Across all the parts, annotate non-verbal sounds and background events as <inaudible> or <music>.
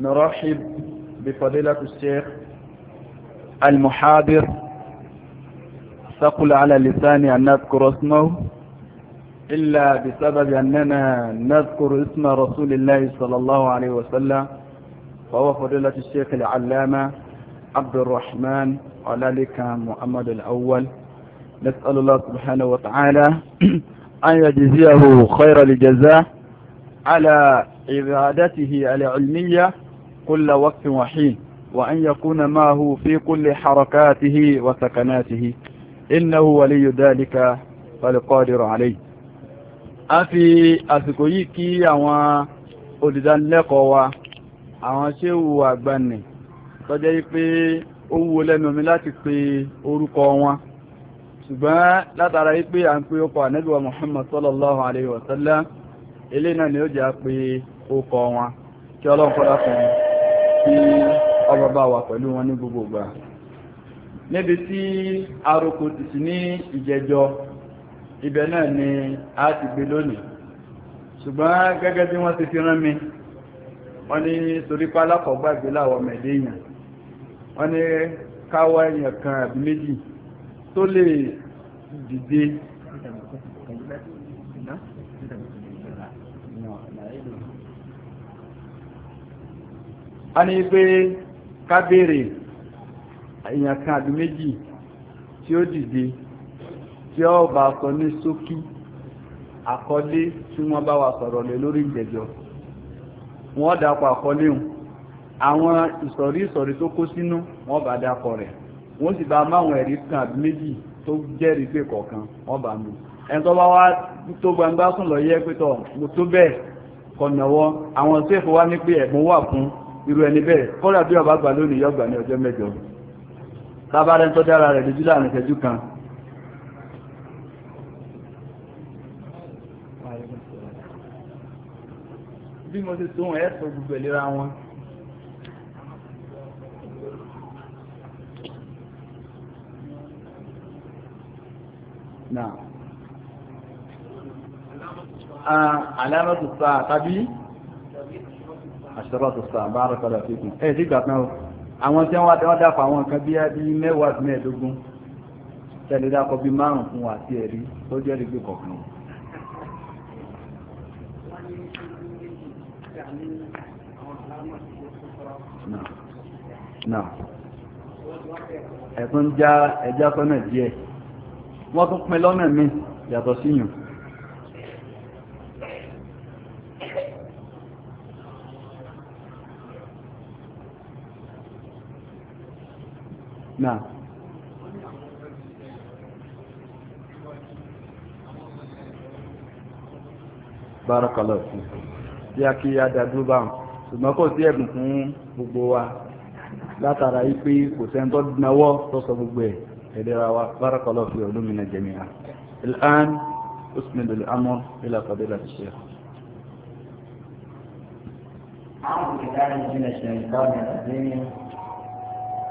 نرحب بفضيلة الشيخ المحاضر ثقل على لساني أن نذكر اسمه إلا بسبب أننا نذكر اسم رسول الله صلى الله عليه وسلم فهو فضيلة الشيخ العلامة عبد الرحمن وذلك محمد الأول نسأل الله سبحانه وتعالى <clears throat> أن يجزيه خير الجزاء على عبادته العلمية كل وقت وحين وأن يكون معه في كل حركاته وسكناته إنه ولي ذلك فالقادر عليه a fi àsìkò yìí kí àwọn olùdánilẹ́kọ̀ọ́ wa àwọn ṣéwù àgbàní tọ́jẹ́ yìí pé ó wúwo lẹ́nu mi láti pe orúkọ wọn ṣùgbọ́n látara yìí pé à ń pe ọkọ̀ ànábìwá Muhammad sallallahu alayhi wa sallam eléyìí náà ni ó jẹ́ àpè ọkọ̀ wọn kí ọlọ́run kọ́ lákùnrin kí ọrọ̀ bá wà pẹ̀lú wọn ní gbogbo ìgbà níbi tí aroko ti sí ní ìjẹjọ ibẹ̀ náà ni a ti gbé lónìí ṣùgbọ́n gẹ́gẹ́ bí wọ́n ti fi rán mi wọ́n ní torí pa alákọ̀ọ́gbàgbé láwọ̀ mẹ̀dẹ́yàn wọ́n ní káwọ́ èèyàn kan àbí méjì tó lè dìde a ní pé ká béèrè èèyàn kan àbí méjì tí ó dìde tí ó bá sọ ní ṣókí àkọlé tí wọ́n bá wa sọ̀rọ̀ lé lórí ìgbẹ́jọ́ wọ́n dàpọ̀ àkọlé hùn àwọn ìsọ̀rí ìsọ̀rí tó kó sínú wọ́n bá dàpọ̀ rẹ̀ wọ́n sì bá máwọn ẹ̀rí kan àbí méjì tó jẹ́rìí pé kọ̀ọ̀kan wọ́n bá mú ẹni tó bá wá tó gbangba sùn lọ yẹ pé tọ̀ mo tó bẹ́ẹ̀ àwọn tó èfowá ní pé ẹ̀bùn wà fún irú ẹni bẹ́ẹ̀ kọ́lá bí ọba gbà lónìí yọ́gbà ní ọjọ́ mẹ́jọ tábàrẹ́ tó dára rẹ̀ lójú láàrin ìṣẹ́jú kan bí mo ti tún ẹ̀ sọ gbogbo ìlera wọn. Àlámọ́tò sáà tàbí àṣírọ́ tó sàn bá rẹ̀ padà fíkùn ẹ̀ àwọn tí wọ́n dáfà àwọn nǹkan bí i mẹ́wàá sí mẹ́ẹ̀ẹ́dógún tẹ̀lé dákọ̀ bí márùn fún wa àti ẹ̀rí tó jẹ́ rí gbé kọ̀ọ̀kan ẹ̀tún já ẹjá sọ́nà díẹ̀ wọ́n tún pin lọ́nà mi yàtọ̀ síyùn náà bárakàlọ̀ sí bí a kí adádúró bá wọn ṣùgbọ́n kò sí ẹ̀bùn fún gbogbo wa látara yìí pé kò sẹ́ni tó náwó tó sọ gbogbo ẹ̀ ẹ̀dẹ́ra wa bárakàlọ̀ sí ọdún mi náà jẹ̀mí ha الآن أسند الأمر إلى فضيلة الشيخ أعوذ بالله من الشيطان الرجيم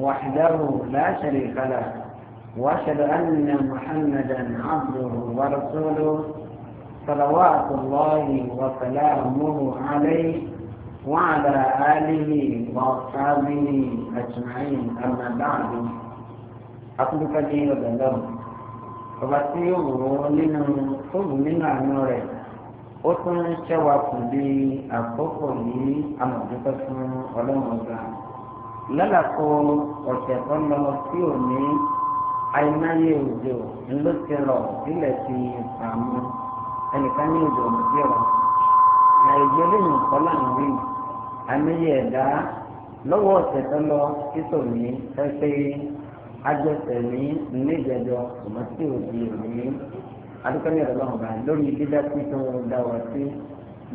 وحده لا شريك له واشهد ان محمدا عبده ورسوله صلوات الله وسلامه عليه وعلى آله وأصحابه أجمعين أما بعد أطلب لي ودلم فبتي لنا خذ من أنور أتون شواك اقوى لي أما بكسم ولا أزعم lálàkó ọ̀sẹ̀ tó lọ sí òní àìmáyé òjò ló ti rọ̀ sílẹ̀ ti fàmù ẹnìkan ní òjò ló ti rọ̀ nàìjíríà lè nù kọ́ láǹwì àmìyẹ ẹ̀dá lọ́wọ́ ọ̀sẹ̀ tó lọ sísò ní pẹ́pẹ́ ajọsẹ̀ ní nígbẹ̀jọ tòmátì òjì òní adúgbòní ọ̀dọ́gbọ̀n ọba lórí dídá sí tó ń dá wa sí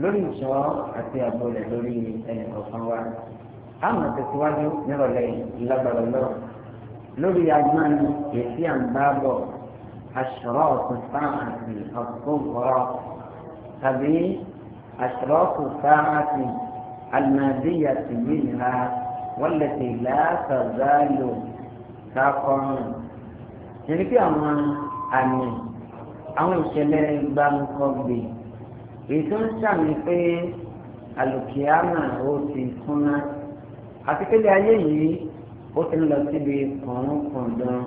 lórí ìṣọ́ àti àbọ̀ lórí ẹnì wa àwọn tẹ̀síwájú nírọ̀lẹ́ ìlágbára lọ́rọ̀ lórí agbọ́n èsì àǹbábọ̀ aṣọ́rọ̀ ọ̀túnfà àti ọ̀túnkọ̀rọ̀ tàbí aṣọ́rọ̀ ọ̀túnfà àti àlùmọ̀déyà ti yé nira wọ́n lè ti láàtàzálò kákọ́rùn. Yẹ́nì pé àwọn àmì àwọn ìṣẹ̀lẹ̀ gbàǹkọ̀gbè èyí tó ń sàmì pé àlùkìyàmà ó ti kúnná àti kéde ayé yìí ó ti ń lọ síbi kọ̀ọ̀kan-kọ̀ọ̀dán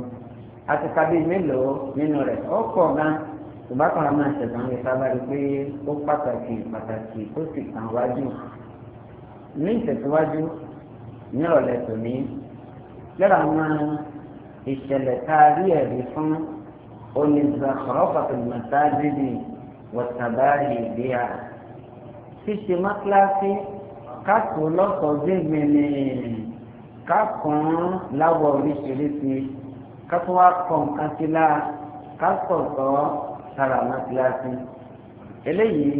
àti kábí mélòó nínú rẹ̀ ó pọ̀ gan ṣùgbọ́n kan máa ṣẹ̀dán lè sábà rí pé ó pàtàkì pàtàkì ó sì kàn wájú ní ìtẹ̀síwájú ní ọ̀lẹ́ tòní lọ́la máa ìṣẹ̀lẹ̀ tá a rí ẹ̀rí fún onígbàkọ̀rọ̀pàtàkì mọ̀tá dídì wọ̀tàbáyé bíyà ṣíṣe mọ́kíláṣí kákò lọ́sọ̀ọ́dún ìgbìnì kákàn láwọ̀ oríṣiríṣi kákò wá kọ̀ nǹkan sí la kákọ̀tọ̀ sára wọn kíláàsì eléyìí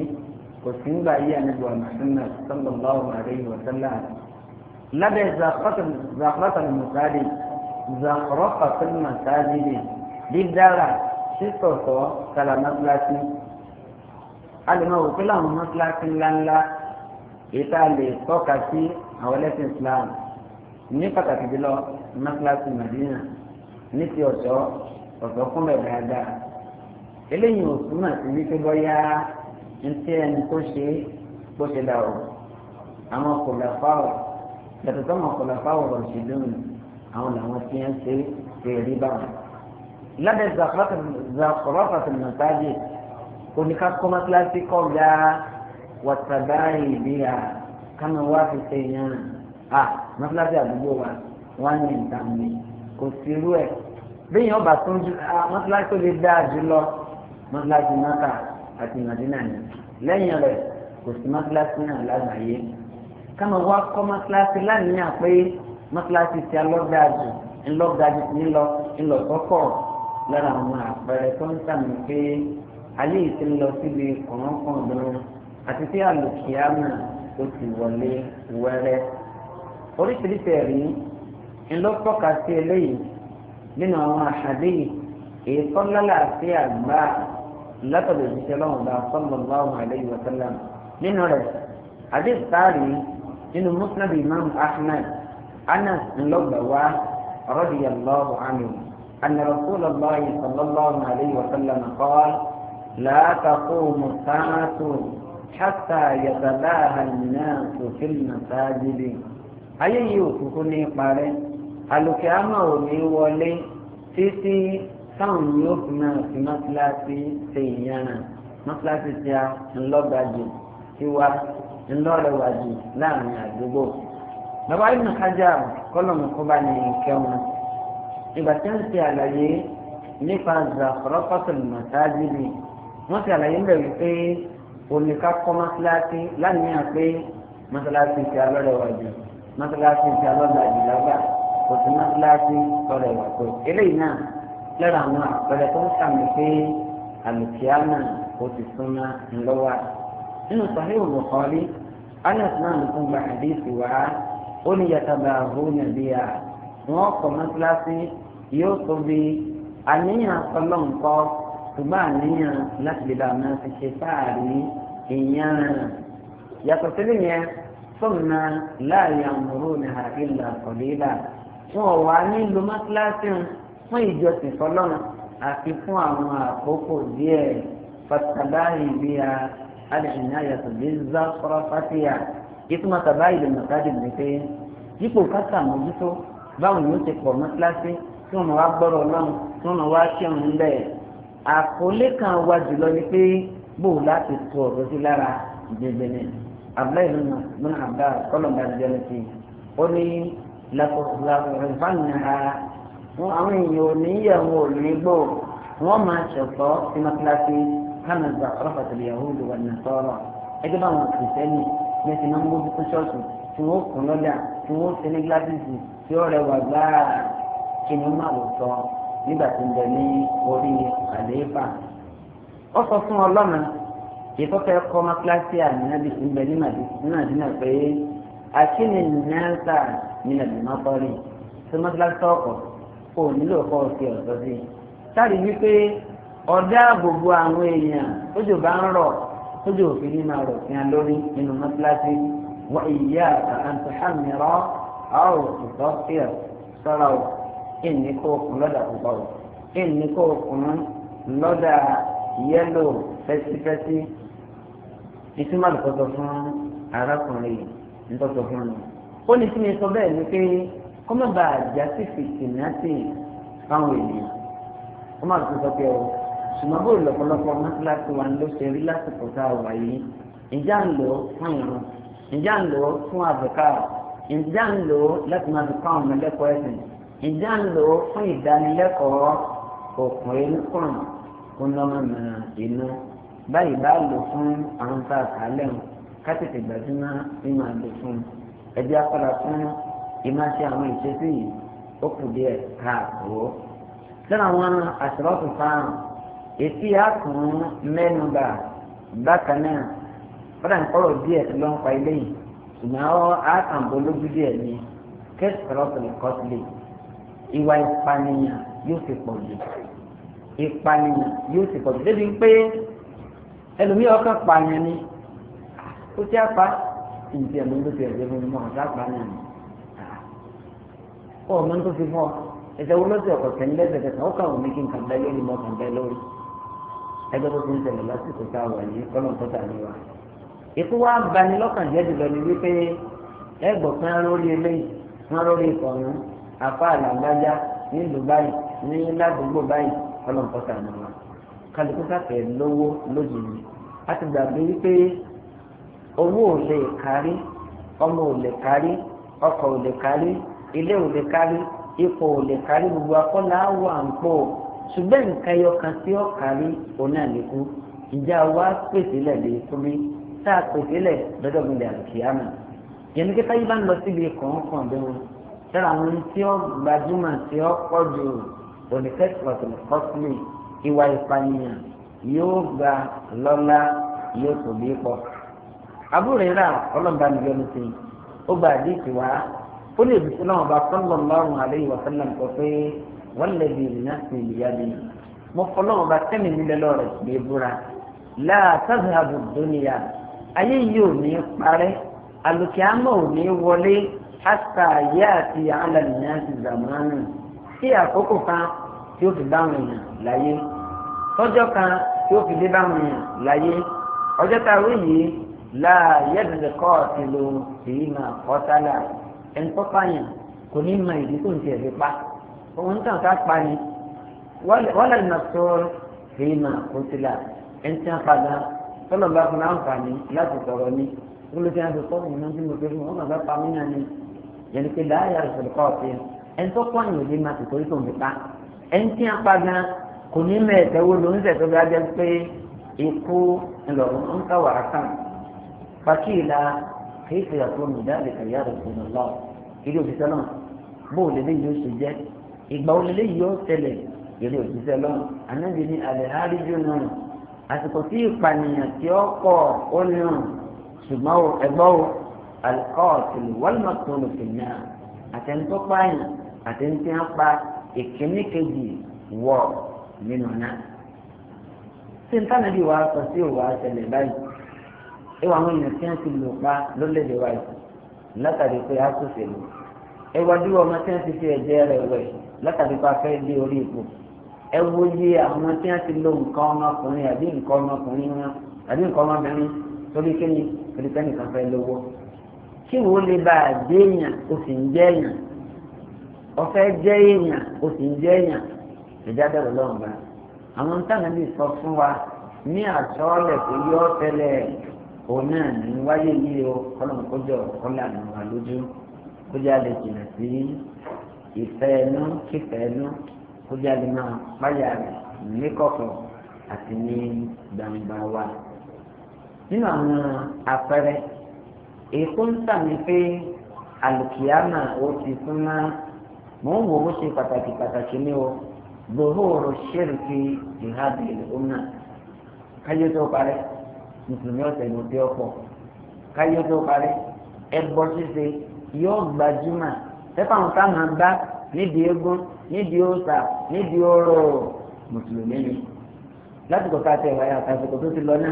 kò sí ń gbà yí ànábì wa Muhammad sallallahu alayhi wa sallam lábẹ́ zakrọ́tàn mùsáàdì zakrọ́tàn mùsáàdì dídára sísọ̀tọ̀ sára wọn kíláàsì alùmọ̀ làwọn kíláàsì ńláńlá ètò àlè tọ́ka sí àwọn ẹlẹ́sìn Islam ní pàtàkì jùlọ mọ́sálásí Madina ní ti ọ̀ṣọ́ ọ̀ṣọ́ fún bẹ̀ dáadáa eléyìí ò túmọ̀ sí wípé bọ́yá ntí ẹni tó ṣe tó ṣe dà o àwọn kòlàfáwọ̀ yàtọ̀ sọ́mọ̀ kòlàfáwọ̀ rọ̀ ṣe lónìí àwọn làwọn tí wọ́n ṣe ṣe rí báwọn. lábẹ́ zakọ́rọ́fàtì mọ̀tàjì oníkàkọ́ mọ́sálásí kọ́ gbáà wọ̀tàbáyé ìbíyà kámi wá fi ṣe yàn á mọ́sálásí àdúgbò wa wọ́n ní nǹkan mi kò sí irú ẹ̀ bẹ́ẹ̀ ọba tó ń ju mọ́sálásí tó lè dáa jù lọ mọ́sálásí mọ́ta àti màdínà ni lẹ́yìn rẹ̀ kò sí mọ́sálásí náà lágbàáyé kámi wá kọ́ mọ́sálásí láníyàn pé mọ́sálásí ti alọ́gbàá jù ńlọ́gbàá ńlọ ńlọ sọ́kọ̀ lára àwọn àpẹẹrẹ tó ń sàmì pé ayé ìsinmi lọ síbi kọ̀ọ̀kan ọ̀dọ́rùn àti tí àlùkìyàmù ó ti wọlé wẹ́rẹ́ oríṣiríṣi ẹ̀rí ńlọ́tọ́ka sí eléyìí nínú àwọn àṣàdé èyí tó lálàáfíà gbà látọ̀dọ̀ ìṣiṣẹ́ lọ́wọ́ bá sallallahu alayhi wa sallam nínú rẹ̀ àdéhùn sáárì nínú musnad imam ahmed anas ńlọgbàwá radiyallahu anhu أن رسول الله صلى الله عليه وسلم قال لا تقوم الساعة hatta yatalaha an-nasu fil masajidi ayé yìí òkùnkùn ní parẹ́ àlùkè àmà ò ní wọlé títí táwọn yóò fi máa fi mọ́tíláṣí ṣe ìyára mọ́tíláṣí ti a ńlọ́gbàjì tiwa ńlọ́rẹ̀wàjì láàrin àdúgbò. bàbá ibn Hajar kọ́lọ̀mù kọ́ba ní kẹwọn ìgbà tí wọ́n ti àlàyé nípa zàkọ́rọ́kọ́tò mọ̀tájì ni wọ́n ti àlàyé ń bẹ̀rù pé oníka kọ́ mọ́sálásí lánìyàn pé mọ́sálásí ti alọ́dọ̀ wà jù mọ́sálásí ti alọ́dọ̀ àjùlágbà kò sí mọ́sálásí tọrọ ìwà tó eléyìí náà lọ́dọ̀ àwọn àpẹẹrẹ tó ń sàmì pé àlùkìyàmà ó ti súnmọ́ ńlọ́wà nínú sàhíhù Bukhari anas náà ló tún gba àdéhìí wá ó ní yàtàbà àbúrò nàbí à wọn kọ́ mọ́sálásí yóò tóbi àníyàn ọlọ́nkọ́ ṣùgbọ́n àníyàn láti lè bá a máa fi ṣe fáàrí èèyàn yàtọ̀ sílẹ̀ yẹn fúnna láàyè àmúrò ní àìlà kọ̀lélà wọn ò wá nílò mọ́tíláṣí fún ìjọsìn fọlọ́run àti fún àwọn àkókò díẹ̀ fatabahi bíi alìhìnà yàtọ̀ bí zákọ́rọ́ fásíyà ìtumọ̀ tabahi lè mọ̀ká dì mí pé dípò kásà mójútó báwọn yóò ti pọ̀ mọ́tíláṣí tí wọn wá gbọ́rọ̀ ọlọ́run tí wọn wá kírun ń bẹ̀ àkọlé kan wá jùlọ ni pé bó o láti tó ọ̀rọ̀ sí lára ìdẹ́gbẹ́ ní abdullahi nínú nínú abdullahi kọlọ̀ǹda ìjọba ti ó ní lakọ̀rọ̀fáànà wọn àwọn èèyàn ò ní ìyàwó ò ní gbò wọn máa ṣẹ̀tọ́ sí mọ́tíláṣí kánàdà ọlọ́fàtàlẹ̀ yahudu wà ní sọ́ọ̀rọ̀ ẹgbẹ́ bá wọn kìrìsẹ́nì mẹ́sì náà ń gbójú tó ṣọ́ọ̀ṣì tí wọ́n kùn lọ́dà tí wọ́n ṣe ní gíláàsì tí ó rẹwà gbáà kí ni ó má lò sọ nígbà tí ń bẹ ní orí àlééfà ó sọ fún ọlọ́mọ ìfọ́fẹ́ kọ́ mọ́kíláṣí ànínábì ń bẹ ní màdínà pé àṣìní nẹ́ẹ̀sà ní màdínà kọ́rì tó mọ́kíláṣí ọkọ̀ kò nílò kọ́ ọ̀sẹ̀ ọ̀sọ́ sí i. sáré wípé ọ̀dẹ́ àbòbò àwọn èèyàn tójò bá ń rọ̀ tójò òfin ní máa rọ̀ sí lórí nínú mọ́kíláṣí wọ́n ìyá àtàkùnmíràn àwọn òṣìṣọ́ sí sọ́ra ò yẹ́lò fẹ́sífẹ́sí ìtumọ̀ àlùkọ́tọ̀ fún arákùnrin yìí ńtọ́tọ̀ fún mi. ó ní sinmi sọ bẹ́ẹ̀ ni pé kọ́mọ̀bà àjàsí fìtìnátì fáwọn ènìyàn kọ́mọ̀ àlùkọ́tọ̀ pé ọ ṣùgbọ́n bó lọ́pọ̀lọpọ̀ mọ́tíláṣí wa ló ṣe rí lásìkò tá a wà yìí ìjà ń lò fún ìrún ìjà ń lò fún àbùkà ìjà ń lò láti máa fi kọ́ àwọn ọmọlẹ́kọ̀ọ́ ẹ̀sìn ìjà ń lò fún ìdánilẹ́kọ̀ọ́ òkùnrin kùnrin kó nọ́mọ̀nà inú báyìí bá lò fún àwọn tá a kà á lẹ́hìn ká tètè gbajúmọ̀ mímọ̀ àlò fún ẹbí apára fún ìmáṣe àwọn ìṣesí yìí ó kù díẹ̀ káàkó. sọ́nà àwọn àṣírọ́tù fáwọn èsì àkùn mẹ́nuba bákan náà fúnra nkọ́rọ̀ díẹ̀ ló ń pa ilé yìí ṣùgbọ́n àwọn àkànbó lójú díẹ̀ ni kẹ́sìtọ́rọ́tù kọ́sílẹ̀ ìwà ìpànìyàn yóò fi pọ̀ jù ìpànìyàn yóò sì pọ̀jù débi pé ẹlòmíì ọkàn pààyàn ni ó ti àpá ìdí ẹ̀mọ́ ló ti ẹ̀jẹ̀ fún mi ọ̀hún sápá náà ni ọ̀ mọ́ tó fi fún ọ ẹ̀jẹ̀ wo lọ́sẹ̀ ọ̀kọ̀ tẹ̀lé lẹ́sẹ̀kẹsẹ̀ ó kà wọ́n mi kí n kàn bẹ́ lórí mọ́ kàn bẹ́ lórí ẹgbẹ́ tó ti ń tẹ̀lé lásìkò tá a wà yìí kọ́nà tó tà ní wa ikú wa bani lọ́kàn jẹ́ jùlọ ni wípé ẹ gbọ́ pé wọ́n lórí eléyìí wọ́n lórí ìkọ̀ọ̀nù àfa àlàgbájá nílùú báyìí ní ládùúgbò báyìí ọlọ́nkọ́ta ni wọn kálukú káfẹ́ lówó lójijì a ti gbàgbé wípé owó ò lè kárí ọmọ ò lè kárí ọkọ̀ ò lè kárí ilé ò lè kárí ipò ò lè kárí gbogbo akọ́lá wà ń pọ̀ ṣùgbọ́n nǹkan ẹyọ kan tí ó kárí òun náà lè kú ìjà wa pèsè lẹ̀ lè kú mi tá a pèsè lẹ̀ lọ́dọ̀ mi lè àlùkìyàmù yẹn ní kíkọ́ yìí bá ń lọ síbi kọ̀ọ̀kan bẹ́ẹ̀ wọn lára àwọn tí ó gbajúmọ̀ tí ó pọ̀ jù oníkẹ́sìmọ̀tò kọ́sìmì ìwà ìpànìyàn yóò gba lọ́lá yóò tó bí pọ̀. àbúrò rà ọlọ́mọba nìyọnu sí ó gba àdéhìí wá ó lè bìtú náà bá sallallahu alaihi wa sallam kọ pé wọ́n lè bí ìrìnà sí ìyá bí mo fọlọ́wọ́ bá sẹ́mi nílẹ̀ lọ́rẹ̀ lè búra la tazhabu dunya ayé yìí ò ní parẹ́ alùkìámọ̀ ò ní wọlé hatta ya'ti ala an-nas zamanu sí àkókò kan tí ó fi báwọn èèyàn láyé tọ́jọ́ kan tí ó fi dé báwọn èèyàn láyé ọjọ́ tá a wí yìí láàyè ẹ̀dẹ̀dẹ̀ kọ́ ọ̀sìn ló sì í máa kọ́ sálà ẹni tó pààyàn kò ní mọ ìdí tó ń tiẹ̀ fi pa òun tàn ká pa ni wọ́n lè nà tó sì í máa kó sílà ẹni tí wọ́n padà tọ́lọ̀ bá fún láǹfààní láti sọ̀rọ̀ ni wọ́n lè fi hàn sọ́kọ́ ìmọ̀ tí mo fi fún wọn bá pa mí náà ni yẹn ni pé láàyè ẹ̀dẹ̀dẹ̀ kọ́ ọ̀sìn ẹni tó pààyàn ò ẹni tí a pa gan kò ní mẹ́ẹ̀ẹ́dẹ́ wo ló ń sẹ̀ tó bí a jẹ́ pé ikú ńlọrọ̀ ń ká wàrà kàn fàkìlà kìí ṣe àtúntò nìdá lè kàyà rẹ̀ kò nà lọ ìdí òṣìṣẹ́ náà bó o lè lé yìí ó ṣe jẹ́ ìgbà o lè lé yìí ó tẹ̀lẹ̀ ìdí òṣìṣẹ́ náà ànábì ní alẹ́ àríjù náà àsìkò tí ìpànìyàn tí ó pọ̀ ó nù ṣùgbọ́n ẹgbọ́ ìkíní kejì wọ nínú náà tí n tánà bí wàá sọ sí òwà àṣẹlẹ̀ báyìí ìwà àwọn èèyàn tí wọn ti lò pa lólèdè wa yìí látàrí pé a kò ṣèlú ìwádìí ọmọ tí wọn ti fi ẹ̀jẹ̀ rẹ̀ wẹ̀ látàrí pé a fẹ́ dé orí ipò ẹ wo yé àwọn tí wọn ti lo nǹkan ọmọkùnrin àbí nǹkan ọmọkùnrin wọn àbí nǹkan ọmọbìnrin torí kí ni kìrìtẹ́nì kan fẹ́ lówó kí wo lè bá a dé èèyàn o sì ń jẹ́ èèyàn ọ̀fẹ́ jẹ́ èèyàn o sì ń jẹ́ èèyàn ìjáde ọlọ́run bá àwọn táwọn lè sọ fún wa ní àtọ́ọ̀lẹ̀ pé yọ tẹ́lẹ̀ òun náà ní wáyé yìí o ọlọ́run kó jọ ọ̀kọ́lá ní wa lójú kó jẹ́ àlè jìnnà sí ìfẹ́ ẹnu kífẹ́ ẹnu kó jẹ́ àlè máa páyà rẹ̀ ní kọ̀kọ̀ àti ní gbangba wa. nínú àwọn àpẹẹrẹ èkó ń sàmì pé àlùkìyàmà ó ti súnmọ́. mò ń wò ó ṣe pàtàkì pàtàkì ní o gbòòrò ṣèrìkì jihadi ìlúmnà káyé tó parí mùsùlùmí ọ̀sẹ̀ ní òbí ọ̀pọ̀ káyé tó parí ẹbọ ṣíṣe yóò gbajúmọ̀ ẹ̀fọ́ táwọn bá nídìí nídìí nídìí ọ̀rọ̀ mùsùlùmí ni a ti lọ náà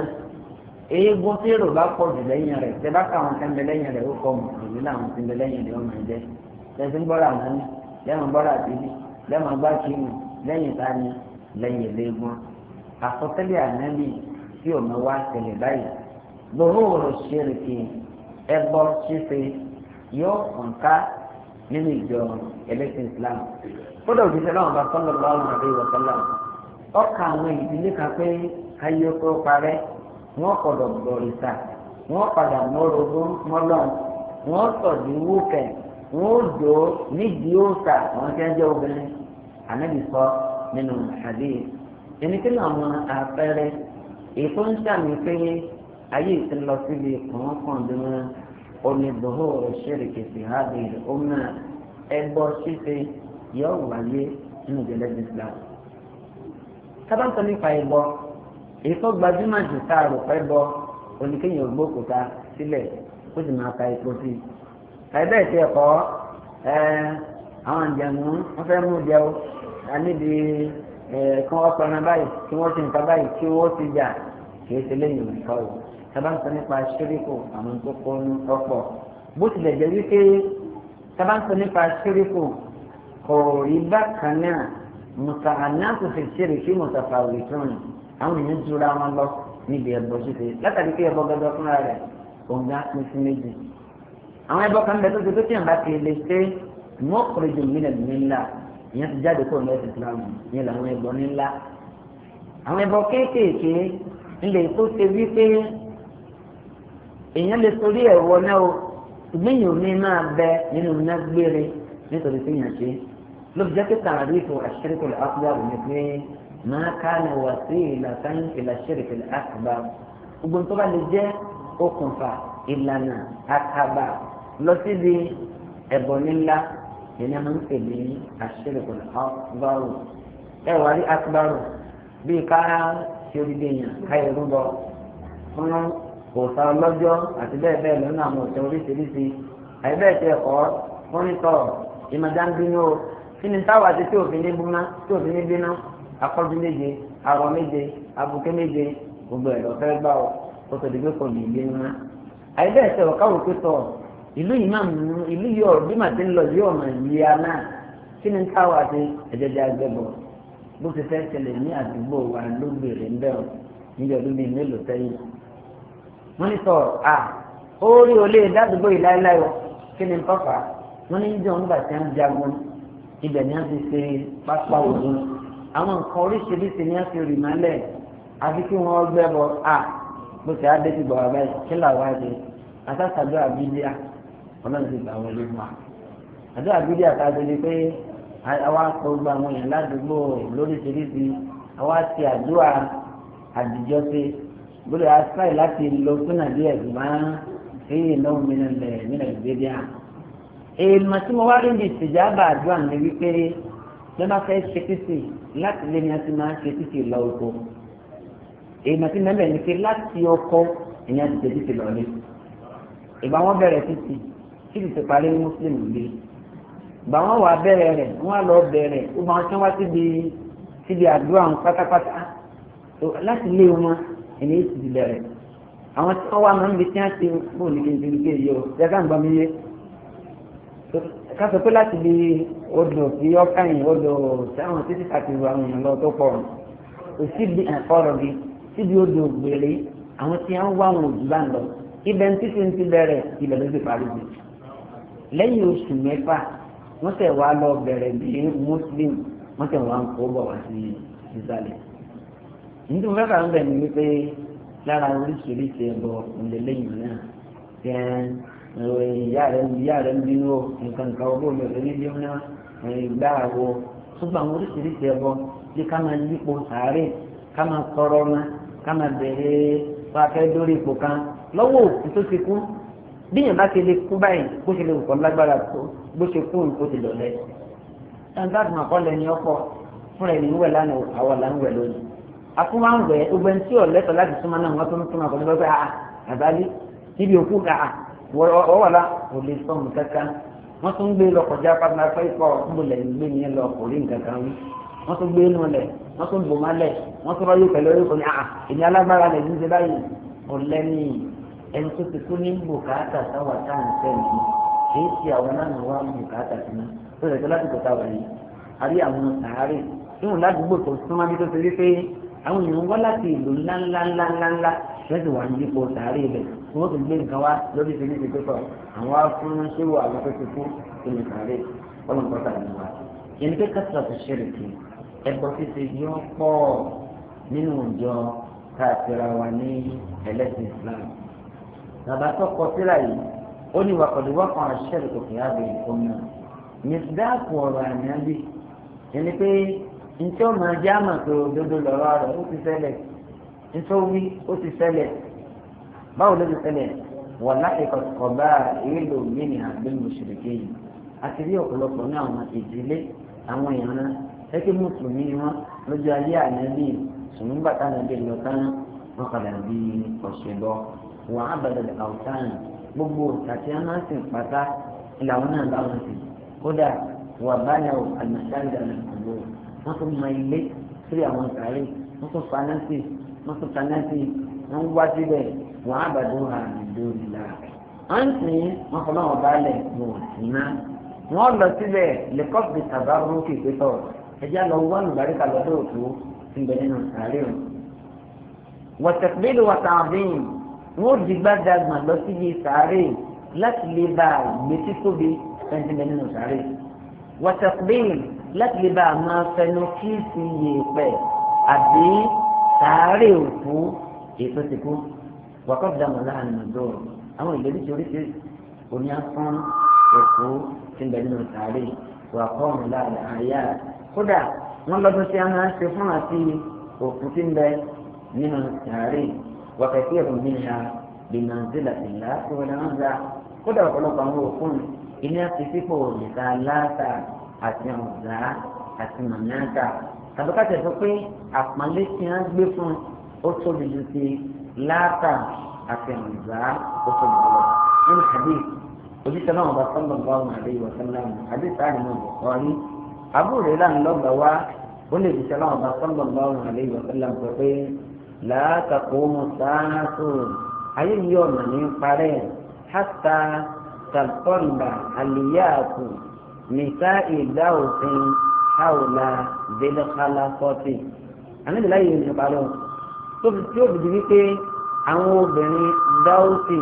eégún tí èrò bá pọ̀ jù lẹ́yìn rẹ̀ bá ká àwọn rẹ̀ ó kọ́ mùsùlùmí rẹ̀ lẹ́mọ̀ bọ́ra àtìlí lẹ́mọ̀ gbá kínú lẹ́yìn tani lẹ́yìn eléegun àsọtẹ́lẹ̀ ànábì tí òun wá tẹ̀lé báyìí lòró òrò ṣèrìkì ẹbọ ṣíṣe yóò kànká nínú ìjọ ẹlẹ́sìn Islam kódà òṣìṣẹ́ náà bá sọ́nà lọ́wọ́ àti ìwọ̀sọ́lá ọkà àwọn ìdílé kan pé káyé tó parẹ́ wọ́n kọ̀dọ̀ bọ̀rìṣà wọ́n padà mọ́rogún mọ́lọ́n wọ́n sọ̀dí wúkẹ̀ẹ́ wọn ò dò nídìí òòsà àwọn tí wọn jẹ obìnrin ànábì sọ nínú àdé ẹni tí náà mọ àpẹẹrẹ ètò ń sàmì pé ayé ìsinlọ síbi kọ̀ọ̀kọ̀ọ̀dúnrún onídòwò ṣèrìkì sí hábì ọmọ ẹgbọ́ ṣíṣe yóò wáyé nínú ìjọba Islam. sábàtàn nípa ẹbọ ètò gbajúmọ̀ jù tá a rò pẹ́ bọ oníkéyìn ògbókùúta sílẹ̀ ó sì máa ka epo sí i àìbẹ́ ìṣe ẹ̀kọ́ àwọn ìjẹ̀mú wọ́n fẹ́ mú jẹ́ o níbi kí wọ́n pẹ̀lú báyìí kí wọ́n ti nǹkan báyìí kí wọ́n ti jà kì í ṣe lẹ́yìn nǹkan o sábà ń sọ nípa ṣíríkù àwọn tó kọ́ ní ọ̀pọ̀ bó tilẹ̀ jẹ́ wípé sábà ń sọ nípa ṣíríkù kò rí bákan náà mùsà ànáàtò fi ṣeré kí mùsà fàwé tún ni àwọn èèyàn jura wọn lọ níbi ẹ̀bọ ṣíṣe látàrí pé ẹ̀bọ gẹ́gẹ́ fúnra rẹ̀ òun gá pín sí méjì àwọn ẹbọ kan bẹ tó ti tó tí yàn bá ti lè ṣe wọn kọrọ ju mílíọ̀n nílá ìyẹn ti jáde kó ní ẹsẹ̀ ìsìlámù ìyẹn làwọn ẹbọ nílá àwọn ẹbọ kéékèèké ńlẹ̀ tó ṣe wípé èèyàn lè sórí ẹ̀wọ̀ náà o ìgbéyìn omi máa bẹ nínú iná gbére nítorí tí yàn ṣe ló fi jẹ́ pé tààrífù àṣírìkù àkùbá rẹ̀ ni pé máa ká ní wà sí ìlàsán ìlàṣírìkù àkùbá gbogbo tó bá lè jẹ́ okùnfà ìlànà àkàbà lọ síbi ẹ̀bùn nílá ìní àwọn ń pè ní àṣírìkù akbaru ẹ wà rí akbaru bíi ká ṣe odidi èèyàn ká irú bọ fún òòsà ọlọ́jọ́ àti bẹ́ẹ̀ bẹ́ẹ̀ lọ́nà àwọn òṣèré oríṣiríṣi àìbẹ́ẹ̀ tẹ ẹ̀kọ́ mọ́nítọ̀ ìmọ̀dáńbínú o kí ni táwa ti tí òfin ní búná tí òfin ní bínú akọ́jú méje arọ méje abuké méje gbogbo ẹ̀rọ fẹ́ gbà ó kó tó di pé kò ní ìgbé ńlá àìbẹ́ẹ̀ tẹ ọ̀ká òkútọ̀ ìlú yìí máa mú ìlú yìí ọ̀rọ̀ bí màá ti ń lọ yìí ọ̀nà ìlera náà kí ni káwa ti ẹ̀jẹ̀jẹ̀ agbẹ́bọ̀ bó ti fẹ́ ṣẹlẹ̀ ní àdúgbò wa ló gbèrè ń bẹ̀rù níbi ọdún bíi mélòó sẹ́yìn. wọ́n ní sọ à ó rí olè dádúgbò yìí láéláé o kí ni pápá wọ́n ní jọ nígbà tí wọ́n jagun ibẹ̀ ni wọ́n ti ṣe pápá òdun àwọn nǹkan oríṣiríṣi ni wọ́n fi rì mọ́lẹ̀ àfi kí wọ́n gbẹ́bọ̀ à bó ti á dé ti bọ̀ wá báyìí kí làwọn á ṣe àtàkàdúrà bíi ọlọ́run ti gbà wọlé mọ́ àdúrà bíbí àtàgbé ni pé àwa kọ gba àwọn èèyàn ládùúgbò lóríṣiríṣi àwa ti àdúrà àdìjọ́ sí gbọ́dọ̀ àṣàì láti lọ sínú àdúrà ìgbìmọ̀ èyí náà mìíràn lẹ̀ mìíràn ìgbéríà. èèmọ̀ tí mo wá rí ní ìṣèjábà àdúrà mi wípé bí wọ́n fẹ́ ṣe kìsì láti lé ní ẹtí máa ń ṣe kìsì lọ oko èèmọ̀ tí mẹ́lẹ̀ ní pé láti ọkọ ìyẹn ti ṣe kìsì lọ ní. ìgbà wọn bẹ̀rẹ̀ kìsì tí ìsìn parí ní muslim gbé gbà wọn wà bẹ̀rẹ̀ rẹ̀ wọn lọ bẹ̀rẹ̀ ó máa tán wá síbi síbi àdúrà wọn pátápátá láti lé wọn ẹni èsì ti bẹ̀rẹ̀ àwọn tí wọn wà máa ń bi tí wọn ti bò ní kí n tẹ̀lé kí èyí o yàtọ̀ àgbà mi yé ká sọ pé láti bi odò sí ọkàyìn odò sáwọn títí àti ìwà àwọn èèyàn lọ tó pọ̀ òsíbi ẹ̀kọ́rọ̀ bíi síbi odò gbèrè àwọn tí wọn wà wọn ò jù bá ń lọ ibẹ̀ ń títí ń ti bẹ̀rẹ̀ ibẹ̀ ló ti parí bíi lẹ́yìn oṣù mẹ́fà wọ́n tẹ̀ wá lọ bẹ̀rẹ̀ bí muslim wọ́n tẹ̀ wá ń kó bọ̀ wá sí ìsàlẹ̀ nítorí wọn fẹ́ràn bẹ̀ ni wípé lára oríṣiríṣi ẹ̀bọ̀ ńlẹ́lẹ́yìn náà tẹ́ ìyá rẹ̀ ìyá rẹ̀ ń bínú nǹkan nǹkan ọgbọ́n mi ò lè ní bínú náà ìgbà wo ṣùgbọ́n àwọn oríṣiríṣi ẹ̀bọ̀ bí ká máa yípo sàárè ká máa tọrọ ọmọ ká máa bẹ̀rẹ̀ wá fẹ́ ipò kan lọ́wọ́ òkú bí yẹn bá ti lè kú báyìí bó ṣe lè kọ́ lágbára tó bó ṣe kú nǹkó ti lọ lẹ. standard náà kọ́ lẹ́ni ọkọ̀ fúnra ẹni wẹ̀ lánàá àwọn là ń wẹ̀ lónìí. àfúnwá ń wẹ̀ ogbẹ́ tí ò lẹ́tọ̀ láti súnmọ́ náà wọ́n tó ń súnmọ́ àkọ́lé bẹ́ẹ̀ àà ah, àbálí níbi òkú àà ọ̀wọ́lá ah, kò lè sọ mù kankan. wọ́n tún gbé lọ kọjá pátá pé ẹni tó ti kú ní bùkátà táwa táwọn sẹ́yìn yìí kì í ṣe àwọn náà ní wàá bùkátà sí mi tó lè tó láti kó táwa yìí àrí àwọn sàárè níwọ̀n ládùúgbò tó súnmọ́ bí tó ti rí pé àwọn èèyàn wá láti ìlú ńláńláńláńlá lẹ́sìn wà ní ipò sàárè rẹ̀ tí wọ́n ti gbé nǹkan wá lórí ti ní ti pé pọ̀ àwọn afún ṣéwò àwọn tó ti kú ìlú sàárè ọlọ́nkọ́ta ni wà. yẹn pé kásìlá ti ṣe rèké ẹbọ títí yóò pọ̀ nínú ìjọ káàkiri wa ní ẹlẹ́sìn Islam bàbá tó kọ síra yìí ó ní wàkọ̀dùwà kan àṣẹ́rì kò kì í àbẹ̀yẹ fún mi mìsídáàpù ọ̀rọ̀ ànábì ẹni pé ntí ọmọ ajá mà pé òdodo lọ́rọ̀ rẹ̀ ó ti ṣẹlẹ̀ ntí ó wí ó ti ṣẹlẹ̀ báwo ló ti ṣẹlẹ̀ wọ̀ láti kọ̀kọ̀ bá ìrìlò mìíní àgbẹ̀ mùsùlùmí yìí àti rí ọ̀pọ̀lọpọ̀ ní àwọn ìdílé àwọn ìran ẹgbẹ́ mùsùlùmí wọn lójú ayé ànábì sùnmùbàtà ànábì lọ́tàn wọn padà bí ọ̀ṣẹ̀bọ wà á bẹ̀rẹ̀ àwùjọ́n gbogbo tàbí amásìn pátá làwọn náà báwọn sì kódà wà báyà ò àlùmọ̀sáàlì àlùmọ̀lò wọ́n tún mọ ilé sílẹ̀ àwọn sàárè wọ́n tún fanásì wọ́n tún fanásì wọ́n wá síbẹ̀ wà á bẹ̀rẹ̀ àlùmọ̀lò wọ́n sì wọ́n fọlọ́ wọn bá lẹ̀ wọ̀ sí náà wọ́n lọ síbẹ̀ lẹ́kọ́ọ̀bì tàbá rúkì pẹ́tọ̀ ẹ̀já lọ wọ́n lùbáríkà lọ́dọ̀ òtún ń nínú sàárè wọ́n di gbàdàgbà lọ sí ibi sàárè láti lè bá gbèsè tóbi fẹ́ntìmẹ́ nínú sàárè wọ́tàkùbẹ́yìn láti lè bá máa fẹnu kíìsì yèèpẹ̀ àbí sàárè òkú èso ti kú wàkọ́ dàmọ́ láàrin ọ̀dọ́ àwọn ìlérí tí oríṣiríṣi oní afọ́n òkú ti bẹ̀ nínú sàárè wàkọ́ láàrin àyà kódà wọ́n lọ́dún tí a máa ń ṣe fún àti òkú ti bẹ̀ nínú sàárè. وكثير منها بمنزلة الله والعنزة kódà ọ̀pọ̀lọpọ̀ àwọn òfin ilé àtisípò nìka aláàtà àti ọ̀gá àti mọ̀nàkà tàbíkàtà sọ pé àpọ́nlé tí wọ́n gbé fún ó tóbi ju ti láàtà àti ọ̀gá ó tóbi jù lọ. nínú hadith ojúṣe náà bá sọ́nà bá wọn àlẹ́ ìwà sọ́nà mu hadith sáà ni mo bọ̀ ọ́ rí àbúrò rẹ̀ là ń lọ́gbà wá ó lè ojúṣe náà bá sọ́nà bá wọn àlẹ́ ìwà sọ́nà mu pé láàkàkó mùsáàtò ayé yìí ọ̀nà ní parẹ́ hàtà tàkọ́ǹdà àlìyáàtò nìta ìdá òfin hàwùlà délẹ́kálá sọ́tì. àníbìlá yìí ní parẹ́ tó fi tí ó bìbí wípé àwọn obìnrin dáwùsì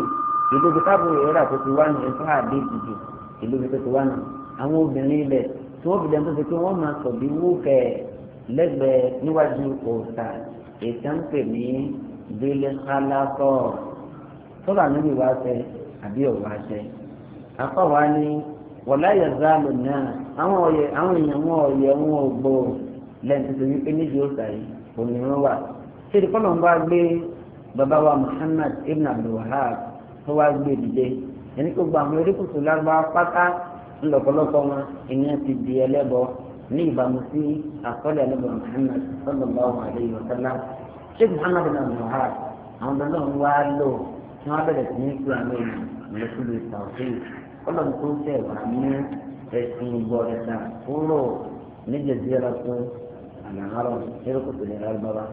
ìlú ibi táàbù ìrora tó ti wá ní ẹ̀fọ́ àbí ìdìbò ìlú ibi tó ti wá nù àwọn obìnrin ilẹ̀ tí wọ́n fi lẹ́nu tó ti pé wọ́n máa sọ̀bí wúkẹ́ lẹ́gbẹ̀ẹ́ níwájú òòtà ìtànpè ní délé kálákọ́ tọ́lá níbi wá ṣe àbí ọ̀wá ṣe. apá wa ni wọ̀lá yẹ záàlù náà àwọn èèyàn wọn ọ̀yẹ́ wọn ò gbò lẹ́yìn tó ti wí pé níbi ó sàyè òmìnira wà. ṣé ìdíkọ́nà ń bá gbé bàbá wa Muhammad ibn Abdul Wahab tó wá gbé dìde ẹni tó gba àwọn erékùsù lárúbá pátá ńlọpọlọpọ wọn ìyẹn ti di ẹlẹ́bọ ní ìbámu sí àkọọ́lẹ̀ ẹlẹ́gbọ̀n Muhammad sallallahu alayhi wa sallam sheikh Muhammad bin abdulhaj àwọn ọ̀dọ́ náà ń wá lò tí wọ́n bẹ̀rẹ̀ sí ní kú àwọn èèyàn lọ́sílẹ̀ ìtàwọ́sí ọlọ́run tó tẹ̀ wá ní ẹ̀sìn ìgbọ̀rẹ̀ta kúrò níjẹ̀ sí ẹ̀rọ tó àlàárọ̀ erékò tó lè ra bàbá.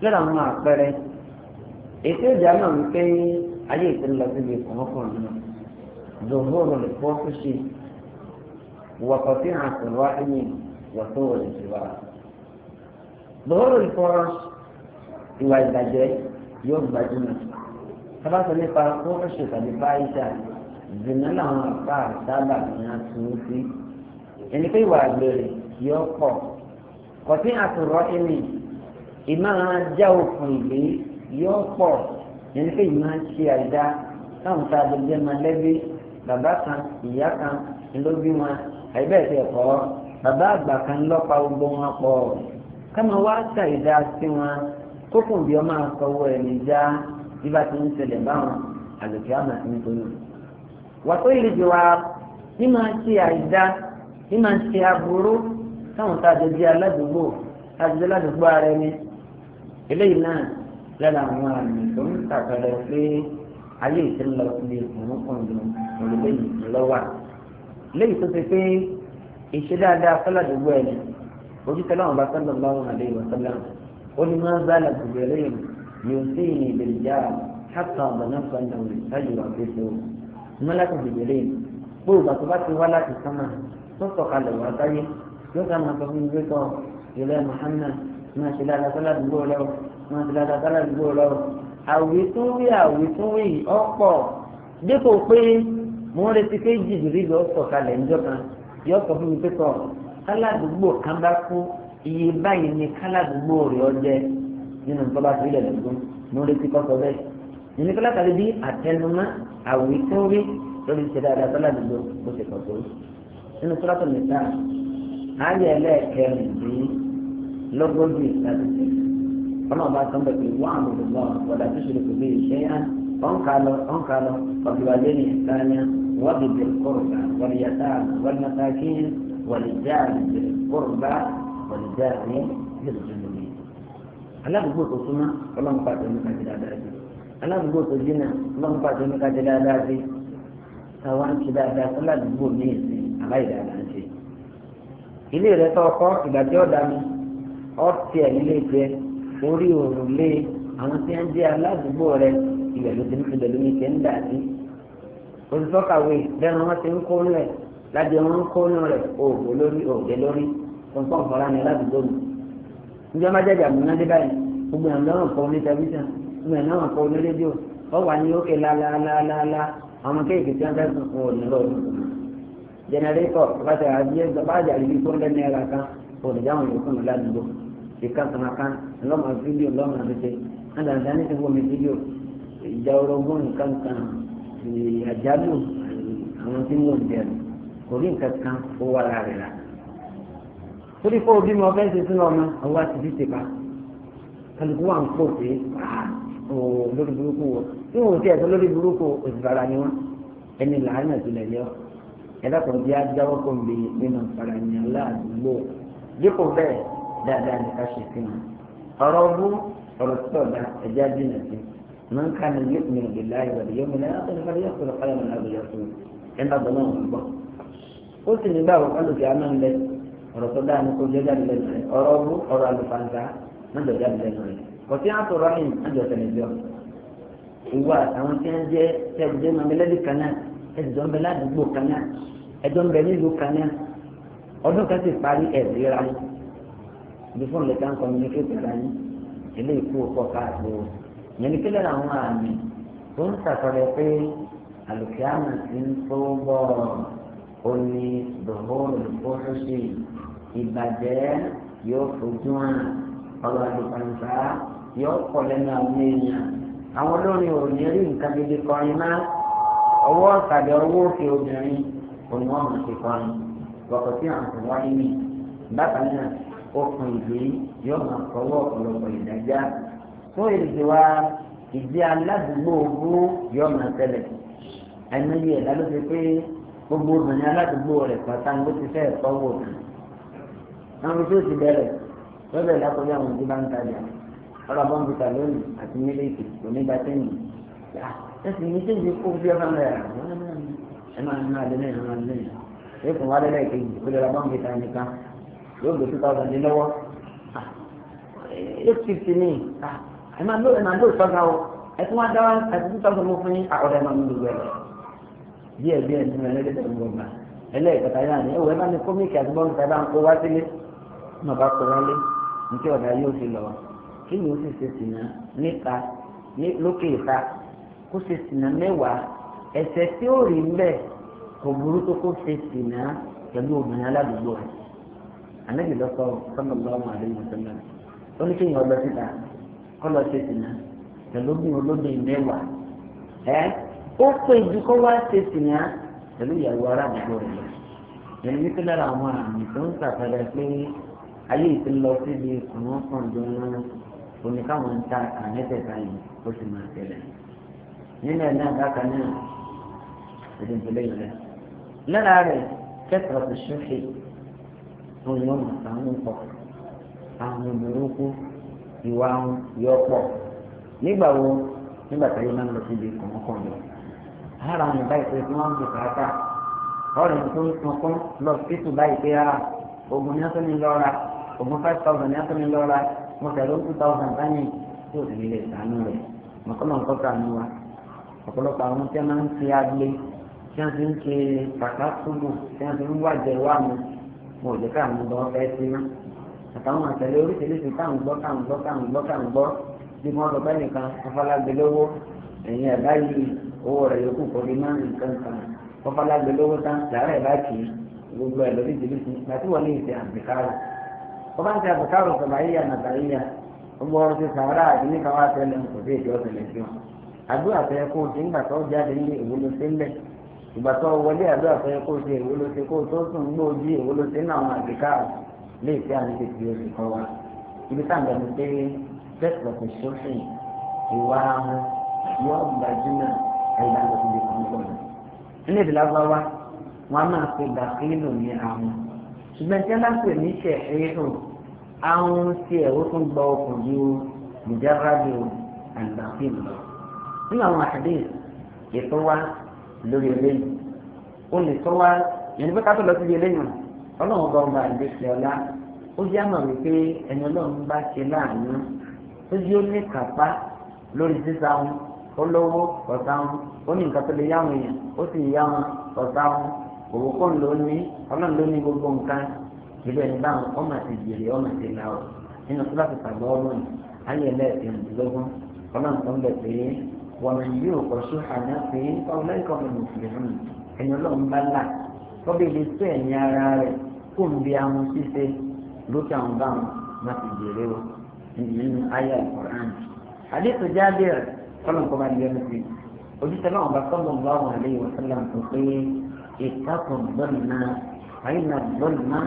kíra àwọn àpẹẹrẹ ètò ìjà náà wípé ayé ìpínlẹ̀ síbi ìkọ̀ọ́kọ̀ وقطيعة الرحم وطول الجوار ظهور الفرص ìwà ìbàjẹ́ yóò gbajúmọ̀ sábàtọ̀ nípa fóònù tàbí fáìsà zìnnà làwọn apá sábà ní atúwò sí ẹni pé ìwà àgbèrè yóò pọ̀ kọ̀tí àtúrọ̀ ẹni ìmáa já òfin ìlé yóò pọ̀ ẹni pé ìmáa ṣe àìdá táwọn tá a lè àìbẹ́ẹ̀ tẹ̀ kọ́ bàbá àgbà kan lọ́pa gbogbo wọn pọ̀ káma wá ta ìdá sí wọn kókùn bí ọmọ àkọwọ́ ẹni já bí bá ti ń ṣẹlẹ̀ báwọn àlòkè àmà ń wà tó yìí jù wá ní máa ṣe àìdá ní máa ṣe aburú táwọn aládùúgbò ara ẹni eléyìí náà àwọn àmì tó ń tàkàlẹ̀ pé ayé lè fún yìí lọ́wọ́ léyìí tó ṣe pé ìṣe dáadáa fọládùúgbò ẹni ojútẹ lọ́wọ́n bá sọ́dọ̀ lọ́wọ́n àlẹ́ ìwọ̀sọ́lá ó ní máa ń bá àlàkùnrin ẹlẹ́yìn yóò sí ìní ìbèrìjà hàtà ọ̀bọ̀nà sọ́dọ̀ ìṣáájú àgbẹ̀sọ mọ́lákù ìbèrìjà gbogbo àti bá ti wá láti sánmà tó sọ̀kalẹ̀ wá sáyé yóò sá máa sọ fún mi pé ìrẹ́ Muhammad máa ṣe dáadáa fọládùúgbò rẹ mo ń retí pé jìbìrì lọ sọ̀kalẹ̀ ńjọ́ kan yọ sọ fún mi pé kọ́ káládùúgbò kan bá kú iye báyìí ni káládùúgbò rẹ̀ ọ jẹ́ nínú nǹkan bá sílẹ̀ lọ́dún mo ń retí kọ́ sọ bẹ́ẹ̀ nínú kí látàrí bí àtẹnumọ́ àwí tó rí lórí ìṣe dáadáa káládùúgbò kó ṣe pàtó nínú sọ́dọ̀tò nìta ayé ẹlẹ́ẹ̀kẹrin bí lọ́gọ́dì ìtàdé ọlọ́ọ̀bá sọ pé wọ́n àmọ̀ lọ́wọ́ ọ̀dà tó ṣe lè kò bí ìṣẹ́yà ọ̀nkà lọ ọ̀nkà lọ ọ̀gbìwájẹ́ ní ìtàníà وبذي القربى واليتامى والمساكين والجار ذي القربى والجار ذي الجنوب aládùúgbò tó súnmọ́ ọlọ́run pàṣẹ oníkà ti dáadáa sí aládùúgbò tó jìnnà ọlọ́run pàṣẹ oníkà ti dáadáa sí táwa ń ṣe dáadáa sí aládùúgbò míì sí aláìdáadáa ń ṣe. ilé rẹ tó kọ́ ìgbà tí ó dá mi ọtí ẹ̀ nílé jẹ orí òrùlé àwọn tí wọ́n jẹ́ ti ń fi bẹ̀lú mi kẹ́ olùsọ́kàwé lẹ́nu wọn ti ń kó lẹ̀ láti wọn ń kó nù òògùn lórí òògùn lórí pọ̀npọ̀n fọ́lá ni aládùúgbò mi. ǹjẹ́ má jẹ́jà múná dé báyìí gbogbo ẹ̀ náà kọ́ ní tẹlifíṣàn gbogbo ẹ̀ náà kọ́ ní rédíò wọ́n wà ní òkè àwọn kéèké tí wọ́n fẹ́ fún ní àjálù àwọn tí mò ń bẹ̀rù kò rí nǹkan kan ó wà lára rà torí pé òbí mi ọ̀fẹ́ ṣe sínú ọmọ àwọn àti bí tèpa kálukú wà ń pò pé ah, lórí burúkú wọ tí wọn ò tiẹ̀ tó lórí burúkú òṣìbára ni wọn ẹni làánà tilẹ̀ yọ ẹ̀dá kan bí ajáwọ́ kan bí nínú ìfarahàn láàdúgbò dípò bẹ́ẹ̀ dáadáa ní ká ṣe fihàn ọ̀rọ̀ ọdún ọ̀rọ̀ tí ọ̀dà ẹ̀já dínà sí i. من كان يؤمن بالله واليوم الآخر فليقل خيرا أو ليصمت ẹnna bọlọ ń gbọ́ ó sì ní báwo kálù kí a máa ń lẹ ọ̀rọ̀ tó dáa ní kó jẹ jáde lẹ́nu rẹ̀ ọ̀rọ̀ ọbú ọ̀rọ̀ àlùfáàǹtà má jọ jáde lẹ́nu rẹ̀ kọtí á sọ rahim má jọ tẹ́lẹ̀ jọ ìwà àwọn tí wọn jẹ tẹbùjẹ mọmọlẹbí kan náà ẹjọ ń bẹ ládùúgbò kan náà ẹjọ ń bẹ nílùú kan náà ọdún kan sì parí ẹbí ra yín bí fóònù lè ká ń kọmíníkéètì ra yín eléyìí kú ọkọ káàkiri yẹn ni kí lè àwọn àmì tó ń sàkọlẹ̀ pé àlùkìyàmù ti ń tó bọ̀ ó ní dòwó olùkóṣoṣì ìbàjẹ́ yóò fojú hàn ọ̀rọ̀ àdùkànṣá yóò pọ̀ lẹ́nu àwọn èèyàn àwọn olórin ò ní rí nǹkan gidi kọrin má ọwọ́ ọ̀sàdẹ̀ ọwọ́ òkè obìnrin òun wọn mọ̀ kọrin wọ̀kọ̀ tí àwọn kò wáyé mi bákan náà ó kun ìgbé yóò máa fọwọ́ ọ̀pọ̀lọpọ̀ ìdájá fún èdè wa ìdí aládùúgbò owó yọ ọmọ tẹ́lẹ̀ àìmọye ẹ̀dá ló fi pé gbogbo obìnrin aládùúgbò rẹ̀ pátá ló ti fẹ́ tọ́wọ́ òkè àwọn tó ti bẹ̀rẹ̀ lọ́dọ̀ ìdákọ̀ọ́yà àwọn tó bá ń tajà ọ̀rọ̀ bọ́ǹbùtà lónìí àti mílíkì onígbàtẹ́yìn ẹsìn yìí tó ti kó bí ọba náírà ẹ máa ná adé náírà máa lé yìí ẹ kò wá dé láì kejì kó lè ra bọ́ǹbùtà nìkan yóò gbé two thousand ẹ máa lò ẹ máa lò sọ́gà o ẹ tún wá dá wá ẹ tún sọ́gà mo fún yín àkọ́dá ẹ máa mú lulú ẹ lọ díẹ̀ díẹ̀ nínú ẹlẹ́dẹ̀ẹ́dẹ̀ ń gbọ̀ngbà ẹlẹ́ẹ̀kẹta yára ni ẹ̀wọ̀ ẹ bá ní kọ́míkì àti bọ́ǹkì bá ń kó wá sílé mo bá kó wálé ní kí ọ̀dà yóò fi lọ kí ni ó sì ṣe sìnà níta lókè ìta kó ṣe sìnà mẹ́wàá ẹ̀sẹ̀ tí ó rí ń kò burú tó kó ṣe sìnà pẹ̀lú obìnrin aládùúgbò rẹ̀ ànábì lọ́sọ̀ọ́ sọ́nà lọ́wọ́ àdéhùn sọ́nà ó ní kí kọ́lọ̀ ṣe sì náà pẹ̀lú bí olóbìnrin mẹ́wàá ẹ́ ó pè ju kó wá ṣe sì náà pẹ̀lú ìyàwó ará àdúgbò rẹ̀ lọ. ẹni wípé lára àwọn àmì tó ń ṣàpẹẹrẹ pé ayé ìpín lọ síbi àwọn kọ̀ọ̀dún oníkàwọn ń ta àmẹ́tẹ̀ẹ̀ta yìí ó sì máa tẹ̀lé. nínú ẹ̀ náà bákan náà èdè ìpínlẹ̀ yìí rẹ̀ lára rẹ̀ kẹ́kọ̀ọ́ ti ṣúfì òun yóò mọ̀ sáwọn pọ̀ ìwà ń yọ pọ̀ nígbà wo nígbà tí ayé máa ń lọ síbi kọ̀ọ̀kan ara àwọn ìbá ìpè tí wọ́n ń bùkátà ọ̀rẹ́ tó ń kankan lọ sí tù báyìí pé ara ah, ogun ní ọ́sẹ́ mi lọ́ra ogun five thousand ní ọ́sẹ́ mi lọ́ra mo tẹ̀lé two thousand báyìí tí ò sì ní lè sànú rẹ̀ mọ̀kànlá ń kọ́kọ́ àánú wa ọ̀pọ̀lọpọ̀ àwọn tí a máa ń fi agbe tí a ti ń ṣe kàkà túbù tí a ti ń wájẹ wá mu mo ò jẹ́ ká àwọn ọmọ ọ̀fẹ́ sí náà àtàwọn àtẹlẹ oríṣiríṣi táwọn gbọ́ táwọn gbọ́ táwọn gbọ́ táwọn gbọ́ bí wọ́n lọ bá nìkan afọlágbé lówó ẹ̀yìn ẹ̀dá yìí owó rẹ̀ yòókù kò ní máa nǹkan kan afọlágbé lówó tán làárẹ̀ bá kì í gbogbo ẹ̀ lóríṣiríṣi láti wọ́n ní ìṣe àbíkárò wọ́n bá ń ṣe àbíkárò sọ̀bàyíyà nàbàyíyà gbogbo ọ̀rọ̀ ti sàárà àti níkan wá tẹ́lẹ̀ kò sí èdè ọ̀sẹ̀lẹ̀ sí wọn àdúrà fẹ́ kó o ti ńgbà tó jáde ní ìwúlò sílẹ̀ ìgbà tó wọlé àdúrà fẹ́ kó o ti ìwúlò sí kó o tó sùn gbòógì ìwúlò sí náà àbíkárò lè fẹ́ àwọn ti fi oṣù kan wá ibi tá à ń lọ ní pé bẹ́ẹ̀ kò sófin ìwà ahun yóò gbajúmọ̀ àyíká lọ síbi kan pọ̀ náà. nínú èdè lágbáwá wọn a máa pe bàkínù ní ahun ṣùgbọ́n tí wọ́n bá pè ní ṣẹ̀ṣẹ̀rù ahun tí ẹ̀ ó tún gbọ́ ọkùn ju ìjábájú àgbàkínù lọ. nínú àwọn àṣàdé ètò wa lórí eléyìí ó lè tọ́ wa yẹn ní pé ká tó lọ síbi eléyìí ọlọ́run bá ọba àdéṣe ọlá ó yá mọ̀ wípé ẹni ọlọ́run bá ṣe láàánú ó yí ó ní kápá lórí sísá wọn ó lówó ọ̀sá wọn ó ní nǹkan tó lè yá wọn èèyàn ó sì yá wọn ọ̀sá wọn òwò kò ń lò ní ọlọ́run ló ní gbogbo nǹkan ìlú ẹni báwọn ọmọ àti jèrè ọmọ àti ìlà ọ̀ nínú tó láti pàgbọ́ ọlọ́run ayé ẹlẹ́ẹ̀kẹ́rìndínlógún ọlọ́run tó ń bẹ̀ pé wọ́n yóò kọ́ sóhà kó ń bí àwọn ṣíṣe lókè àwọn báwọn má ti jèrè o nínú ayé alukoran àdéhùn Jábìr kọ́lọ̀ nǹkan bá di ẹnu sí ojúṣe náà bá kọ́lọ̀ ń bá wọn àlẹ́ ìwọ sọ́lá ń sọ pé ìtàkùn bọ́ọ̀nà àyìnà bọ́ọ̀nà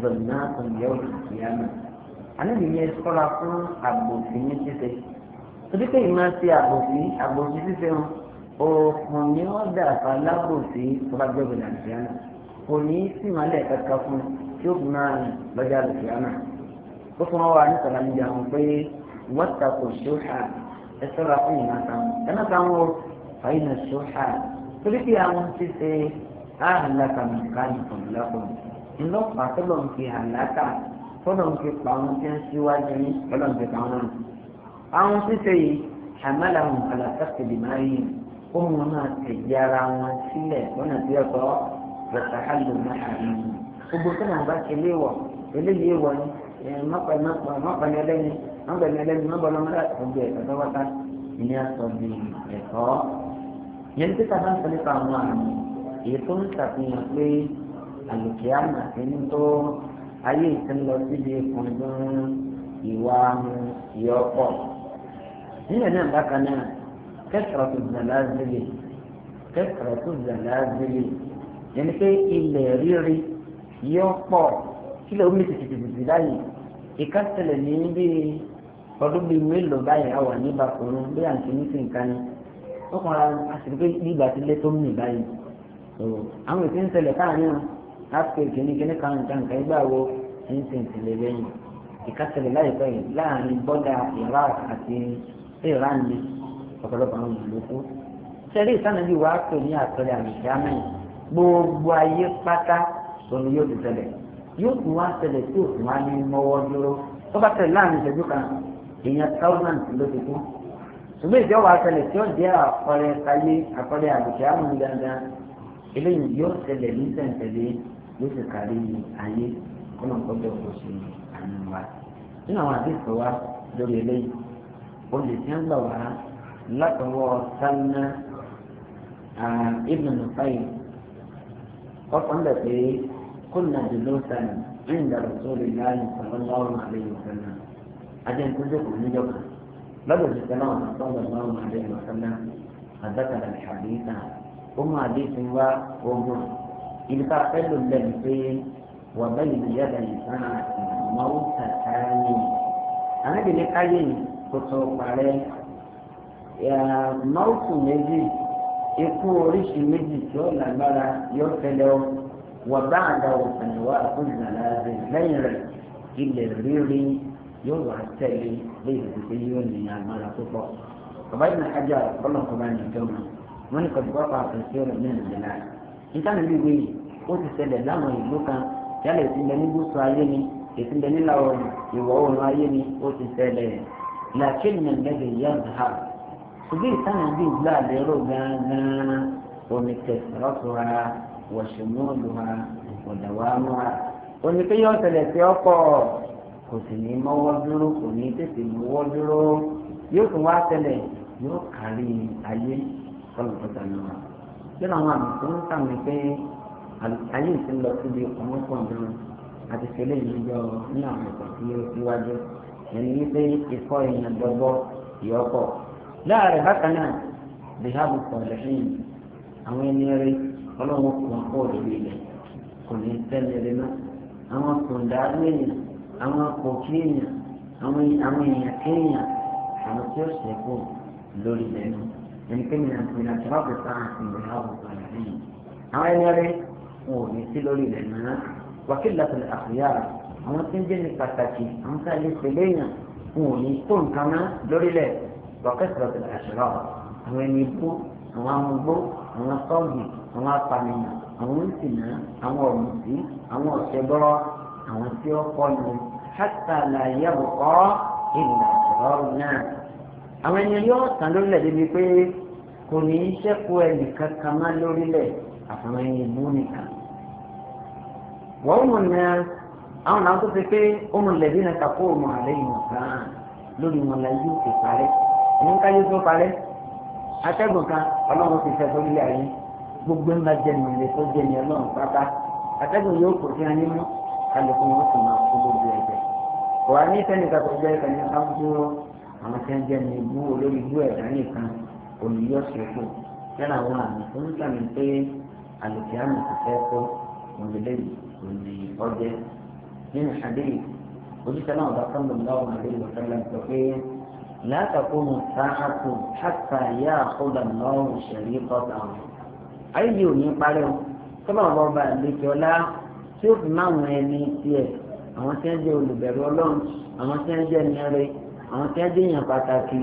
bọ́ọ̀nà òyìnbó ìyàmù àlejò yẹn sọ́ra fún àbòsí ní ṣíṣe torí pé ìmọ̀ ṣe àbòsí àbòsí ṣíṣe wọn òkùn ni wọ́n dà fà lábòsí tó bá gbẹ́gbẹ́ kò ní í sì máa lẹ̀ kaka fún tí ó fi máa rìn lọ́jà lòkè àná ó fún wa ní sàlámìjà wọn pé wọ́n ta kò ṣóṣà ẹ sọ́ra fún ìnáta ẹnáta wọn fàyínà ṣóṣà torí pé àwọn ti ṣe àhàlàkà nìkan nìkan lọ́kùn ńlọ́pàá tọ́lọ̀ ń fi àhàlàkà tọ́lọ̀ ń fi pa àwọn tí ń ṣíwájú ní tọ́lọ̀ ń fi pa wọn náà àwọn ṣíṣe yìí àmàlà wọn àlàkà tẹ̀lé máa yìí ó mú wọn náà tẹ̀yẹ wàtàkàlù máhàlì gbogbo tó náà bá ti lé wọ eléyìí wọ ni mọ́pàá ní ẹlẹ́ni mọ́pàá ní ẹlẹ́ni mọ́pàá ní ọmọdé àtúgbò ẹ̀ pátápátá ní aṣọ bíi ẹ̀kọ́ yẹn tí tàbá ń sọ nípa àwọn àmì èyí tó ń ṣàfihàn pé àlùkè àmà ti ń tó ayé ìsinmi lọ síbi ìkùnjún ìwà ìyọ́pọ̀ nílẹ̀ náà bákan náà kẹ́kọ̀ọ́ tó zàlá zèlè kẹ́kọ̀ọ́ tó zàlá zèlè yẹni pé ilẹ̀ rírì yóò pọ̀ kílẹ̀ omi tìtìtìtì báyìí ìkásẹ̀lẹ̀ ní bí ọdún bíi mélòó báyìí a wà ní bakoro bí à ń ti ní sí nǹkan ni ó kàn ra àṣírí pé nígbà tí ilé tó ń mì báyìí àwọn èsì ń ṣẹlẹ̀ káàárín àpè kìnnìkìnnì kan nǹkan nǹkan ìgbà wo ń sì ń tìlẹ̀ lẹ́yìn ìkásẹ̀lẹ̀ láìpẹ́ yìí láàrin bọ́dà Iraq àti Iran ni ọ̀pọ̀lọpọ̀ àwọn ìlú kú sẹ́rí ìsànàbí wàá pè ní àpẹẹrẹ àmì ìṣẹ́ àmẹ́yìn gbogbo ayé pátá òní yóò ti tẹ̀lẹ̀ yóò tún wá tẹ̀lẹ̀ tí òtún wá ní mọ́wọ́ dúró tó bá tẹ̀lé láàrin ìṣẹ́jú kan èèyàn thousand ló ti kú ṣùgbọ́n ìjọ wa tẹ̀lẹ̀ tí ó jẹ́ àkọlẹ̀ sáyé àkọlẹ̀ àgùkẹ́ àmúni dandan eléyìí yóò tẹ̀lẹ̀ ní tẹ̀ǹtẹ̀lé yóò ti kárí ayé kọ́nà kọjọ kò sí àmì wa nínú àwọn àdéhùn wa lórí eléyìí olùsíyàn gbà wá látọwọ́ sanna ibùdó ọkàn bẹ̀ pé kúnlẹ̀ dùlọ́ sani ń dàrú sórí láàyè sọlọ́lọ́rùn àlẹ́ ìwòsànà ajẹ́ni tó jókòó níjọba lọ́dọ̀ ti sẹ́nà ọ̀nà sọlọ́lọ́rùn àlẹ́ ìwòsànà àdákàrà ìhàdíta ó mú àdéhùn wá ogun ibi ká fẹ́ lò lẹ́nu pé wà bẹ́yìn ìyáda ìsánà ìmọ̀wó kàkàrà yìí àmì ìdílé káyé yìí kò tó parẹ́ mọ́ọ̀tù méjì ikú oríṣi méjì tí ó lágbára yóò tẹ̀lé ọ wà bá àdáwò sàníwá àkójọ aláàbẹ lẹ́yìn rẹ̀ ilẹ̀ rírí yóò wà tẹ̀lé léyìn tó yóò ní agbára púpọ̀. bàbá yìí náà ajá ọlọ́kọ̀ọ́bá ní ìjọba wọn ni kọ̀dùkọ́ pa àkànṣe ọ̀rọ̀ ní ìjìnlá. ìtàn ìlú ìwé yìí ó ti ṣẹlẹ̀ láwọn ìlú kan yálà ìtìlẹ̀ ní gúúsù ayé ni ìtìlẹ̀ nílà ìwọ̀ oòrùn ayé ni ó ti ṣẹlẹ̀ làkínní lẹ́gbẹ̀ẹ́ yẹn ṣùgbọ́n ìtàn bí ìgbà lérò gángan omi tẹ̀sírọ́tura wọ̀ṣùmọ́ọ̀lùwà ọ̀dàwàmọ́ra omi pé yóò tẹ̀lẹ̀ sí ọkọ̀ kò sì ní mọ́wọ́ dúró kò ní tètè mọ́wọ́ dúró yóò tún wá tẹ̀lẹ̀ yóò kárí ayé kọlùkọ̀tà náà yóò náà wọn àmì tó ń sàmì pé ayé ìsìn lọ síbi ọmọkùnrin àti ṣẹlẹ̀ yìí yọ ní àwọn ìtàn tí ó síwájú ẹni wípé ìkọ́ ìyẹn dọ́gbọ́ ìyọ́pọ̀ láàrin bákan náà bíhábù pọ̀lẹ́fín àwọn ẹni rí ọlọ́run kò wọ́n kó òdòdó ilẹ̀ kò ní tẹ́lẹ̀ rí mọ́ àwọn kòǹdàánú èèyàn àwọn kòkí èèyàn àwọn èèyàn kéèyàn àwọn tí ó ṣẹ́kù lórí lẹ́nu ẹni pé mi àti ìrìnàjò bá kò sáà sí bíhábù pọ̀lẹ́fín àwọn ẹni rí wọn ò ní sí lórí lẹ́nu náà wákìlá tó lè àwọn tí ń jẹ́ ní pàtàkì àwọn tí وكثرة الأشرار àwọn ẹni bó àwọn amúgbó àwọn tọ́ọ̀gì àwọn apànìyàn àwọn ìsìnà àwọn ọ̀mùtí àwọn ọ̀ṣẹ́gbọ́rọ́ àwọn tí ó kọ́ ni hátà làyẹ̀ bùkọ́ ìlà ọ̀rọ̀ náà. àwọn ẹni yóò tán lórílẹ̀ débi pé kò ní í ṣẹ́kù ẹnì kankan má lórílẹ̀ àfàwọn ẹni bó nìkan. wọ́n mú ní àwọn àwọn tó ti pé ó mú lẹ́bí náà kakó òmùhàlẹ́ ìmọ̀ sáà lórí wọn la yóò ti parẹ́ ní káyé tó parẹ́ atẹ́gùn kan ọlọ́run ti fẹ́ sórí ilé ayé gbogbo ń bá jẹ ní ilé tó jẹ ní ọlọ́run pátá atẹ́gùn yóò kò sí ayé mú kálukú wọn sì máa kó gbogbo ẹ̀jẹ̀ kò wá ní sẹ́ni kakọ̀ jẹ́ ìkànnì kan dúró àwọn tí wọ́n jẹ́ ní ibú olórí ibú ẹ̀dá nìkan olùyọ̀ ṣẹ́kù yẹ́n àwọn àmì tó ń sàmì pé àlùkí àmì kò fẹ́ kó òǹdílé òǹdí ọjẹ́ nínú àdéhì ojúṣe náà bá sọ́ndọ̀ lọ́wọ́ àdéhì wọ́n لا تقوم الساعة حتى يأخذ الله شريطته ayé ò ní parẹ́ o sábà bọ́ba àlejòlá tí ó fi máa wọn ẹni tiẹ̀ àwọn tí wọ́n jẹ́ olùbẹ̀rù ọlọ́run àwọn tí wọ́n jẹ́ nírẹ́ àwọn tí wọ́n jẹ́ èèyàn pàtàkì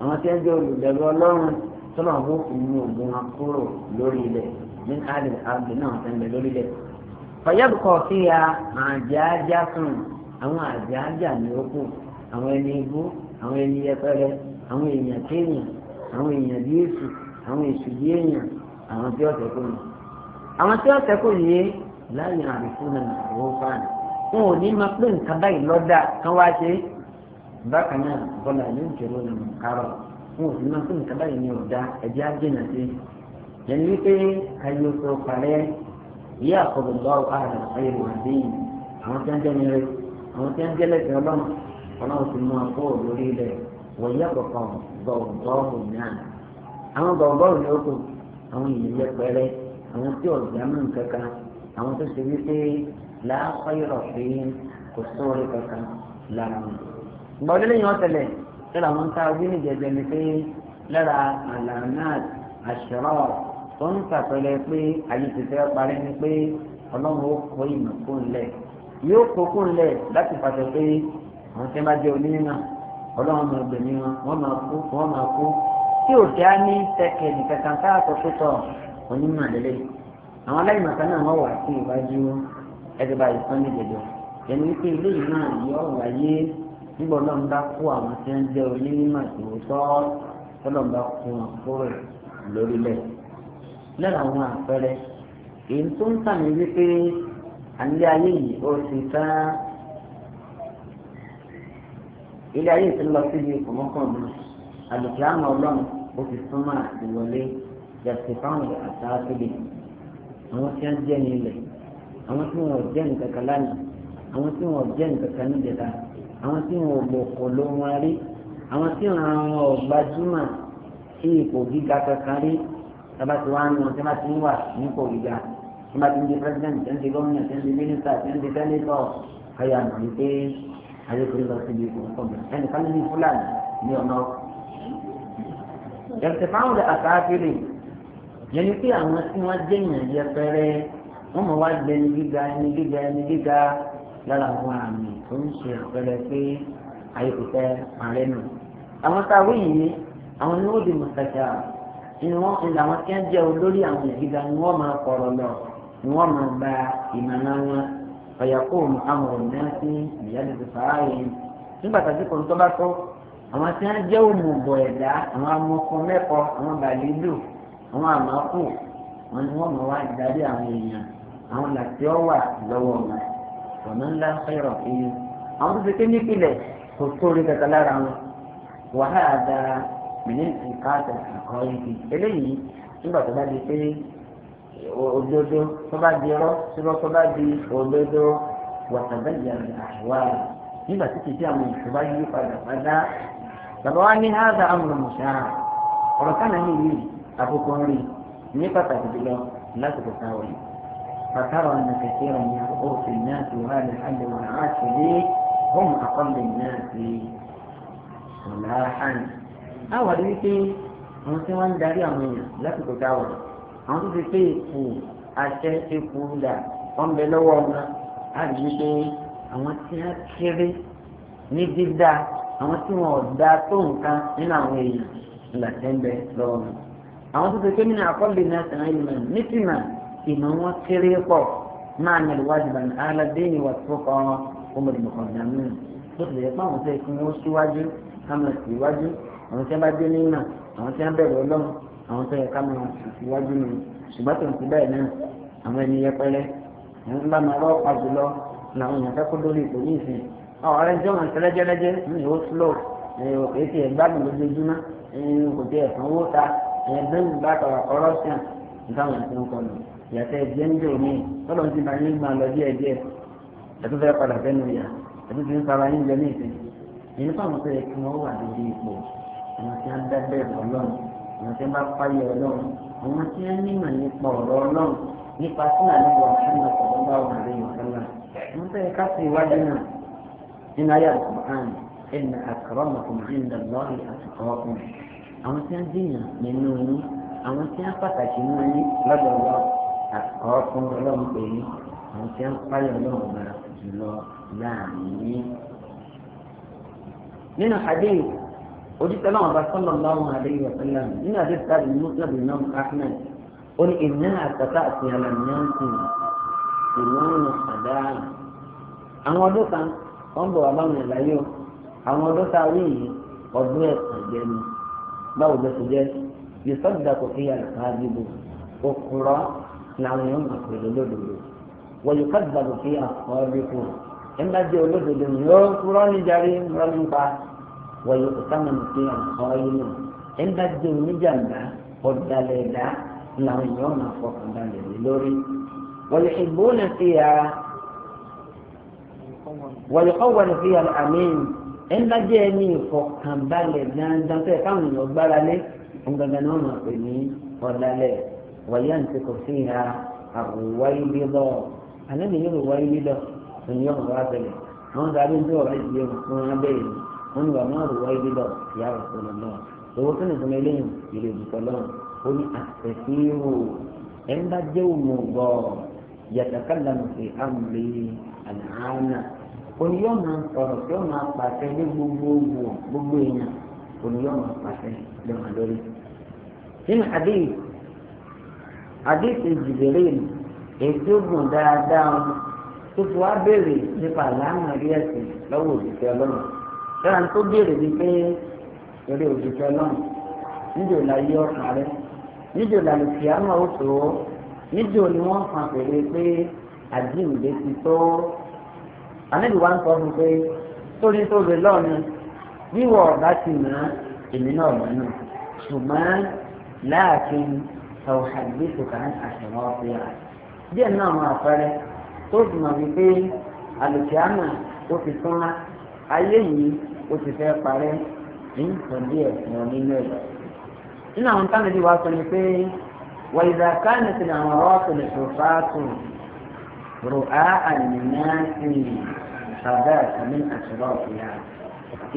àwọn tí wọ́n jẹ́ olùbẹ̀rù ọlọ́run sábà wọ́n fi mú ògùn wọn kúrò lórí ilẹ̀ ní àlè àgbè náà tẹ̀ ń bẹ lórí ilẹ̀. fọyọ́bùkọ̀ sí ya àjàájá fún àwọn àjàájá ní ó kù àwọn ẹni ibú àwọn ẹni yẹpẹrẹ àwọn èèyàn kéèyàn àwọn èèyàn bí àwọn èsù bí àwọn tí ọ̀sẹ̀ kò ní. àwọn tí ọ̀sẹ̀ kò yé láàyè àrífún náà wọ́n fáànù wọn ò ní máa pé nǹkan báyìí lọ́dà kán wá ṣe bákan wọn ò máa pé nǹkan báyìí ní ọ̀dà ẹ̀jẹ̀ sí i. yẹn ní pé káyọ̀ tó ọlọ́run ti máa kó lórí ilẹ̀ wọ̀nyẹ́ kọ̀ọ̀kan gbọ̀ngbọ̀ọ̀hùn náà àwọn gbọ̀ngbọ̀ọ̀hùn ni ó kù àwọn èèyàn yẹpẹrẹ àwọn tí ò jámù kankan àwọn tó ṣe wípé làákọ́ ìrọ̀ pé kò sóore kankan lára wọn. gbọ́dọ̀ lẹ́yìn ọ̀tẹ̀lẹ̀ tó làwọn ká wí ní jẹjẹ ni pé lára àlànáà àṣírọ̀ tó ń sàpẹlẹ pé ayé ti fẹ́ parí ni pé ọlọ́run ó kó ìmọ̀ kó ńlẹ̀ yóò kó kó láti pàṣẹ pé àwọn tí wọ́n bá jẹ́ onímọ̀ ọlọ́run máa gbẹ̀mí wọn wọ́n máa kú wọ́n máa kú tí ò dá ní tẹ̀kẹ̀ nìkankan káàkó tó tọ̀ onímọ̀ lélẹ̀ àwọn aláìmọ̀ kan náà wọ́n wà sí ìwájú ẹgbẹ́ ìsọ́nì jẹjọ yẹn ní pé ilé yìí náà yọ wáyé nígbà ọlọ́run bá kó àwọn tí wọ́n jẹ́ onímọ̀ tòótọ́ ọlọ́run bá kó wọn kúrò lórílẹ̀ lẹ́nu àwọn àpẹẹrẹ èyí tó ń tàn wípé ànílé ayé yìí ó ti tán ilé ayé ti lọ síbi ìfọmọkànlù àlùkìámọ Ọlọ́run ó ti súnmọ́ ìwọlé yàtọ̀ fáwọn àtàkùnlé àwọn tí wọn jẹ ní ilẹ̀ àwọn tí wọn jẹ nǹkan kan lánàá àwọn tí wọn jẹ nǹkan kan níjẹta àwọn tí wọn gbọ́ kọ ló wọn rí àwọn tí wọn àwọn ọgbàjúmọ sí ipò gíga kankan rí tabati wa nù tí wọn ti wà nípò gíga tí wọn ti di pírẹsidẹǹtì tí wọn ti gómìnà tí wọn ti mínísítà tí wọn ti sẹ́nẹ́tọ̀ kọyà nù wípé ayọkùnrin lọ síbi ìkọ̀ọ̀kan ẹnìkan ní fúlàní ní ọ̀nà ọkọ̀. ẹ̀sẹ̀ fáwọn àkàkiri yẹn ni pé àwọn tí wọ́n jẹ́ èèyàn yẹpẹrẹ wọ́n mọ̀ wá gbé ẹni gíga ẹni gíga ẹni gíga lára àwọn àmì tó ń ṣe àpẹẹrẹ pé ayọkùnrin parẹ́ nù. àwọn táwé yìí àwọn ni ó di mọ̀tàkà ni wọ́n ń làwọn tí wọ́n jẹ́ olórí àwọn ìgbìgà ni wọ́n máa kọ̀rọ̀ lọ ni wọ́n máa gba ìmọ̀ràn wọn fàyàkóòmù amòrò náà sí ìyálẹ́sì fàáyìn nígbà tàbí kò ń tọ́ bá tó àwọn tí wọ́n jẹ́ òmùgọ̀ ẹ̀dá àwọn amọ̀kọ mẹ́kọ àwọn bàlídò àwọn àmọ́kù wọn ni wọ́n mọ̀ wá ìdarí àwọn èèyàn àwọn làtí ọ́ wà lọ́wọ́ wọn ọ̀nà ńlá fẹ́rọ̀ ẹ̀yìn àwọn tó ti pé nípìnlẹ̀ kò sóore kẹta lára wọn wàhálà dára mìíràn ìka àtàkọ́ yìí eléyìí nígbà tó bá di pé òdodo tó bá di irọ́ sírọ́ tó bá di òdodo wàtàbẹ́ ìyàrá àwa nígbà tí kìí àwọn èso bá yí padà padà bàbá wa ní hàdà amúlò mùsà ọ̀rọ̀ kánà ní ìlú àkókò ń ní pàtàkì jùlọ lásìkò táwọn yìí فترى أن كثيرا يرؤوا في الناس وهذا الحد والعاش هم أقل الناس صلاحا أو هذا wọ́n tí wọ́n ń darí àwọn èèyàn lásìkò táwọn àwọn tó ti pé ipò àṣẹ ipò ńlá wọn bẹ lọ́wọ́ wọn á rí i pé àwọn tí wọn kéré ní dídá àwọn tí wọn ò dá tó nǹkan nínú àwọn èèyàn ńlàtẹ́ ń bẹ lọ́wọ́ wọn. àwọn tó ti pé nínú àkọọ́lẹ̀ náà sàn ìmọ̀ nítìmọ̀ ìmọ̀ wọn kéré pọ̀ máa nà lùwájú bá ní aládéyìn wà tó kọ́ ọmọdé mọ̀kànlá mìíràn tó ti lè pa àwọn tó yẹ kí wọ́n síwájú ká máa síwájú àwọn tí wọ́n bá dé nínú àwọn tí wọ́n bẹ̀rẹ̀ ọlọ́run àwọn tó yẹ ká máa ṣèwájú ni ṣùgbọ́n tó ń ti bẹ́ẹ̀ náà àwọn ẹni yẹpẹrẹ àwọn ń bá máa rọ́ ọ̀pá jùlọ làwọn èèyàn fẹ́ kó lórí ipò ní ìsìn àwọn ọ̀rẹ́ jọ́ wọn tẹ́lẹ́jẹ́lẹ́jẹ́ ní ìwọ slow ètò ìgbádùn lójoojúmọ́ kò tí ẹ̀ sanwó ta ẹ̀ẹ́dẹ́gbẹ̀rún bá tọ̀rọ̀ ọ̀rọ̀ sí à nítawọn ẹ̀sìn kan nù ìyàtọ̀ ẹ̀jẹ̀ ń jò mí tọ́lọ̀ ti bá yín gbà lọ díẹ̀ díẹ̀ ẹ̀tún fẹ́ padà fẹ́ nu ìyà ẹ̀tún ti ń fara yín jẹ ní ìsìn ìyẹn fáwọn tó yẹ kí wọ́n àwọn tí wọ́n bá fáyọ ọlọ́run àwọn tí wọ́n nímọ̀ nípa ọ̀rọ̀ ọlọ́run nípa sílẹ̀ wà fún ọ̀pọ̀ bá wà lórí ìfẹ́lá wọ́n fẹ́ ká sí iwájú náà nínú ayé àkùrán ẹ̀nà akramakum inda Allahi atqakum àwọn tí wọ́n dìyàn nínú yín àwọn tí wọ́n pàtàkì nínú yín lọ́dọ̀ lọ àtìkọ́kùn ọlọ́run pè àwọn tí wọ́n fáyọ ọlọ́run gbà jùlọ láàrin yín. nínú hadith òjíṣẹ́ náà bá sọ́nà báwọn àdéhùn ọ̀sánlá nínú àti sáré mùsùlùmí náà ahmed ó ní iná àtàtà àti àlàmíyàǹtì ìwọ̀n àdáà àwọn ọdún kan wọ́n bọ̀ wá báwọn ìlàyé o àwọn ọdún tá a rí yìí ọdún ẹ̀sán jẹ́ ni báwo ló ti jẹ́ yìsọ́dà kò fi àlùkò àdìbò òkúrọ́ làwọn èèyàn máa pèlè lódodo wọ́n yìsọ́dà kò fi àkọ́ wọ́yọ̀ kọ́tàmù pé ọ̀hán inú ẹ̀ ń bá jẹ́ oníjàmbá ọ̀dàlẹ̀ ẹ̀dá làwọn èèyàn máa fọkàn balẹ̀ lé lórí. wọ́yọ̀ ìgbóná fi ya wọ́yọ̀ ọ̀wọ́n fi ya àmín ẹ̀ ń bá jẹ́ ẹni ìfọkànbalẹ̀ dandan fẹ́ káwọn èèyàn gbára lé ọ̀gàngàn náà máa pè ní ọ̀dàlẹ̀ wọ́yọ̀ ntí kò fi ya àwòwáyé bí lọ àlẹ́ mi yóò wáyé bí lọ òní ọ̀rọ̀ abẹ́lẹ̀ àwọn sáré ń bí ọ̀rọ̀ ìdílé wọn fún abẹ́yẹ̀ wọn ni wàá máa rò wáyé bíbá ìyá ìṣòro náà èwo tó nìkan eléyìí ìrè ìdìtọ̀ náà ó ní àtẹ̀síwò ẹ̀ ń bá jẹ́ òmùgọ̀ yàtàkàlàmù sí àmì àlàáńà òní yóò máa sọ̀rọ̀ yóò máa pàṣẹ ní gbogbogbò gbogbo èèyàn òní yóò máa pàṣẹ lọ́wọ́ lórí. nínú àdéhì àdéhì Jibril èdè ògùn dáadáa tó fi wá béèrè nípa àlàáńà rí ẹ̀sìn lọ́wọ́ òṣìṣẹ́ ọlọ́run yàrá tó béèrè ni pé eré òjòjò náà níjò la yí ọkàn rẹ níjò la lè fi àmọ́ òtò níjò ni wọ́n fà pèrè pé àjíǹde ti tó ànábì wa ń sọ fún pé sórí tó lè lọ́ọ̀ni wíwọ̀ ọ̀gá ti mọ̀ èmi náà mọ̀ nù ṣùgbọ́n láàfin tàwùhàgbé tó kàn àṣẹwọ́ fi hàn díẹ̀ náà mọ àpẹẹrẹ tó sì mọ̀ wípé àlùkìá náà ó fi tún lá ayé yìí ó ti fẹ́ parẹ́ ní nǹkan díẹ̀ mọ̀ nínú ẹ̀. nínú àwọn táwọn ẹbí wa sọ ni pé wà ìdá káàní ti àwọn ọ̀sìn ìṣòfàtò rò á àyìnbá sí ṣàbẹ́ àtàmì àṣìrọ̀ ìyá.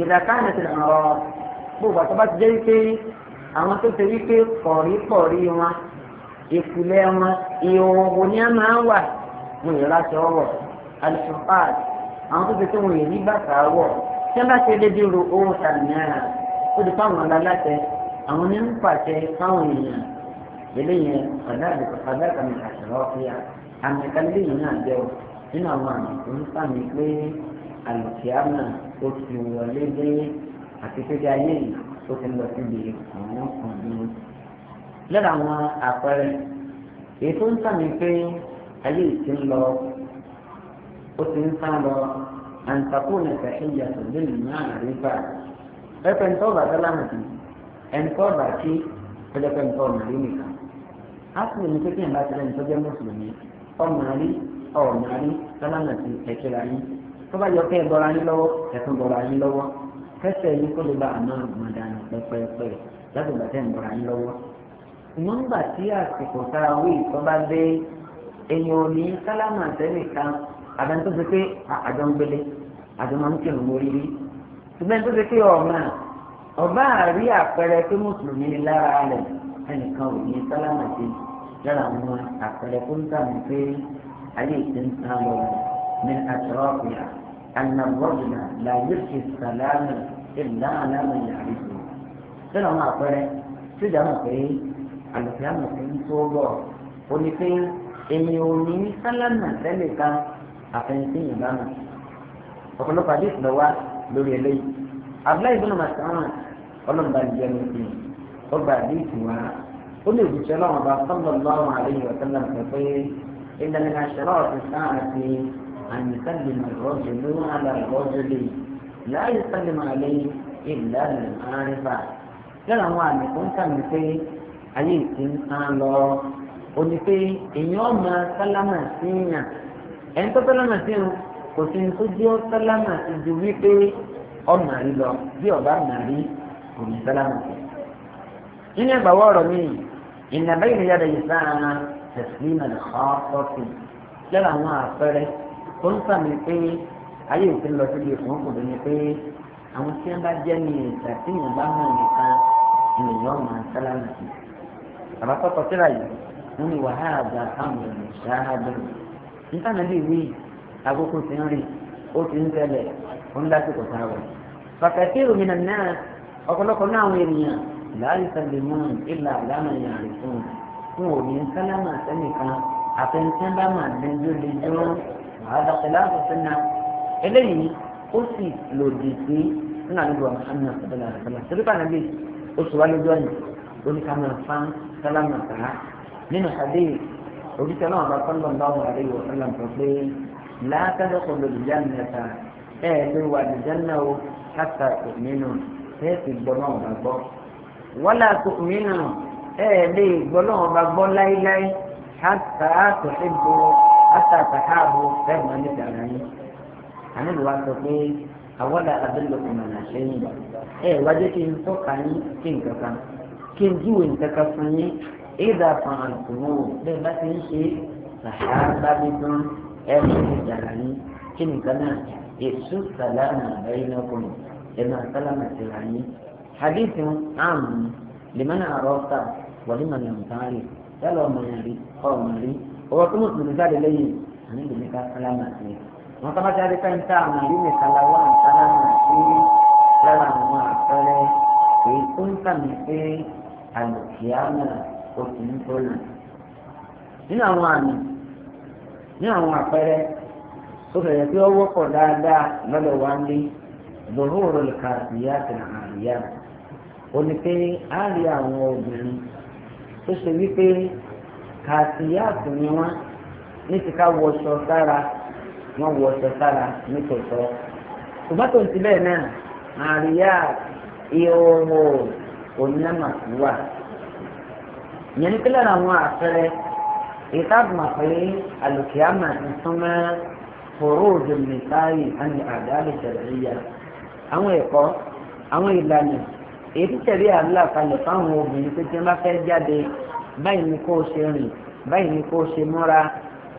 ìdá káàní ti àwọn ọ̀rọ̀ gbogbo àtọ́ bá ti jẹ́ wípé àwọn tó ti wípé pọ̀rípọ̀rí wọn ìkùlẹ̀ wọn ìhòòhò ni a máa wà wọn ìrásọ wọ̀ àṣìṣòfàtò àwọn tó ti tó wọn ìrí bàtà wọ̀ tí wọ́n bá ṣe lé dúró owó sàmìnà ó di fáwọn aláṣẹ àwọn ní ń pàṣẹ fáwọn èèyàn eléyìí ọ̀dàbí ọ̀dàbí mi àṣọwọ́ fìyà àmì kálíbí yìí náà jẹ́ o nínú àwọn àmì tó ń sàmì pé àlùkìyàmà ó ti wọlé dé àti pé ayé yìí ó ti lọ síbi àwọn ọ̀dùn. lọ́dọ̀ àwọn àpẹẹrẹ èyí tó ń sàmì pé ayé ti ń lọ ó ti ń sá lọ. أن تكون تحية للمعرفة أفن توبة سلامتي أن توبة شيء فلكن توبة لنك أصل المسكين باتل أن تجي مسلمي أو مالي أو مالي سلامتي أكلاني tọ́ba yọ kẹ́ ẹ bọ́ra yín lọ́wọ́ ẹ̀sùn bọ́ra yín lọ́wọ́ kẹsẹ̀ yín kó lè bá àmọ́ àmọ́dánù pẹ́pẹ́pẹ́ láti gbà tẹ́ ń bọ́ra yín lọ́wọ́. ìmọ̀ǹgbà tí àsìkò tá a wí tọ́ba àtàwọn tó ṣe pé àjọ ń gbélé àjọ máa ń kírun lórí rí ṣùgbọ́n tó ṣe pé ọ̀ma ọba àrí àpẹẹrẹ pé mùsùlùmí ni lára rẹ̀ ẹnìkan ò ní sálámà sí lára àwọn àpẹẹrẹ tó ń sàmì pé ayé ìṣe ń sá lọ ní àtọ́ọ̀pìà ànàbọ́ọ̀dùnà làyè ṣe sàlámà ìlà àlámà ìyàrí tó ṣé làwọn àpẹẹrẹ tó dáhùn pé àlùfíà mọ̀ sí ń tó bọ̀ ó ní pé èmi ò ní sálámà tẹ́lẹ̀ kan àfẹnusí ìbámu ọ̀pọ̀lọpọ̀ àdé ìsìlẹ̀ wá lórí eléyìí abúlé ìbùnú màsàmà ọlọ́mọba ìjẹ́ ní ti ọgbà àdé ìtìwá ó lè bùsọ̀ lọ́wọ́ bá sọ́dọ̀ lọ́wọ́ àlejò ọ̀sán pẹ̀pẹ́ ìdáni aṣọ́rọ̀ ọ̀sán àti àyìnsálìmọ̀ ìrọ́jò lóhùn àlà ìrọ́jò lè láàyè sálìmọ̀ àlẹ́ ìlà àrífà lọ́nà àwọn àmì tó ń sàmì pé ayé ẹni tó sálámà sí o kò sí ní tó jẹ́ sálámà sí ju wípé ọmọ rí lọ bí ọba mà rí kò ní sálámà sí. nínú ìgbàwọ́ ọ̀rọ̀ mi ìnàbẹ́ ìrìnyàdà yìí sáà tẹ̀sílímà lọ́ọ́ sọ́ọ̀tì lára àwọn àpẹẹrẹ tó ń sàmì pé ayé òfin lọ síbi ìfún òkùnrin ni pé àwọn tí wọn bá jẹ́ ní ìta tí wọn bá mọ̀ nìkan ènìyàn máa sálámà sí. àbátọ́kọ̀ síra yìí wọ́n ní wàhálà àgbà fáwọn ènìyàn ṣáájú nítorí bí wí àkókò ti ń rìn ó ti ń tẹ̀lẹ̀ ó ń lásìkò táwọn. pàtàkì ìròyìn náà ọ̀pọ̀lọpọ̀ náà àwọn ènìyàn láàyè sàlẹ̀mù ìlà àlámà yẹn rè fún un fún òní sálámà sẹ́nìkan àfẹnusẹ́ńbàmà lẹ́jọ́lẹ́jọ́ wàhálà pẹ̀lú àfẹ́sẹ́nà eléyìí ó sì lòdì sí nínú àlejò àwọn àmì àfẹ́sẹ́nà àfẹ́sẹ́nà torí pàtàkì oṣù wálé jọ́ni oníkàmọ̀ òjíṣẹ́ náà bá sọ́nà báwọn àdéhùn ọ̀sánà tó pé látàdọ́kọ̀ lòdìjà nìyàtà ẹ̀ ló wà lòdìjà náà ó kàtà òmìnú ẹ̀ sì gbọ́ náà bá gbọ́. wọ́n là tó òmìnú ẹ̀ lè gbọ́ náà bá gbọ́ láíláí kàtà àtọ̀síbo àtàtàkàbò fẹ́ẹ̀mọ́ níta láyé. àníbi wa sọ pé yín kí nǹkan kan kí n jíwèé nǹkan kan fún ìdá fàǹtùmù bẹ́ẹ̀ bá ti ń ṣe sàhábà dídán ẹ̀rọ ìjàrá yín kí nìkan náà èso sàlámù àbẹ́yìnàkùnrin ẹ̀rọ sàlámù àtìrà yín. حديث عام لمن عرفت ولمن لم تعرف yálà ọmọ yẹn rí ọmọ rí owó tó mùsùlùmí jáde lẹ́yìn àmì ìdùnnú ká sálámà sí i wọn tó bá jáde pẹ́ńtà àmà rí ní kàláwà sálámà sí i lára àwọn àpẹẹrẹ èyí tó ń tàmì pé àlùkìá náà ọkùnrin tó nà nínú àwọn àmì nínú àwọn àpẹẹrẹ tó fẹ̀rẹ̀ pé dáadáa lọ́dọ̀ wá ní lòhùrù kàdìyà tìǹà àríyá ó ní pé á rí àwọn obìnrin tó ṣe wípé kàdìyà tì ní wọn ní ti ká wọṣọ sára wọn wọṣọ sára nítòótọ́ tòmátò ti bẹ́ẹ̀ náà àríyá ìhòòhò ìyẹn ní pé lára àwọn àpẹẹrẹ ìtàgùn àpẹẹrẹ àlùkìyàmà ìsúnmọ́ fòró òde mẹ́tàáyì àti àdáàlì ṣẹlẹ̀yà àwọn ẹ̀kọ́ àwọn ìlànà èyí tí tẹ̀lé àlá kalẹ̀ fáwọn obìnrin pé tí wọ́n bá fẹ́ jáde báyìí ni kó o ṣe rìn báyìí ni kó o ṣe múra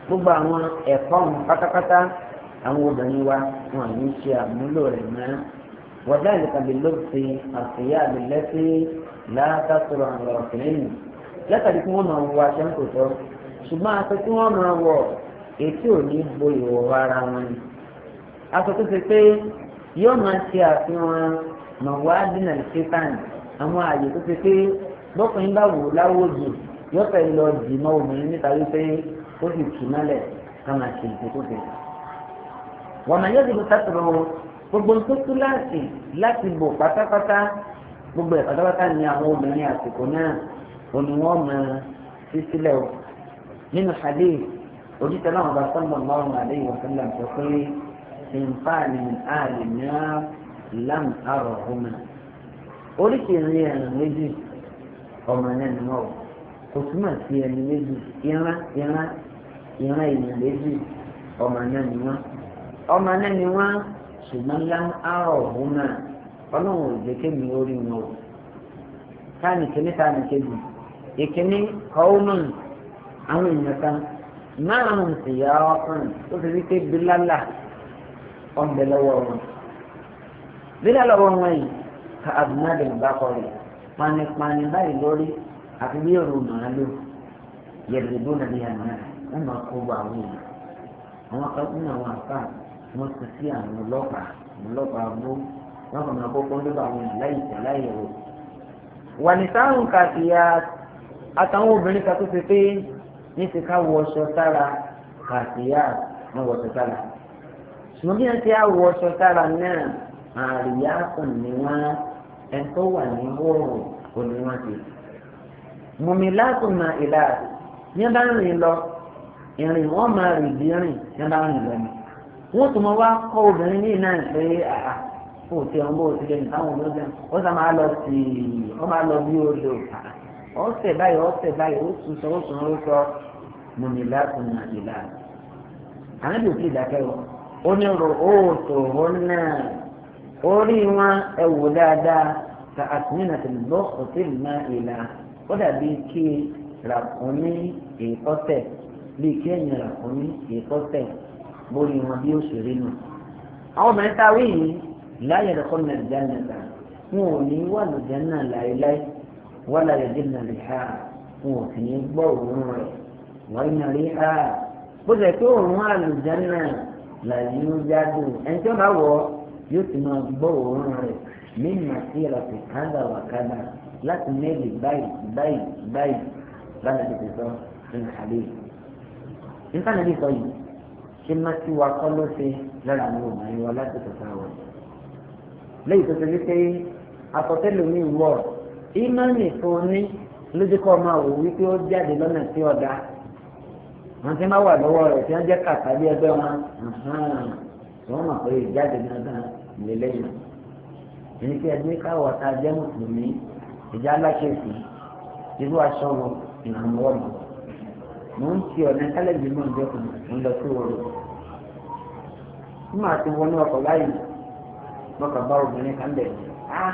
gbogbo àwọn ẹ̀kọ́ ọ̀hún pátápátá àwọn obìnrin wa wọn ní ṣe àmúlò rẹ̀ mọ́ wọ́dà ìlẹ̀kàbí ló fi àṣeyá àbílẹ́sí látàkùrọ̀ àwọn ọ̀kìnrin látàrí kí wọ́n máa wọ aṣọ kò tọ́ ṣùgbọ́n aṣọ tí wọ́n máa wọ ètí ò ní bo ìwọ̀ ara wọn ni aṣọ tó ṣe pé yóò máa ṣe àfihàn mọ̀wádìnà ṣẹ́tàn àwọn àyè tó ṣe pé bọ́kùnrin bá wò láwòjì yóò fẹ́ lọ dì mọ́ obìnrin níta wípé ó sì tù mọ́lẹ̀ ká máa ṣe ìdè tó bẹ̀rẹ̀. wọ́n máa yọ̀ dìbò sátọ̀rọ̀ gbogbo tó tú láti láti bò pátápátá gbogbo ẹ̀ pátápátá ni àwọn obìnrin àsìkò náà oníwọ́n mọ sísílẹ̀ o nínú hadith òjíṣẹ́ náà bá sọ́nà lọ́rùn àléyìn wàsálà sọ pé ìǹfààní àlè náà lám àrò ọmọ oríṣiríṣi ẹ̀ràn méjì ọmọ náà ni wọ́n kò túmọ̀ sí ẹni méjì ìran ìran ìran èèyàn méjì ọmọ náà ni wọ́n ọmọ náà ni wọ́n ṣùgbọ́n lám àrò ọmọ ọlọ́run ò jẹ́ kémi orí wọn o táà nìkejì táà nìkejì ìkíní kọ́ọ̀mùn àwọn èèyàn kan márùn-ún sì yá ọkùnrin ó ti rí pé bílálà ọ̀bẹ lọ́wọ́ wọn. bílálà ọwọ́ wọn yìí ka àbùnádé ń bá kọ rẹ̀ panipani báyìí lórí àfi bí òru màálù yẹ̀rẹ̀ bó nàbí àná wọn máa kó bọ àwọn èèyàn àwọn kan nínú àwọn àfà wọn ti sí àwọn ọlọ́pàá ọlọ́pàá bó wọn kàn máa kó kó ń débà láyìí tẹ̀ láyìí rò. wà ní sáà ń kà sí ya àtàwọn obìnrin kan tó fi pé ní ti ká wọṣọ sára kàṣíyà wọn wọṣọ sára ṣùgbọ́n bí wọ́n ti á wọṣọ sára náà àríyá kùn ní wọn ẹni tó wà ní wọ́ọ̀rù kò ní wọn ti. mùmí látùn máa ìlà ní bá ń rìn lọ ìrìn wọn máa rìn bí rìn ní bá ń rìn lọ ni. wọ́n tún mọ wá kọ́ obìnrin ní náà pé àà kò tí ọ̀n bó ti lè nǹkan wọn lọ́jọ́ ó sá máa lọ sí i ó máa lọ bí odò àà ọ̀sẹ̀ báyìí ọ̀sẹ̀ báyìí ó sùn sọ ó sùn ó sọ mọ̀mí látùn náà ìlà. ànábì òkè ìdákẹ́ o ó ní ro oòtò ó náà orí wọn ẹ wò dáadáa ka àtúnyìnà tó lọ òtẹ́lì náà ìlà ó dàbí kí ràkúnmí èkọ́tẹ̀ bíi kí ẹ̀yìn ràkúnmí èkọ́tẹ̀ bórí wọn bí ó ṣe rí nù. àwọn mẹ́ta wíyìn láyé ẹ̀dọ́kọ́ nàìjíríà nàìjíríà wọn ò ní wà lójà náà láéláé wọ́n lè dín náà lè ha wọn ò sì ní gbọ́ òórùn rẹ̀ wọ́n yàn rí ha bó ṣe pé òórùn àlùjánnà làyè ń jáde ẹni tí wọ́n bá wọ̀ yóò ti máa gbọ́ òórùn rẹ̀ mímọ̀ sí ìrọ̀sì kádà wà kádà láti mẹ́lì báyìí báyìí báyìí báyìí tètè sọ ní àlẹ́ nípa nàbí sọ yìí ṣé má ti wà kọ́ ló ṣe lára àwọn obìnrin wa láti tẹ̀sán wọn lẹ́yìn tó ṣe wípé àtọ̀tẹ́lẹ̀ mi wọ̀ ìmánì fún ní lójú kọ́ máa wò wípé ó jáde lọ́nà tí ọ̀dà wọn ti máa wà lọ́wọ́ rẹ̀ tí wọ́n jẹ́ kàtà bí ẹgbẹ́ wọn wọ́n mọ̀ pé ìjáde dandan lélẹ́yìn èyí tí ẹgbẹ́ káwọ̀ tá a jẹ́ mùsùlùmí ìjà aláṣẹ́sì irú aṣọ wo ìrànlọ́wọ́ mọ̀ mò ń ti ọ̀nà kálẹ̀jì mọ̀ ń dẹ́kun ń lọ sí wọ́ọ̀rọ̀ fún àti wọnú ọkọ̀ láyìí mọ̀kà bá obìnrin kan bẹ̀rẹ̀ ah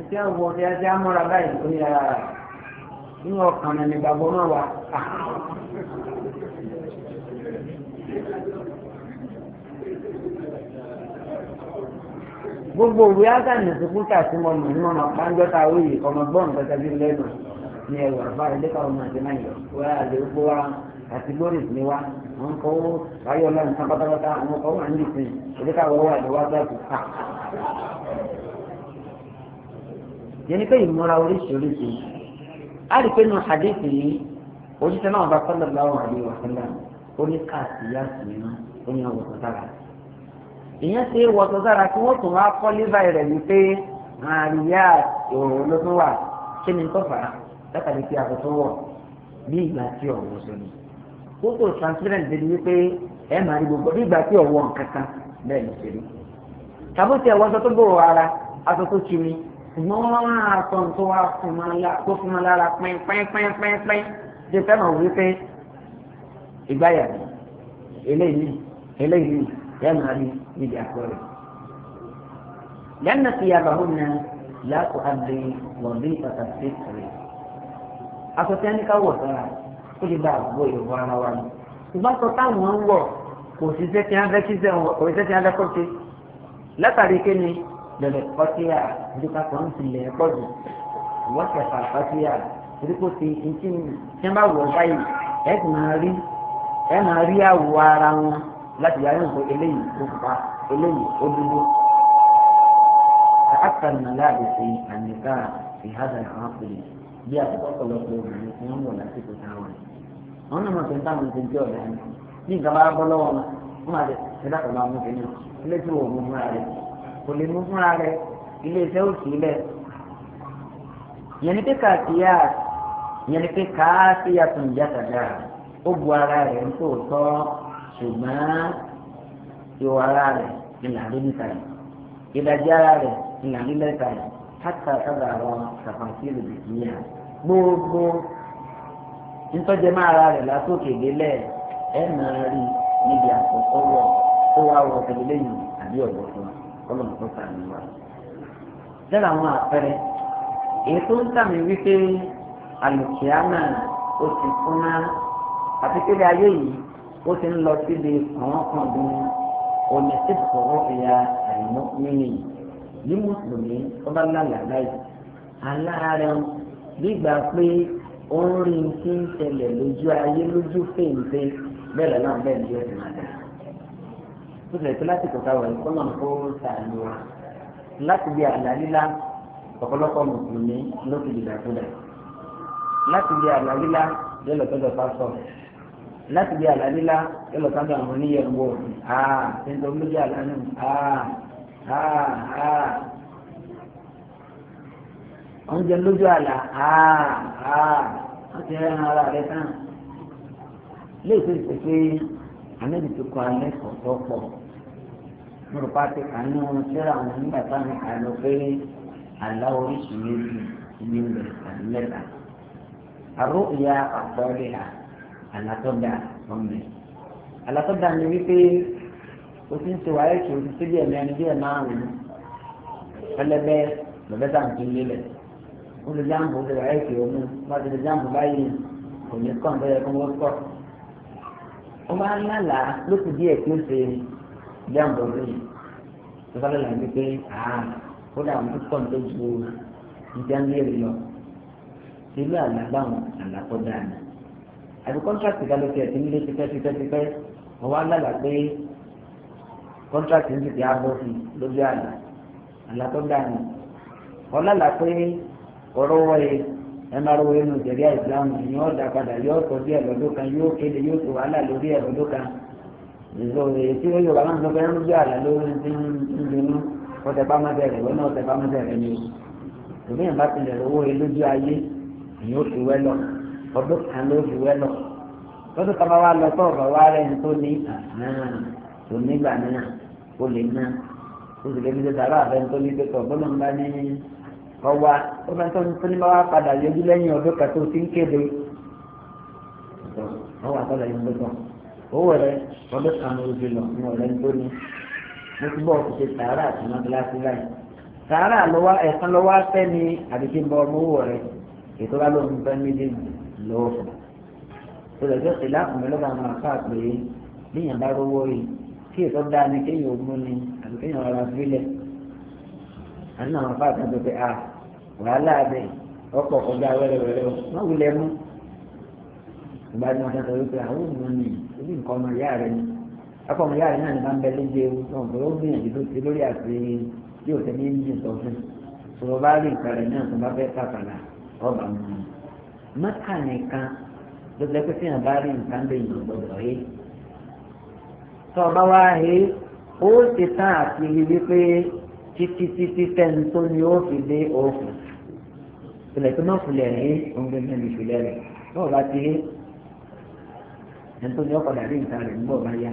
àti àwọn ọ̀dẹ àti amúra báyìí ó ní ara ah, rẹ̀ nínú ọkàn rẹ̀ nígbàgbọ́ náà wà. gbogbo òwe ágànnì tó kú tà sí mọ mọ ní ọmọ pàǹjọ ta òye ọmọ gbọ́n nǹkan tàbí lẹ́nu ní ẹ̀rọ àbára lẹ́ka ọmọ àti náà yọ wọ́n á lè gbó wa àti lórí ìpín wa wọn kọ́ owó ayọ̀ tán pátápátá wọn kọ́ wà ní ìpín ìdíkà wọ́wọ́ àdéhùn wá sáà ká yẹn ni pé ìmúra oríṣiríṣi á rí i pé nù hadith yìí òṣìṣẹ́ náà bá kọ́lọ̀ láwọn àlè wàhálà ó ní káàsì yá sí iná ó ní ọwọ́ ìyẹn ṣe wọ kí wọ́n tún wá kọ́ lébà rẹ̀ wípé àríyá òòrùn ló tún wà kí ni tó fà á látàrí pé àkótó wọ̀ bí ìgbà tí ọ̀wọ́ sọ ni kókò transparent débi wípé ẹ máa rí gbogbo bí ìgbà tí ọ̀wọ́ nǹkan kan bẹ́ẹ̀ ló ṣe rí tàbí tí ẹ̀wọ́ sọ tó gbòòrò ara aṣọ tó kiri ṣùgbọ́n wọ́n wá aṣọ tó wá fún wọn lára pínpínpínpín ṣe fẹ́ràn wípé ìgbáyà ni eléyìí eléyìí yẹn máa ní níbi àpẹẹrẹ. لأن ثيابهن لا تؤدي وظيفة الستر أفتاني كوتا كل بعض بوي وانا وانا ṣùgbọ́n sọ táwọn ń wọ̀ kò ṣiṣẹ́ tí wọ́n fẹ́ kí ṣe wọ̀ kò ṣiṣẹ́ tí wọ́n fẹ́ kó ṣe látàrí kí ni lọ́lẹ̀ kọ́ sí àá torí ká kàn ń tilẹ̀ ẹ̀ pọ̀ jù wọ́n ṣe fàfàtìyà torí kò sí ntí tí wọ́n bá wọ̀ báyìí ẹ̀ kì máa rí ẹ̀ máa rí àwọ̀ ara wọn láti yára nǹkan eléyìí tó pa eléyìí ó dúró. أكثر من لابس النساء في هذا العصر bí àtúntò lọ́pọ̀ obìnrin tí wọ́n ń wọ̀ lásìkò táwọn àwọn náà máa fi ń táwọn ti ń ọ̀dà ni bí nǹkan bá bọ́ lọ́wọ́ wọn máa lè ṣe dákọ̀ máa mú kínní iléeṣẹ́ ò sí lẹ̀ yẹn ni pé kàtíyà ni pé káàsíyà tó ń jákàdá ó bu ara rẹ̀ ń tòótọ́ ṣùgbọ́n ìwà ara rẹ̀ ìlànà níta yìí ìdajì ara rẹ̀ ìlànà níta yìí hàtà sábà àwọn kàfàǹsìlì bìkìyà gbogbo ntọ́jẹ́ máa ra rẹ̀ látòkè délẹ̀ ẹ̀ máa rí níbi àkọ́kọ́ wọ̀ tó wá wọ tẹ̀lé lẹ́yìn àbí ọ̀gbọ̀tọ̀ ọlọ́run tó sàmì wá dára àwọn àpẹẹrẹ èyí tó ń tàmí wípé àlùkìyàmà ó ti kúnná àti pé ayé yìí ó ti ń lọ síbi àwọn kan dùn òní sí ìfọwọ́ ìyá àìmọ́ nínú yìí mùsùlùmí ó bá lálàá láyé aláàárẹ̀ gbígbà pé ó ń rí ti ń ṣẹlẹ̀ lójú ayé lójú fèǹfé bẹ́ẹ̀ lọ́nà bẹ́ẹ̀ ni yóò ti máa dẹ̀. ó sì rẹ̀ pé lásìkò táwọn ẹ̀kọ́ náà kó sàánú wa láti bí àlá lílá ọ̀pọ̀lọpọ̀ mùsùlùmí ló fi dìgbà sílẹ̀ láti bí àlá lílá yóò lọ sọ́dọ̀ pásọ̀ láti bí àlá lílá yóò lọ sọ́dọ̀ àwọn oníyẹ̀wò àà tẹ̀sán ló jẹ́ àlá náà àà àà àà oúnjẹ lójú àlá àà àà wọ́n ti rẹ́ ara rẹ̀ tán léèṣẹ́ ìpèsè àmẹ́bìtì kan alẹ́ kọ̀ọ̀tọ̀ pọ̀ mo rò pàtó kànú síra àwọn nígbà táwọn àlọ́ pé àlá oríṣi méjì ní ilẹ̀ tàbí mẹ́ta. àrò ìyá àpọ̀lẹ̀ à àlàtọ́dà ọ̀mẹ̀. àlàtọ́dà ni wípé o ti ń ṣe wáyé kí o ti ṣe díẹ̀ mẹ́rin díẹ̀ márùn-ún pẹlẹbẹ lọ́bẹ̀ tá à ń tún lélẹ̀. o lè jáàmù o lè wáyé kí o mú wọ́n ti lè jáàmù báyìí kò ní kàn bẹ́ẹ̀ kó wọ́n kọ̀. ó máa ń lálàá lókùn díẹ̀ kí ó ṣe bí àwọn ọ̀rẹ́ yìí tó bá lọ́la ní pé àá ó dà wọ́n púpọ̀ tó ju ìdí àmìlẹ̀ lọ sílú àlágbà wọn àlàkó dáná àbí kọ́ńtrákì ká ló ti ẹ̀sìn nílé tipẹ́tipẹ́tipẹ́ wọ́n wá lálàá pé kọ́ńtrákì ń tètè abọ́ sí lójú àlà àlàkó dáná wọ́n lálàá pé ọ̀rọ̀ wọ̀nyí ẹnara wo inú ìjẹ̀rí àìsàn yóò dá padà yóò sọ sí ẹ̀lọ́dún kan yóò kéde yóò sọ wàhálà lórí ẹ̀lọ́dún kan ìṣòro èyí tí Yorùbá náà sọ pé ń gbé àlá lórí ti ń dunú ọtẹ pàmẹtẹ rẹ wọn náà ọtẹ pàmẹtẹ rẹ ni òbí yẹn bá tilẹ̀ owó rẹ lójú ayé ni ó fi wẹ́ lọ ọdún kan ló fi wẹ́ lọ lọ́dún kan bá wà lọ tó ọ̀bà wà rẹ̀ tó ní tó nígbà náà ó lè ná ó sì lè fi ṣe àfẹ́ tó ní pẹ́tọ̀ gbọ́dọ̀ bá ní ọwà ó owó rẹ ọdún kan ló ti lọ ní ọ̀rẹ́ tó ní mo ti bọ̀ ọ́ ṣe sàárà àti mọ́tíláṣí báyìí sàárà lọ́wọ́ ẹ̀sán lọ́wọ́ fẹ́ ni àdìsí bọ́ ọmọ owó rẹ ètò bá ló ń fẹ́ méjèèjì lọ́wọ́ fún un olè tó ṣe láàpù mi lọ́ba àwọn àfa pé bíyàn bá rówó rí kí ètò dáa ni kéèyàn ogún ni àti kéèyàn ọ̀rọ̀ fílẹ̀ àti àwọn àfa àtàkùn pé a wàhálà bẹ́ẹ̀ ọkọ̀ ọ̀gá wẹ́rẹ́wẹ́rẹ́ wọn wulẹ̀ mú ìgbà tí wọn sọ pé àwọn ènìyàn ni orí nǹkan ọmọ ìyá rẹ ni akọ ọmọ ìyá rẹ náà ní bá ń bẹ léde ewu náà bọ ó gbìyànjú tó ti lórí àti bí òtẹ ní ní ìtọ́jú sọ̀rọ̀ bá rí nǹkan rẹ náà tó bá fẹ́ pàpàlà ọba mu ni. mọ́tà nìkan ló jẹ́ pé tíyàn bá rí nǹkan bẹ yìí gbọdọ̀ yé tọ́ ọba wá he ó ti tán àti ibi pé títí títí tẹ́ni tó ni ó fi dé òfin ìlẹ̀kùn náà fúlẹ̀ rẹ̀ ọ̀gbẹ́ni ìfúlẹ̀ rẹ̀ tọ́ ọba ti he ẹ̀ńtọ́ ni ọkọ̀ dàrí nǹkan rẹ̀ ńgbọ̀ bá yá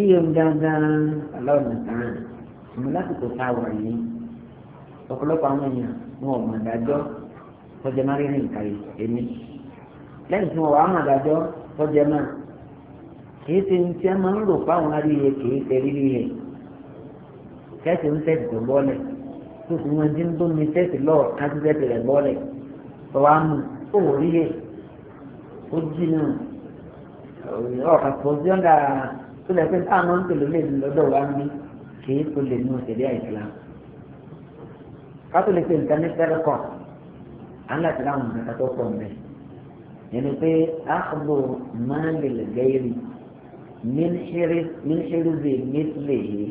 iye ń gángan ọlọ́run kan ìmú lásìkò tá a wà yìí ọ̀pọ̀lọpọ̀ àwọn èèyàn wọn ò mọ̀ dájọ́ tọ́jà má rí nǹkan èmi lẹ́yìn tí wọn wà á mọ̀ dájọ́ tọ́jà má kìí ṣe ní tí a máa ń rò fáwọn aríyẹ ọ̀kan pọ̀sí ọ̀dà tó lẹ́ pé táwọn ń tèlò lè lọ́dọ̀ wá ń bí kì í tó lè nu òṣèré àìsàn kátó lè pe nǹkan ní sẹ́rẹ̀kọ̀ aláàtì láwọn nǹkan tó pọ̀ mẹ́ yẹn pé àkàbò máa lè lè gẹ́rì mínísírìzì mísìlè yìí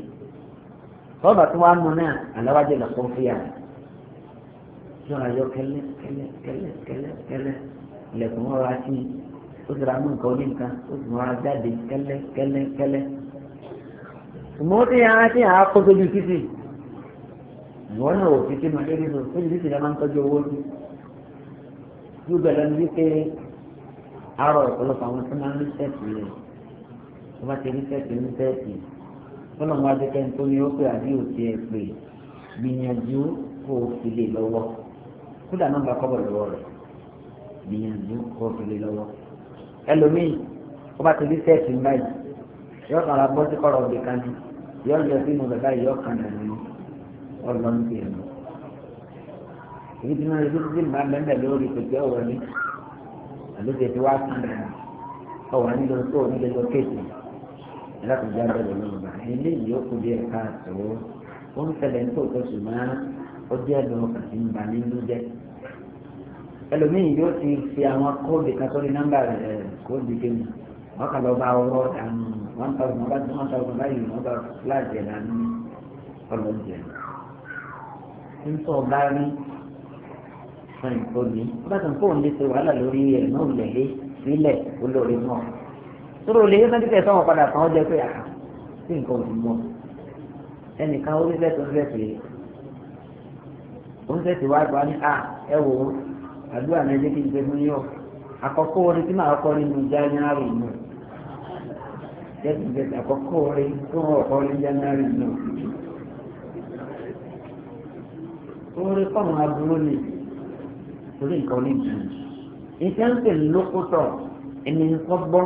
tọ́ba tó wá mú náà aláwájú lọ fún fíà yọ̀ọ́ ayọ́ kẹlẹ́ kẹlẹ́ kẹlẹ́ kẹlẹ́ ó sì ra mú nǹkan oní nǹkan ó sì máa jáde kẹ́lẹ́ kẹ́lẹ́ kẹ́lẹ́ ṣùgbọ́n tí a ti hàn á kó sójú títì ìwọ náà ò fi sínú ẹgbẹ́ nínú sójú títì náà máa ń tọ́jú owó sí yóò bẹ̀rẹ̀ ní wípé arọ ọ̀pọ̀lọpọ̀ àwọn tó máa ń rí sẹ́ẹ̀tì rẹ̀ tó bá ti rí sẹ́ẹ̀tì rí sẹ́ẹ̀tì fọlọ́ wọn adékẹ́ tó ní ó pè àbí òtí ẹ̀ pè gbìyànjú kó o fi lè lọ́wọ́ kódà náà bá kọ́bọ̀ lọ́wọ́ rẹ̀ gbìyànjú kó o fi lè lọ́wọ́ ẹlòmíì ó bá ti rí sẹ́ẹ̀tì báyìí yọ kàrà bọ́ sí kọ́rọ̀ ọ̀dẹ̀ kan ní yọ lọ sínú bàbá yìí yọ kàn ní ọlọ́run ti rìn. èyí tí wọ́n rí títí mà bẹ́ẹ̀ lórí pèpè ọ̀wọ́ ni àlùfẹ́ tí wàá kàn ní ọ̀wọ́ ní lọ tó ní lọ kéèkì alákòjá bẹ̀rẹ̀ lọ́wọ́ bá ilé yìí ó kù díẹ̀ káàtó ó ń fẹlẹ̀ ní tòótọ́ ẹlòmíì yóò ti fi àwọn kóòdù kan sórí nọ́mbà rẹ̀ kóòdù kéwì wọ́n kà lọ bá ọ̀rọ̀ dànù one thousand one thousand one thousand báyìí wọ́n bá fúláàjì ẹ̀ dànù ọlọ́jẹ̀ nítorí ọba rí fún ìkóni bá tó ń fóun lè ṣe wàhálà lórí ẹ̀ náà lẹ̀lé sílẹ̀ olóore náà sórí olè yóò sọ́dí tẹ̀sán wọn padà kàn ó jẹ́ pé àhà ah, sí nǹkan òdì mọ́ ẹnìkan orí fẹ́ tó fẹ́ pé ó ń fẹ́ wá gba ní à ah, ẹ wò ó àdúrà náà jẹ́ kí n gbé fún yọ̀ àkọ́kọ́ orin tí màá kọ́ nínú jánúárì náà jẹ́sí jẹ́ àkọ́kọ́ orin tó wọ́n kọ́ ní jánúárì náà. orin kọ́nà aburú ni torí nǹkan oníjìnnì iṣẹ́ ń pè lókùtọ̀ ẹni nǹkan gbọ́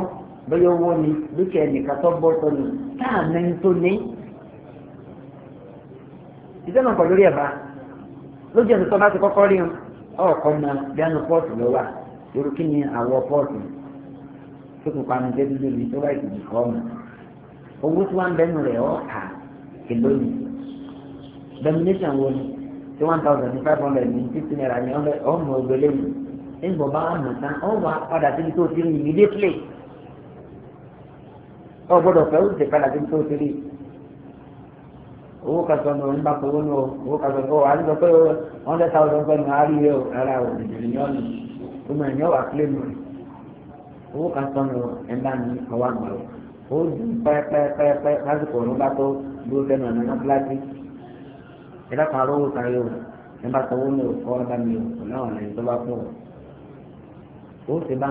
bóyá owó ni dúkìá ẹnìkan tó gbọ́ tó ni táà mẹ́ni tó ní. ìjọba nǹkan lórí ẹ̀ bá lójú ẹ̀sìn tó bá ti kọ́kọ́ rí wọn ọ̀kọ́ na bíánú pọ́ọ̀tù ló wà lórí kí ni àwọ̀ pọ́ọ̀tù tó kù panu dé dúdú mi tó bá ìtìjú kọ́ mi owó tí wọ́n bẹ́nu rẹ̀ ọ́ kà kìló ni domination wo ni tí one thousand five hundred ní fifty naira ni ọmọ ògbélé mi nígbà bá wà mọ̀ tán ọ wà padà síbi tó ti rí immediately ọ gbọ́dọ̀ fẹ́ ó sì padà síbi tó ti rí immediately owó kẹsàn ní onígbà kọwọ́ oh, ní owó kẹsàn ní owó àdìsọ pé one hundred thousand pẹ̀lú àárí rẹ o rárá o ìdìbò ní ọ̀nà ọmọ ẹ̀ ní ọ̀wà kílẹ̀mù rẹ̀ owó kẹsàn ní ẹ̀ńdà ní ọwọ́ àgbà rẹ̀ ó di pẹ́ẹ́pẹ́ẹ́pẹ́ lásìkò ọ̀run bá tó dúró fẹ́nu ọ̀nà náà kíláàsì ẹ̀dá kan arówó sáré o ẹ̀ńdà kọwọ́ ní ọkọ̀ ọ̀dà mi o láwọn ẹ̀yìn tó bá fún o ó ti bá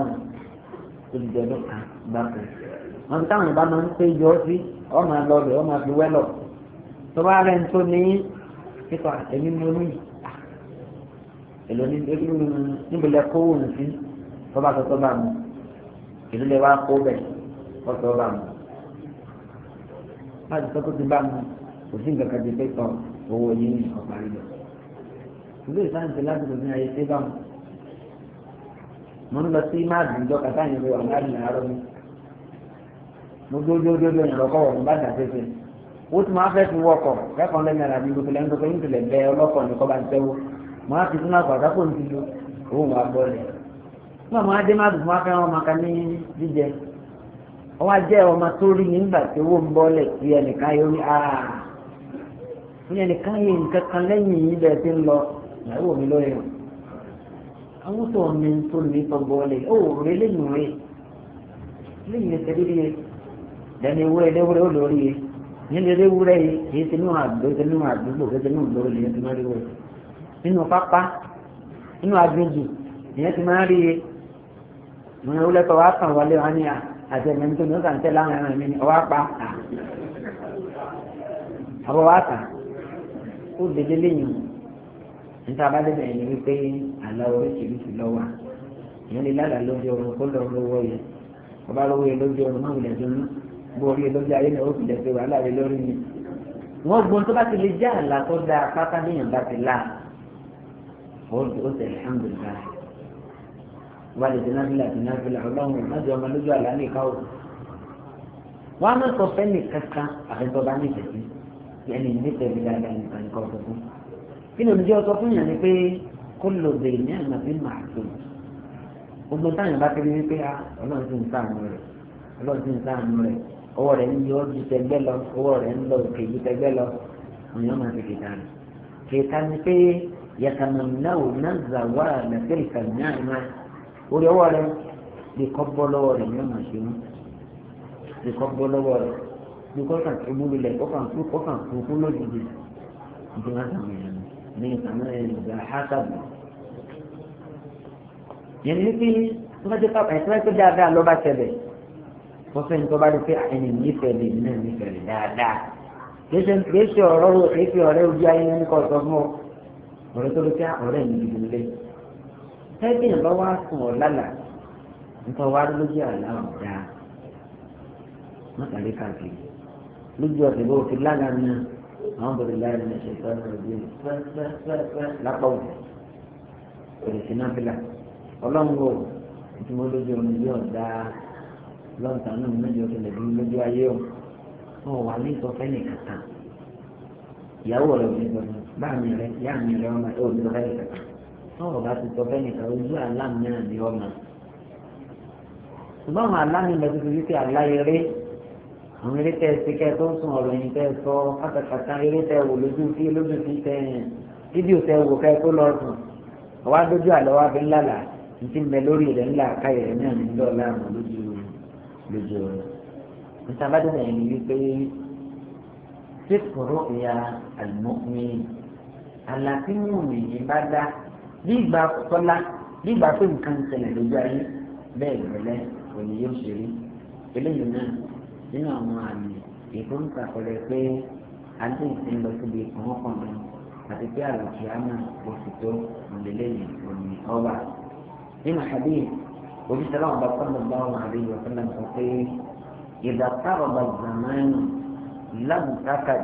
wọn táwọn ìbá máa ń pé yọ sí tọ́ba rẹ̀ ń tó ní pípa èmi mo ní èlò ní níbo lẹ kó wùn sí tọ́ba tó tọ́ba mu èlò lẹ wá kó bẹ̀ kó tọ́ba mu láti tọ́ tó ti bá mu kò sí nǹkan kan ti pé tọ́ owó yìí ní ọ̀pá rí lọ. ìlú ìsáǹtì láti lò ní ayé tébà mu mo ń lọ sí máàdì ìjọ kàtà yẹn àwọn àdìyàn arọ mi mo dúró dúró dúró yẹn lọkọ bá dà ó ti máa fẹ́ fún wọkọ̀ kẹ́kọ̀ọ́ lẹ́nu ara mi gbogbo lẹ́nu gbogbo nítorí ẹ̀bẹ́ ọlọ́kọ̀ ní kọ́ba ìṣẹ́wó máa fi sínú àpò àkápò ní tìlú òun wà bọ́ọ̀lẹ̀. nígbà máa dé máa dùn fún afẹ́ràn ọmọ kan ní jíjẹ ọwọ́ ajẹ́ ọmọ tó rí nígbà tí owó ń bọ́ọ̀lẹ̀ sí ẹnìkan yóò ní àà ní ẹnìkan yìí nǹkan kan lẹ́yìn yìí bẹ́ẹ̀ ti ń lọ ìyàwó mi lóye o àwọn tó nílé ewúrẹ́ yìí kì í ṣe nínú àdúgbò ṣe nínú àdúgbò ṣe nínú ìgboro lèyẹn ti máa rí wẹ̀ nínú pápá nínú agbègbè lèyẹn ti máa rí ìwọ̀n ewúrẹ́ tó wá kàn wọlé wọn ní àti ẹ̀mí tó ní ó kàn tẹ́ láwọn ẹ̀rọ mi ni ọwọ́ apá àbọ̀ wá kàn ó dédé léyìn níta bá débẹ̀ yẹn wípé àlọ́ oríṣiríṣi lọ́wọ́ ìyẹn lè lálàá lójú ọrùn kó lọ́ọ́ lówó yẹn ọba lówó yẹn lójú ọrùn má wulẹ̀ borí lójú ayé náà ó fi jẹ́ pé wàhálà rẹ lórí mi. wọ́n gbọ́n tó bá ti lè já àlá tó dáa pátá léèyàn bá ti là ó ti alhamdulillah wà lè dènà fìlà dènà fìlà ọlọ́run ìmájọ ọmọ lójú àlá ní ìkáwọ́. wọ́n á má sọ fẹ́ni kankan àfẹ́tọ́ bá ní ìtẹ̀sí ẹni nífẹ̀ẹ́ mi dáadáa nìkan nìkan ọ̀sọ̀ fún. kí ni olùjẹ́ ọsọ fún yàn ni pé kó lò dé àná fi máa tó gbogbo táyà bá ti wípé ah, ọlọ́run ti ń sáànù owó rẹ̀ ń yọ ju tẹgbẹ́ lọ owó rẹ̀ ń lọ òkè ju tẹgbẹ́ lọ òun máa fi kìtà rẹ̀ kìtà ni pé yàtàmọ̀nàwò náà zàwà nàfẹ́rì kàmíà náà orí owó rẹ̀ lè kọ́ bọ́ lọ́wọ́ rẹ̀ yóò máa ṣe mú lè kọ́ bọ́ lọ́wọ́ rẹ̀ lè kọ́ kàn tó múlò lẹ̀ kọ́ kàn kú kọ́ kàn kú kú lójijì ìdúrà sàmìyàn ní ìtàmọ́ ẹ̀ lọ́gbà hákàbù yẹn ní bí wọ́n ti pa ẹ̀sìn mẹ́tò dáadáa lọ́ba wọ́n fẹ́ nípa bá rí pé ẹni nífẹ̀ẹ́ lè nínú nífẹ̀ẹ́ lè dáadáa kìí ṣe ọ̀rọ̀ rò kìí ṣe ọ̀rẹ́ ojú ayé ní kọ́ sọ fún ọ ọ̀rẹ́ tó ló kí ọ̀rẹ́ mi dìbò lé tẹ́tí ìbá wá sùn ọ̀ lálà nǹkan wá lójú àlá ọ̀dà mọ́tàlẹ́ káàkiri lójú ọ̀sẹ̀ bó ti lálà ní àwọn bọ̀dẹ̀ láàrin ní ẹ̀ṣẹ̀ tó ń rẹ̀ bí fẹ́fẹ́fẹ́ lápá òjò òjò sí náà fìlà ọlọ́run wò ìtumọ̀ lójú ọ̀nà yóò dáa lọ́ǹtà náà mẹ́jọ tẹ̀lé dúró lójú ayé o wọn wà ní ìsọfẹ́ nìkan kan ìyàwó rẹ̀ òní sọ bá mi rẹ̀ yá mi rẹ̀ ọmọ ẹ̀ òní sọfẹ́ nìkan kan wọn ò bá ti sọfẹ́ nìkan ojú àlá mìíràn ní ọmọ ṣùgbọ́n àwọn àlá mi lọ síbi wípé àlá eré àwọn eré tẹ́ ẹ sí kẹ́ tó ń sun ọ̀rọ̀ yìí tẹ́ ẹ sọ pátápátá eré tẹ́ ẹ wò lójú sí lójú sí tẹ́ fídíò tẹ́ wò kẹ́ tó lọ sùn ọwá dójú àlọ́ wa fi ńlá là ní ti ń lórí rẹ̀ ńlá káyọ̀ rẹ̀ náà ní lọ́ọ̀lá àwọn lójú lójú oorun níta bá dé bẹ̀yẹn ni wípé síkùrú ìyá àlùmọ́kùnrin àlàfíìmù nìyí bá dá bí ìgbà kọ́lá bí ìgbà pé nǹkan ń ṣẹlẹ̀ lójú ayé bẹ́ẹ̀ gbẹ̀lẹ́ òní yóò ṣe rí eléyìí náà nínú àwọn àmì ìfúnpà kọlẹ pé adé ìsìn lọ síbi ìfọwọ́kànlẹ̀ àti pé àlùkìyàmà oṣù tó òlélẹ́yìn òní ọba nínú àdéhùn òbíṣẹ́ láwọn bá sọ́nà bá wọn àrí ìwọ̀sánná sọ pé ìdàkárọ̀bà zamani lábùkákà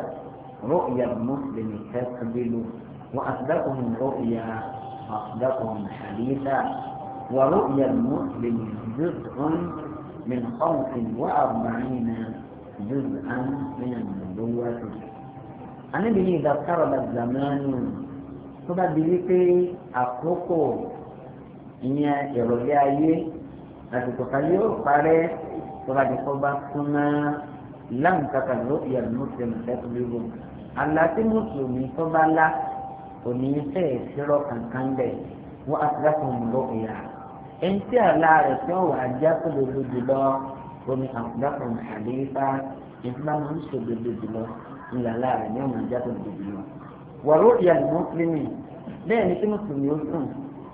رؤيا المسلم تقبل وأصدقهم رؤيا وأصدقهم حديثا ورؤيا المسلم جزء من خمس وأربعين جزءا من النبوة أنا بني إذا اقترب الزمان tó bá di wípé àsìkò kan yóò parẹ́ tọ́ba ti kọ́ bá súnmọ́ láǹkàkà ló yẹ mùsùlùmí lẹ́kùn lérò aláti mùsùlùmí tọ́ba lá òní fẹ́ ìṣirọ́ kankan bẹ̀ wọ́n aṣááfin lóòyà ẹni tí àlá rẹ̀ tí wọ́n wà ajá tó lòdì jùlọ omi aṣááfin àlééfà ìfúnná máa ń ṣòdodo jùlọ ní àlá rẹ̀ ní ọ̀nà ajá tó lòdì jùlọ. wọ̀rọ̀ ìyá mùsùlùmí bẹ́ẹ̀ ni kí mùsùlùmí ó sùn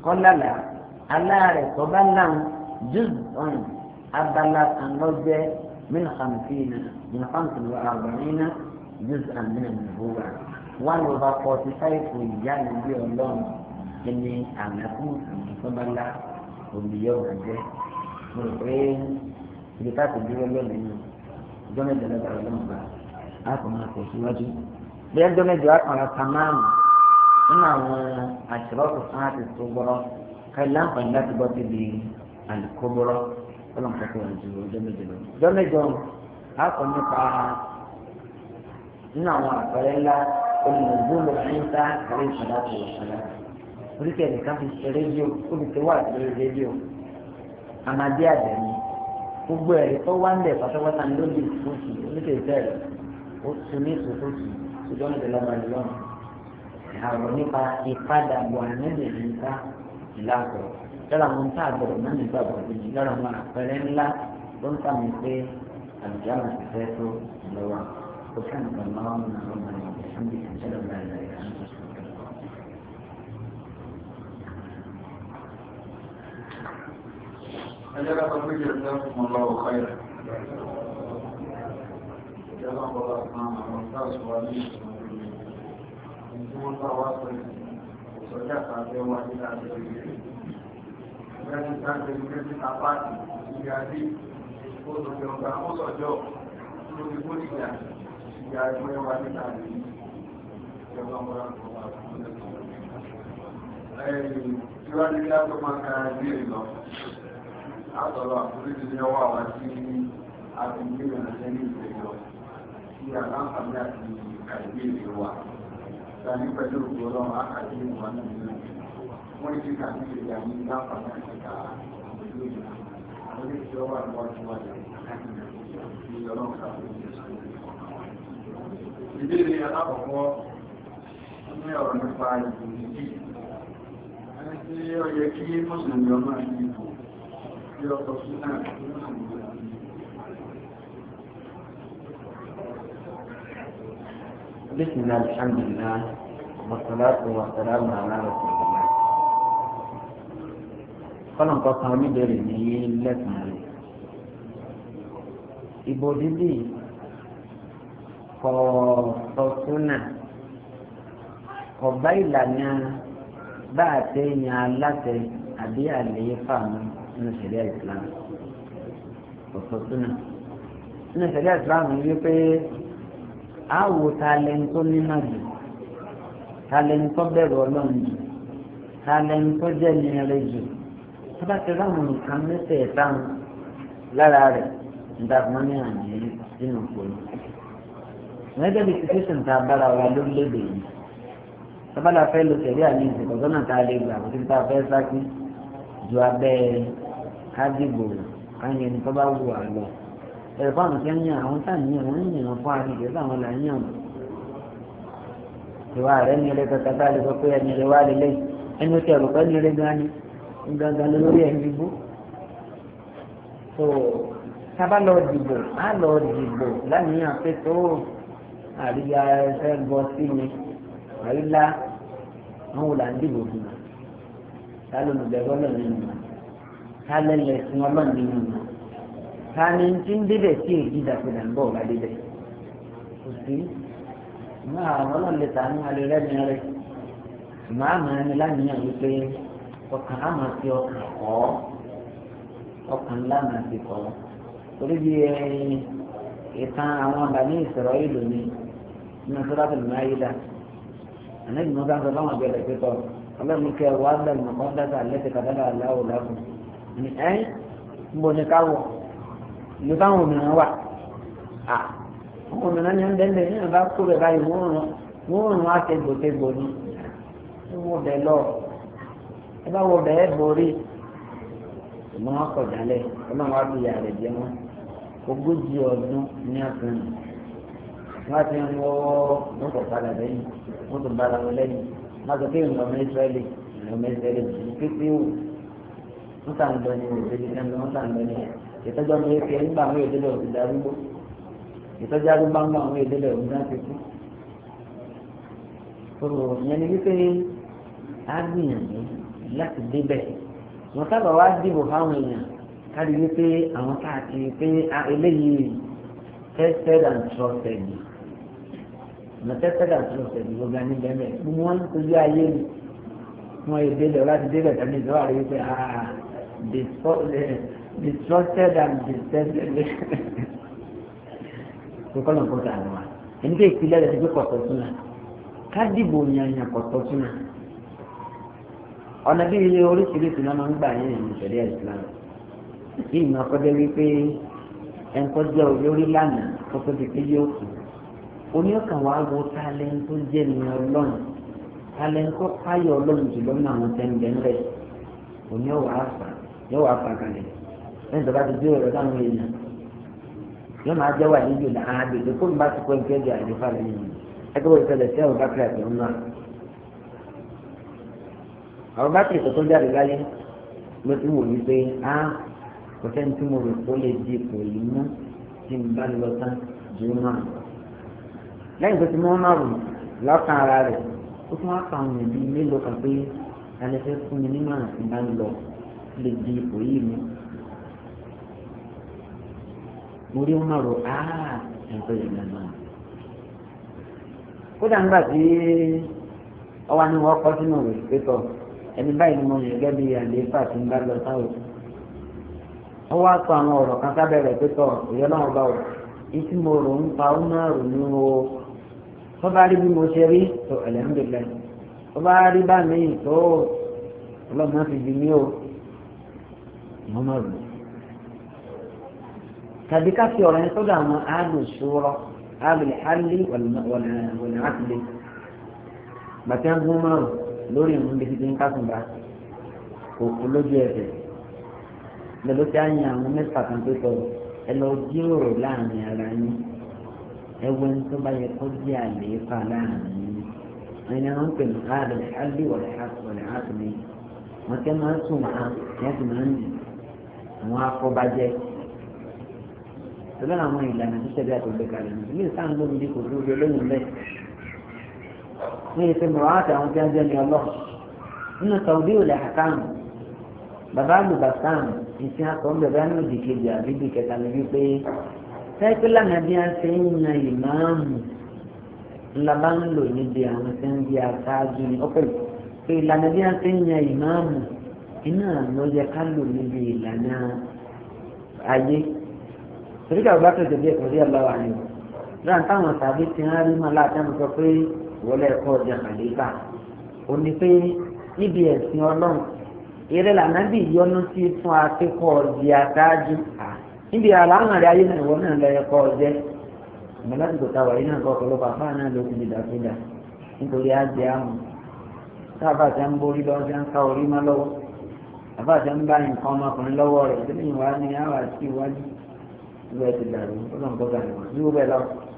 kọ́ lálàá juz'un abala kan lọ́jẹ́ min hamsina min hamsin wa arba'ina juz'an min an-nubuwa one over forty five kò ìyá ìlú ọlọ́run ẹni àmàkù ìfọ́nbálá olùyọ̀ ọ̀jẹ́ mo rò pé ibi ká kò dúró lónìí nù ọjọ́ mẹ́jọ lọ́gbà ọlọ́run bá a kò máa tẹ̀ síwájú bí ẹjọ́ mẹ́jọ á kàn ra tamáàmù nínú àwọn àṣìrọ́ọ̀tù fún àti tó gbọ́rọ́ ká láǹfààní láti gbọ́ síbi alikoboro ọlọ́run kọ́kọ́ wọn ju ọjọ́ méje lọ. ọjọ́ méje a kọ́ nípa nínú àwọn àpẹẹrẹ ńlá olùdókòwò ẹ̀ńtà kàrí ìṣẹ̀dá tó wọ̀ ṣẹ̀dá. oríkèé nìkan fi ṣe rédíò olùkẹ́ wà lórí rédíò amadé àdẹ̀mí gbogbo ẹ̀rí tó wá ń bẹ̀ pátápátá ní lóde ìfúnṣì oníkèé bẹ́ẹ̀ o tún ní ìfúnṣì ìjọ́ méje lọ́mọ ìlú ọ̀hún. àwọn nípa ìpadàbọ̀ àmì lára àwọn tá a gbọ́dọ̀ náà nígbà gbọ́dọ̀ yìí lára àwọn àpẹẹrẹ ńlá ló ń tà mí pé àbíyá máa ti fẹ́ tó lọ́wọ́ ó kàn ń gbàgbọ́ àwọn ọmọ rẹ̀ níbi ìṣẹ̀lẹ̀ ọ̀la ìlà ìlà ń tọ́sí. أجل قبل جزاكم الله خيرا جزاكم الله خيرا ومرتاز وعليكم ورحمة National Democratic Party ìyáàdì òṣòjọba òṣòjọ lórí bóyá ìyá ẹgbẹ́ wa níta ní ìjọba ọmọlá tó wà fún ẹ̀yìn síwájú kí á tó máa ka ilé lọ àtọ̀rọ̀ àforíjì ní ọwọ́ àwa tí a ti ń gbé ìrìnàjẹ́ ní ìgbé lọ sí àlàǹfààní àti ìkàìgbé ìlú wa. Ìgbà ní pẹ̀lú òkú ọlọ́run á ìwà nínú ìlú wọ́n ti kà ní ìgbà yìí lápá láti ka àwọn ìlú àwọn ilé ìjọ wà níwájú wa lè láti nà ní ọlọ́run ká ló ń sọ. ìbéèrè alákọ̀ọ́kọ́ ní ọ̀rọ̀ nípa ìbò yìí ẹni tí ó yẹ kí mùsùlùmí ọmọ ìbò bí ọkọ̀ sí náà ní mùsùlùmí بسم الله الحمد لله والصلاة والسلام على رسول الله kọ́nà nǹkan kan oníbèrè ní lẹ́sìn rẹ̀ ìbò dídì kọ̀ọ̀tọ̀túnà kọ̀bá ìlànà bá a ti yan aláṣẹ àbí àlééfà mu nínú ìṣẹ̀lẹ̀ Islam kọ̀ọ̀tọ̀túnà nínú ìṣẹ̀lẹ̀ Islam yìí pé àwò talẹ̀ntó nínú àjò talẹ̀ntó bẹ̀rù ọlọ́run jù talẹ̀ntó jẹ́ nínú rẹ̀ jù tó bá ti ráwọn nǹkan mẹ́sẹ̀ táwọn lára rẹ̀ ìdàgbọ́n ní àná yìí nínú ìpolú. Ìrẹ́jẹ́ bíi situation tá a bára wa lórílẹ̀-èdè yìí. Sábàlá fẹ́ lo tẹ̀lé àní ìsìnkú sọ́nà tá a lè gbà kó tí tá a fẹ́ sákí ju abẹ́ kádìgbò káyọ̀ ẹni tó bá wù wá lọ. Ẹ̀rọ fáwọn kí ń yàn àwọn tá à ń yàn wọ́n ń yàn fún àgbègbè láwọn là ń yàn. Ìwà rẹ̀ ní ẹlẹ́kọ̀ọ́ tá a lè sọ pé ẹni rẹ̀ wá lélẹ̀ ẹni ó ti ẹ̀rù pẹ́ ní ẹlẹ́gbẹ̀ẹ́ gangan lórí ẹ̀ ń dìbò tó sábà lọ dìbò á lọ dìbò láníyàn pé tó àríyá ẹsẹ̀ gbọ́ sí mi àríyá àwọn wò là ń dìbò fún mi ta ló lùbẹ̀rẹ̀ ọlọ́run nínú mi ta lẹ́lẹ̀ fún ọlọ́run nínú mi ta ni tí ń débẹ̀ sí èyí dàpẹ̀dà ń bọ̀ wá débẹ̀ kò sí máa ọlọ́run lè ta ní alẹ́ rẹ́ mi rẹ́ màá máa ní láníyàn wípé ọkàn á máa fi ọkàn kọ́ ọkàn ńlá máa fi kọ́ torí bí eh, ìtàn àwọn àbáni ìsọ̀rọ̀ yìí lónìí nínú sọ́dọ̀ tó lùmọ́ ayé dá ànábì mọ́tò àti ọlọ́run àbí ọ̀dẹ̀ pípọ̀ ọlọ́run kẹ wàá bẹ̀rẹ̀ mọ́kọ́ dáta lẹ́sẹ̀ kàdáda aláwọ̀ lágùn ní ẹ́ ń bọ̀ ní káwọ̀ ìlú táwọn òmìnira wà á àwọn òmìnira ní ọ̀dẹ̀ ńlẹ̀ nínú bá kó bẹ̀ báyìí wọ́n rún wọ́n rún á tẹ́gbọ̀tẹ́gbọ̀ ní wọ́n bẹ̀ lọ́ọ̀ ẹ bá wọ bẹ́ẹ̀ borí ìmọ̀ akọ̀dálẹ̀ ẹ máa wá bìyà rẹ̀ jẹ́ wọn ogójì ọdún ní àfihàn wọn ti ń wọ́ wọn kò padà lẹ́yìn wọn tó bára wọn lẹ́yìn wọn sọ pé ìlú ọmọ ìsírẹ́lì ìlú ọmọ ìsírẹ́lì kìí pépé wò wọn tà ń lọ ní òwe ní ẹnu wọn tà ń lọ ní ìtọ́jú ọmọ ìfẹ́ nígbà àwọn èdè lọ́wọ́ ti darúgbó ìtọ́jú arúgbó nígbà àwọn èdè lọ́wọ́ ti kú. tó yẹn ni wípé á gbìyànjú láti débẹ̀ wọ́n sábà wá dìbò fáwọn èèyàn kárí wípé àwọn káàkiri pé eléyìí tested and trusted na tested and trusted gbogbo ẹni bẹ́ẹ̀ gbogbo wọn kojú ayé mi wọn èdè lọ láti débẹ̀ tàbí ìjọba rẹ wípé ah the trusted and the tested kókó lọ́nkọ́ tà lọ́wọ́ ẹni pé ìpìlẹ̀ rẹ̀ ti gbé kọ̀tọ̀ sínú ká dìbò yàn yàn kọ̀tọ̀ sínú ọ̀nà bí ilé oríṣiríṣi náà máa ń gbà yẹn ní ìṣẹ̀lẹ̀ Islam bí ìmọ̀ ọkọ̀jẹ́ wípé ẹ̀ńkọ́ jẹ́ olórí lánàá kókó di pé yóò kù oníyọ̀kan wàá wo talẹ́ńtì tó jẹ́ ní ọlọ́run talẹ́ńtì tó páyọ̀ ọlọ́run jùlọ ní àwọn tẹ́ńbẹ́ ńlẹ̀ oníyọ̀wà àfà yọ̀wà àfà kalẹ̀ lẹ́yìn tó bá ti dúró rẹ̀ láwọn èèyàn yóò máa jẹ́ wà níbi ìlànà àgbègbè kó n bá ti kọ́ ìgbẹ́jọ àìlèfà lẹ́yìn ẹgbẹ́ òṣèlè tẹ́ ọ̀gá kìlà tó ń àwọn bá kìlì kọ́kọ́ jáde láyé ló ti wò wípé á kò sẹ́ni tí mo rò kó lè di ipò yìí mú tí n bá lọ tán ju náà lẹ́yìn tó ti mú náà rò lọ́kàn ara rẹ̀ ó tún wá pa àwọn ẹ̀bí mélòó kan pé alẹ́ fún mi nínú àrùn tí n bá lọ lè di ipò yìí mú mo rí wọn rò á ẹ̀kọ́ yẹn lọ́nà kódà ńgbà tí ọwọ́ ni wọ́n kọ́ sínú rẹ̀ pé tọ̀ ẹni báyìí ni mo yẹ gẹ́gẹ́ bí àlééfà tí ń bá lọ sáwọ́ ó wá sọ àwọn ọ̀rọ̀ kan sábẹ́rẹ̀ pé tọ̀ ìyọ́ náà bá wọ̀ ìtí mo rò ń pa ó náà rò ní o tó bá rí bí mo ṣe rí tó alhamdulillah tó bá rí bá mi tó ọlọ́run ti di mí o mo náà rò tàbí ká fi ọ̀rọ̀ yẹn sọ́dọ̀ àwọn àádùn ṣòro àádùn ìhálí wọ̀lẹ̀ àtìlẹ́ gbàtí wọn lórí ìrún bí títí ń kásùnbà kò kú lójú ẹsẹ̀ lọ́dọ̀ tí a yan àwọn mẹ́fà kan tó tọ̀ ẹ lọ jíròrò láàrin ara yín ẹ wọ ẹni tó bá yẹ kó jẹ́ àlééfà láàrin yín ẹni àwọn ń pè ní ààrẹ àbí wọ̀lẹ̀ àtúnlẹ̀ àtúnlẹ̀ wọ́n tẹ́ máa ń sùn máa yẹn sì máa ń dì àwọn afọbajẹ́ tó àwọn ìlànà tó tẹ̀lé àtọ̀gbẹ́kalẹ̀ nítorí sáà ń lómi dípò tó lóyún bẹ́ẹ̀ ní ìpè mùràtà àwọn tí wọ́n jẹ́ ní ọlọ́run nínú saudi ò lè àkàmù bàbá àlùbàsàn ìsìn akọ̀ ńbẹ̀bẹ̀ ní òdì kejì àbíbí kẹta ní wípé sẹ́kílà náà bí a ṣe ń yan ìmáàmù ńlá bá ń lò níbi àwọn tí ń bí aṣáájú ní ọ̀pẹ̀ pé ìlànà bí a ṣe ń yan ìmáàmù iná ló yẹ ká lò níbi ìlànà ayé torí kàwé bá tẹ̀sẹ̀ wọlé ẹ̀kọ́ ọjà kàlífà ó ní pé níbi ẹ̀sìn ọlọ́run eré lànàbì yọnu sí fún akẹ́kọ̀ọ́ di aṣáájú níbi àlàáhàn rẹ ayé náà ìwọ náà lọ ẹ̀kọ́ ọjẹ́ ìmọ̀ láti kò ta náà kọ́ ọ̀pọ̀lọpọ̀ àfáà náà ló ti di dàkúdà nítorí ajé àmọ̀ sábà tí a ń borí lọ́wọ́ tí a ń ká orí má lọ́wọ́ àbá tí a ń bá nǹkan ọmọkùnrin lọ́wọ́ rẹ̀ tí lẹ́yìn wá àwọn àti ìwájú ìwé ti dàrú ó lọ́n kó gàdùn ní gbogbo ẹ̀ lọ́wọ́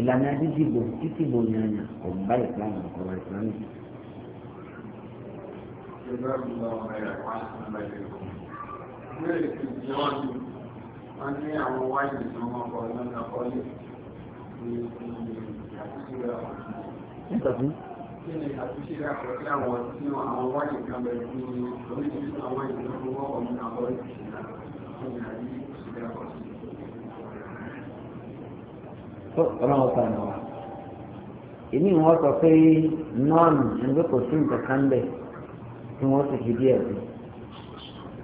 ìlànà dídìbò dídìbò yànnà ọ̀gbá ìsìlámù ọ̀rọ̀ ìsìlámù. wọ́n ní àwọn wáyé tí wọ́n kọ́ lọ́nà kọ́lé ní àtúnṣe àwọn ọ̀sán. kí ni àtúnṣe àkọsí àwọn tí àwọn wáyé kan bẹ̀rẹ̀ ní oríṣiríṣi àwọn ìlú tó wọ́pọ̀ nínú àkọ́lé ìṣẹ̀lẹ̀ tó ọlọ́run ọ̀sán náà wà èmi wọn sọ pé nọ́ọ̀nù ẹgbẹ́ kò sí nǹkan kan bẹ̀ tí wọ́n sì fi díẹ̀ sí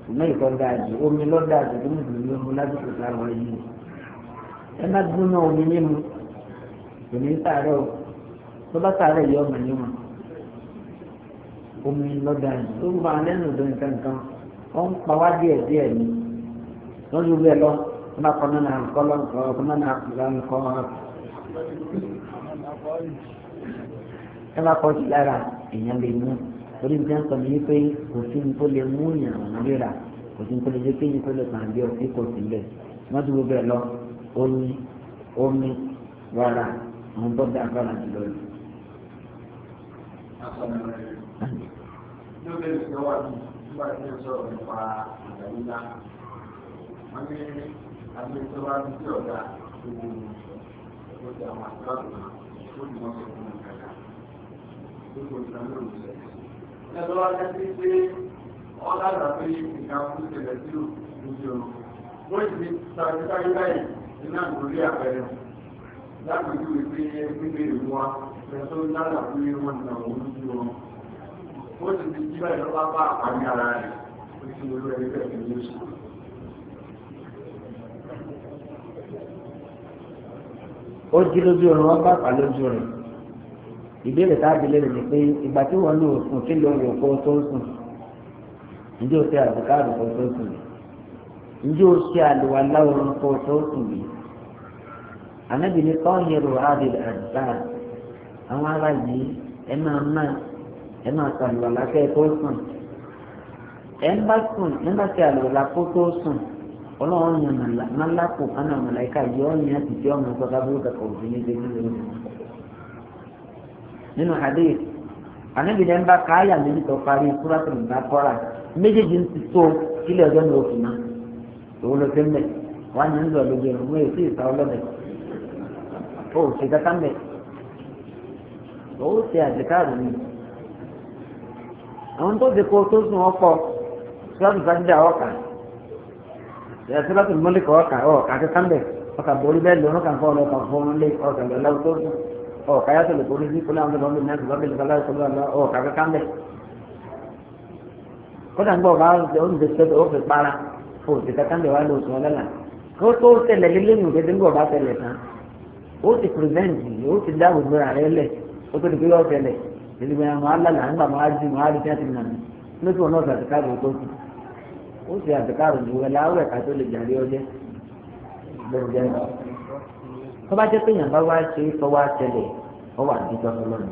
ṣùgbọ́n ìtọ́ dáa jù omi lọ́ dáa jù tó nìkan ló mú lásìkò táwọn yìí ẹ má gbóná omi mímu kò ní sàárẹ̀ o tó bá sàárẹ̀ yọ ọmọ yìí omi lọ́ dáa tó ń bá lẹ́nu ìdó nǹkan kan ń pa wá díẹ̀ díẹ̀ ni wọ́n lù bẹ́ẹ̀ lọ́wọ́ bákan náà kọ́lọ́kọ́ bákan náà kọ́lọ́kọ́ ẹ bá kọ́ sí lára èèyàn lè mú torí nǹkan ń sọ ní pé kò sí ní tó lè mú ìyàn léra kò sí ní tó lè jẹ́ kéyìn tó lè kàn bí ọtí kò sí lẹ̀ wọ́n ti gbogbo ẹ̀ lọ omi omi rárá àwọn tó dá agbára jùlọ yìí. ló àti ẹ̀tọ́ bá ti tí ọ̀gá gbogbo ọjà àwọn àtúrà tó ní wọ́n sọ fún mi kàkà gbogbo ìgbà ló ń sẹ́. ẹ̀tọ́ wá jẹ́ sí pé ọ̀gá àgbà pé ìka fún ìṣẹ̀lẹ̀ tí ò lójú ọ̀run. wọ́n ti sáré sáré báyìí nínú àgbòrí àpẹẹrẹ lágbèjú ìpè gbígbé ìlú wa ẹ̀tọ́ lálà fún wọn nà ó lójú ọ̀run. wọ́n ti ti jí báyìí lọ́ ó jí lójú oorun wọn bá pa lójú rẹ̀ ìbéèrè tábìlì ni pé ìgbà tí wọ́n lò sùn kí lóun yòókó tó sùn ǹjẹ́ o ṣe àbùká àbùkọ tó sùn yìí ǹjẹ́ o ṣe àlùwà láwòrán kọ tó sùn yìí ànábì ní tọ́hìrò àdìr àdìbà àwọn ará yìí ẹ máa ẹ máa lákẹ́ ọlọ́run yẹn mọ́lápò kánà mọ̀láìka yọ ọ́ yẹn ti fi ọmọ sọ kábírú kàkọ́ òfin yẹn débi lórí mi. nínú àdé ànábìdẹ ń bá káyà méjì tó parí kúrọ́sì nígbà kọ́ra méjèèjì ń ti tó kílẹ̀ ọjọ́ ní òfin náà òun ló ti ń bẹ̀ wá ní ńlọ lójú ẹ̀rọ mú èsì ìta ọlọ́bẹ̀ ó ṣe kankan bẹ̀ ó ṣe àdìkáàrò mi àwọn tó ti kó tó sùn ọkọ̀ sọ́dọ̀tì mọ́lìkọ̀ ọ̀kà ọ̀kà àti sàmbẹ̀ ọ̀kà borí bẹ́ẹ̀ lọ́nà kan fọ́ọ̀lọ́ ọ̀kà fọ́ọ̀n lé ọ̀kà lọ́lá tó ọ̀kà yàtọ̀ lè borí sí kúlẹ̀ àwọn ọ̀bẹ̀ náà ṣùgbọ́n bẹ́ẹ̀ lọ́lá ìṣòro àlọ́ ọ̀kà kankan bẹ̀. kódà ń gbọ́ ọ̀gá oúnjẹ sọ́dọ̀ ó fi para fò sí kankan bẹ̀ wá lọ sùn ọlọ́lá kó tó tẹ̀lẹ̀ lélẹ́yìn kéde ńgbọ̀ bá tẹ̀lẹ̀ tán ó ti prevent ó ti dá òdò ààrẹ lẹ̀ ó tó di pé yọ tẹ̀lẹ̀ ìdìbò yẹn wọn á lálàá ńgbà wọn á di wọn á di tí wọn ti nà mí lóṣù wọn náà sàtìkà bò tó ó sì àtẹkárò ju ẹláwẹ ká tó lè jàre ọjẹ gbẹgbẹ tó bá jẹ́ pé yàn bá wá ṣe é fọwọ́ àtẹlẹ ọwọ́ àdìjọ́ ọlọ́run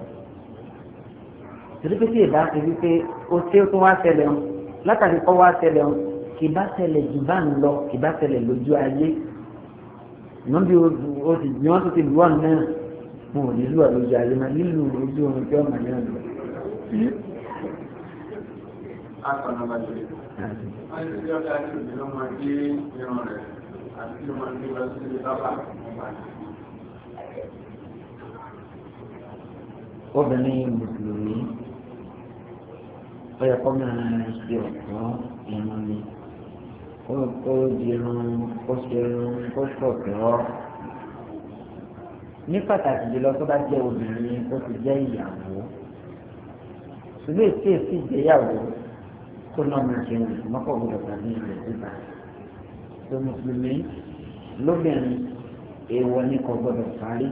tìrìpìtì ìbá ti wí pé ó ṣe é tó wá ṣẹlẹ̀ ń látàrí kọ́ wá ṣẹlẹ̀ ń kì bá ṣẹlẹ̀ jù bá ń lọ kì bá ṣẹlẹ̀ lójú ayé ìwọ́n bí o ti ní wọ́n tó ti lù ọ́ náà mo ò ní lù ọ́ lójú ayé máa nílùú lójú oorun tí ọmọ wọ́n ti fi ọ̀dà ní ìdílé ọmọ dé irun rẹ̀ àti tí ọmọ dé lọ sí bábà nípa obìnrin mùsùlùmí ó yẹ kó máa ṣe ọ̀pọ̀ irun ni ó kó di irun kó ṣe irun kó ṣọ̀pọ̀ ní pàtàkì jùlọ tó bá jẹ́ obìnrin ó ti jẹ́ ìyàwó ṣùgbọ́n èsì èsì ìgbéyàwó kó lọ́ máa ṣe rìn mọ́kọ̀ gbọdọ̀ tàbí rẹ̀ síta tó mùsùlùmí lóbìnrin èèwọ̀ ni kò gbọdọ̀ parí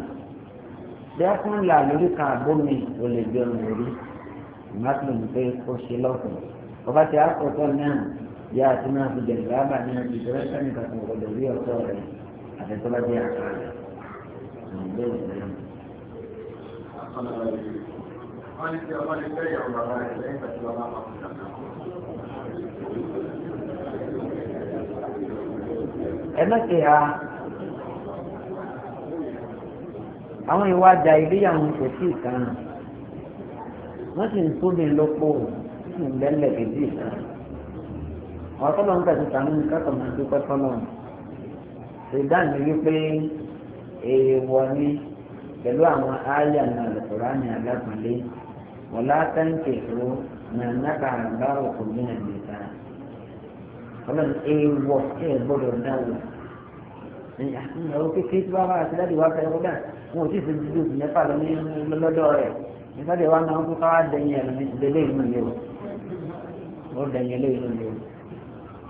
bí a fún là lórí ka bómi ò lè gbé ọmọ rí ìmọ̀tò ní pé kó ṣe lọ́kùn ọba tí a kọ̀ tọ́ náà yá àti máa fi jẹ̀lẹ̀ lábàá ní ọdún tó rẹ́sẹ̀ nípa tó gbọdọ̀ rí ọ̀tọ̀ rẹ̀ àti tó àká rẹ̀ wọ́n ní kí ọmọ ní fẹ́ yàwó bàbá rẹ̀ lẹ́yìn pẹ̀lú ọmọ àpapọ̀ ìdàgbàsókè. ẹ̀mẹ́tẹ̀ ha àwọn ìwà àjà ìgbéyàwó kò sí ìkan wọ́n sì ń tóbi lọ́pọ̀ wọ́n sì ń bẹ́lẹ̀ kò sí ìkan wọ́n tọ́lọ́ ń tẹ̀sí sàmú kẹ́kọ̀ọ́ máa dúpẹ́ tọ́lọ́ ṣèdá mi wípé èèwọ̀ ni pẹ̀lú àwọn ááyà náà lọ́sọ̀rọ̀ àmì àgbàpọ̀lé wọ́n látàǹkì ìṣòro náà náà kà á òkú bí nàìjíríà ọlọ́run èèwọ̀ ẹ̀ gbọ́dọ̀ dáwò ìyàwó kékeré tí wọ́n bá ti láti wá fẹ́ràn náà wọn ò tí ì fi dúdú oṣù mẹ́fà lọ ní lọ́dọ̀ rẹ̀ nígbàdí wa náà wọn kó káwá dẹ̀yìn ẹ̀ lẹ́lẹ́ inú mi o wọ́n dẹ̀yìn ẹlẹ́ inú mi o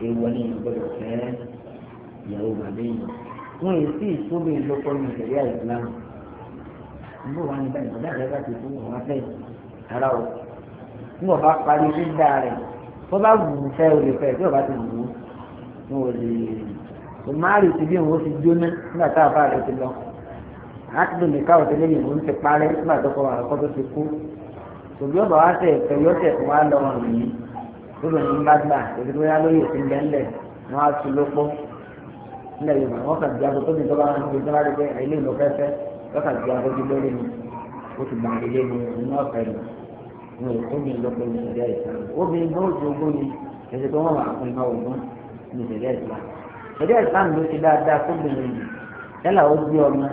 èèwọ̀ ni gbọ́dọ̀ fẹ́ ìyàwó bàbá yìí wọn èyí sì tóbi lọ́kọ́ ní ìṣẹ̀lẹ̀ ìsìlámù ìbú wa wọn fẹ́ ara o ń tó bá wù ú fẹ́ o lè fẹ́ tí o bá ti wù ú ní o lè o máa rì sí bí òun ó fi jóná nígbà tá a bá rẹ ti lọ àtúndò nìka ọ̀tẹ́ lẹ́yìn òun ti parẹ́ nígbà tó kọ àwọn kọ́tọ́ ti kú tòbí ọba wa tẹ̀ ẹ̀fẹ́ yọ tẹ̀ wá lọ rìn yìí tó lòun ń bá gbà èdè tó yá lóye òfin lẹ́ńlẹ̀ wọn á tu lóko nílẹ̀ yorùbá wọn kà gbé agogo tó bá wọn gbé tó bá rí pé ilé fẹ́fẹ́ wọn kà gbé agogo lórí mi ó ti gbà ilé mi ní ọ̀fẹ́ mi ní obìnrin ló pin ìṣẹ̀lẹ̀ ìsìlámù obìnrin ló jogún ni ẹ̀sìn tó wọ́n wà fún iná ogun ní ìṣẹ̀lẹ̀ ìsìlámù ìṣẹ̀lẹ̀ ìsìlámù ló ti dáadáa fóbìnrin yìí yálà ó gbé ọmọ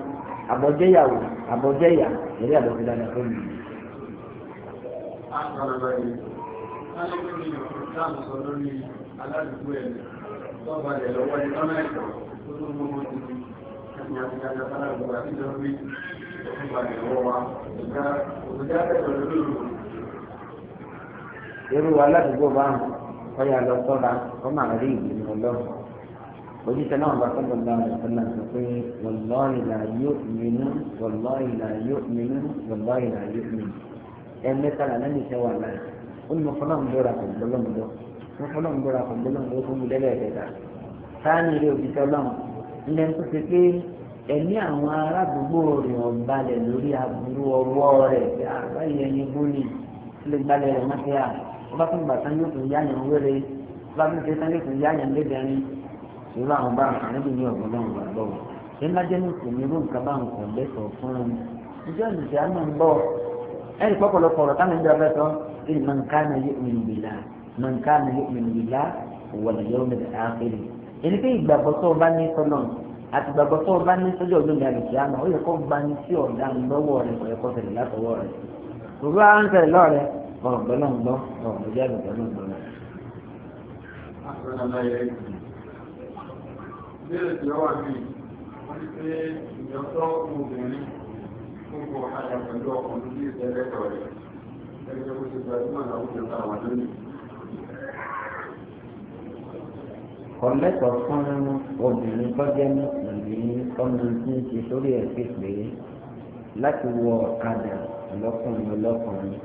àbọ̀jẹ́yàwó àbọ̀jẹ́yà ìṣẹ̀lẹ̀ àbọ̀ ti dáadáa fóbìnrin yìí. Thank you irú aládùúgbò báwọn ọyà lọ sọ́ra ó máa rí ìgbìmọ̀ ọlọ́run ojúṣe náà bá sọ́dọ̀ bá wọn sọ́nà sọ pé wallahi la yu'minu wallahi la yu'minu wallahi la yu'minu ẹ̀ẹ́mẹ́ta là lẹ́yìn iṣẹ́ wà láì ó ní mo fọlọ́ ń bọ́ra kò gbọ́dọ̀ ń lọ mo fọlọ́ ń bọ́ra kò gbọ́dọ̀ ń lọ fún mi lẹ́lẹ́ẹ̀kẹta sáàni ilé òjijì ọlọ́run ilẹ̀ tó ṣe pé ẹ̀mí àwọn aládùúgbò rẹ̀ ọ̀balẹ̀ lórí aburú ọwọ́ rẹ̀ ah, bá tún gbà tán yóò tún yá yẹn wéré bá tún ṣe tán yóò tún yá yẹn lébẹrin irú àwọn bá àwọn níbi ní ọ̀gbọ́n náà wà lọ́wọ́ ṣé lájẹ́ ní kò ní irú nǹkan bá ń kọ̀ lẹ́sọ̀ọ́ fún un ìjọ ìdìtì àmọ́ ń bọ̀ ẹnì pọ́pọ̀lọpọ̀ ọ̀rọ̀ táwọn ìjọba fẹ́ sọ kí man kana yu'minu billah man kana yu'minu billah wal yawmil akhir èyí pé ìgbàgbọ́ tó àti ìgbàgbọ́ tó o bá ní sọ́jọ́ olómi àlùkí àmọ́ ó yẹ kó gba ní sí ọ̀gá ńlọ́wọ́ rẹ̀ kọ̀ọ̀kọ̀ tẹ̀lé látọwọ́ rẹ̀ òru à ń tẹ̀lé lọ́rẹ̀ẹ́ ọ̀rọ̀ gbọ́nà ń gbọ́ ọ̀rọ̀ jáde gbọ́nà ń gbọ́ náà. Ìbéèrè tí ó wà ní wọ́n ti pé ìjọ́tọ́ obìnrin gbogbo àyà pẹ̀lú ọkùnrin ní ìtẹ́lẹ́tọ̀ rẹ̀. Ẹgbẹ́ bó ti gbajúmọ̀ láwùjọ táwọn lónìí. kọ̀lẹ́tọ̀ fún obìnrin kọjá mùsùlùmí ọmọ tí ń ṣe sórí ẹ̀ pé pé láti wọ ọ̀kadà ọlọ́kùnrin ọlọ́kùnrin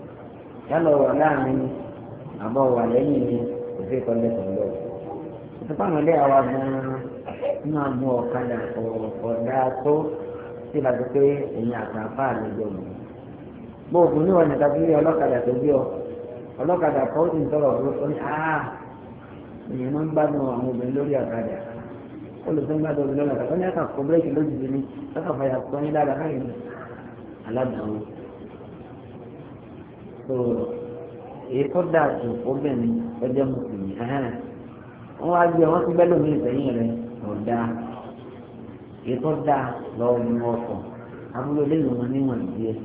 yálà ọ̀rọ̀ láàrin ni àbọ̀ wà lẹ́yìn ni kò sí ìkọ́lẹ̀ pẹ̀lú ọ̀. ìtúpá àwọn ilé àwa gan-an máa mú ọ̀kadà ọ̀dà tó sí ìbàdí pé èyàn àtàfà àlejò mi. bó òkú níwọ̀n ní tàbí ọlọ́kadà tó bí ọ ọlọ́kadà kọ́ ó sì ń tọrọ ọ̀rọ̀ ó ní èèyàn máa ń gbádùn àwọn obìnrin lórí ọ̀kadà olùsọ́gbàdọ̀ obìnrin lọ́nà àtàkọ́ ní àkàkọ́ bírèkì lójijì ni so èkó dàtò obìnrin ọjọ́ mùsùlùmí wọ́n wá gbé wọ́n ti bẹ́ẹ̀ lómi ìsẹ̀yìn rẹ̀ ọ̀dà èkó dà lọ́wọ́ daa ọkọ̀ abúlé lẹ́yìn ọmọ níwọ̀n díẹ̀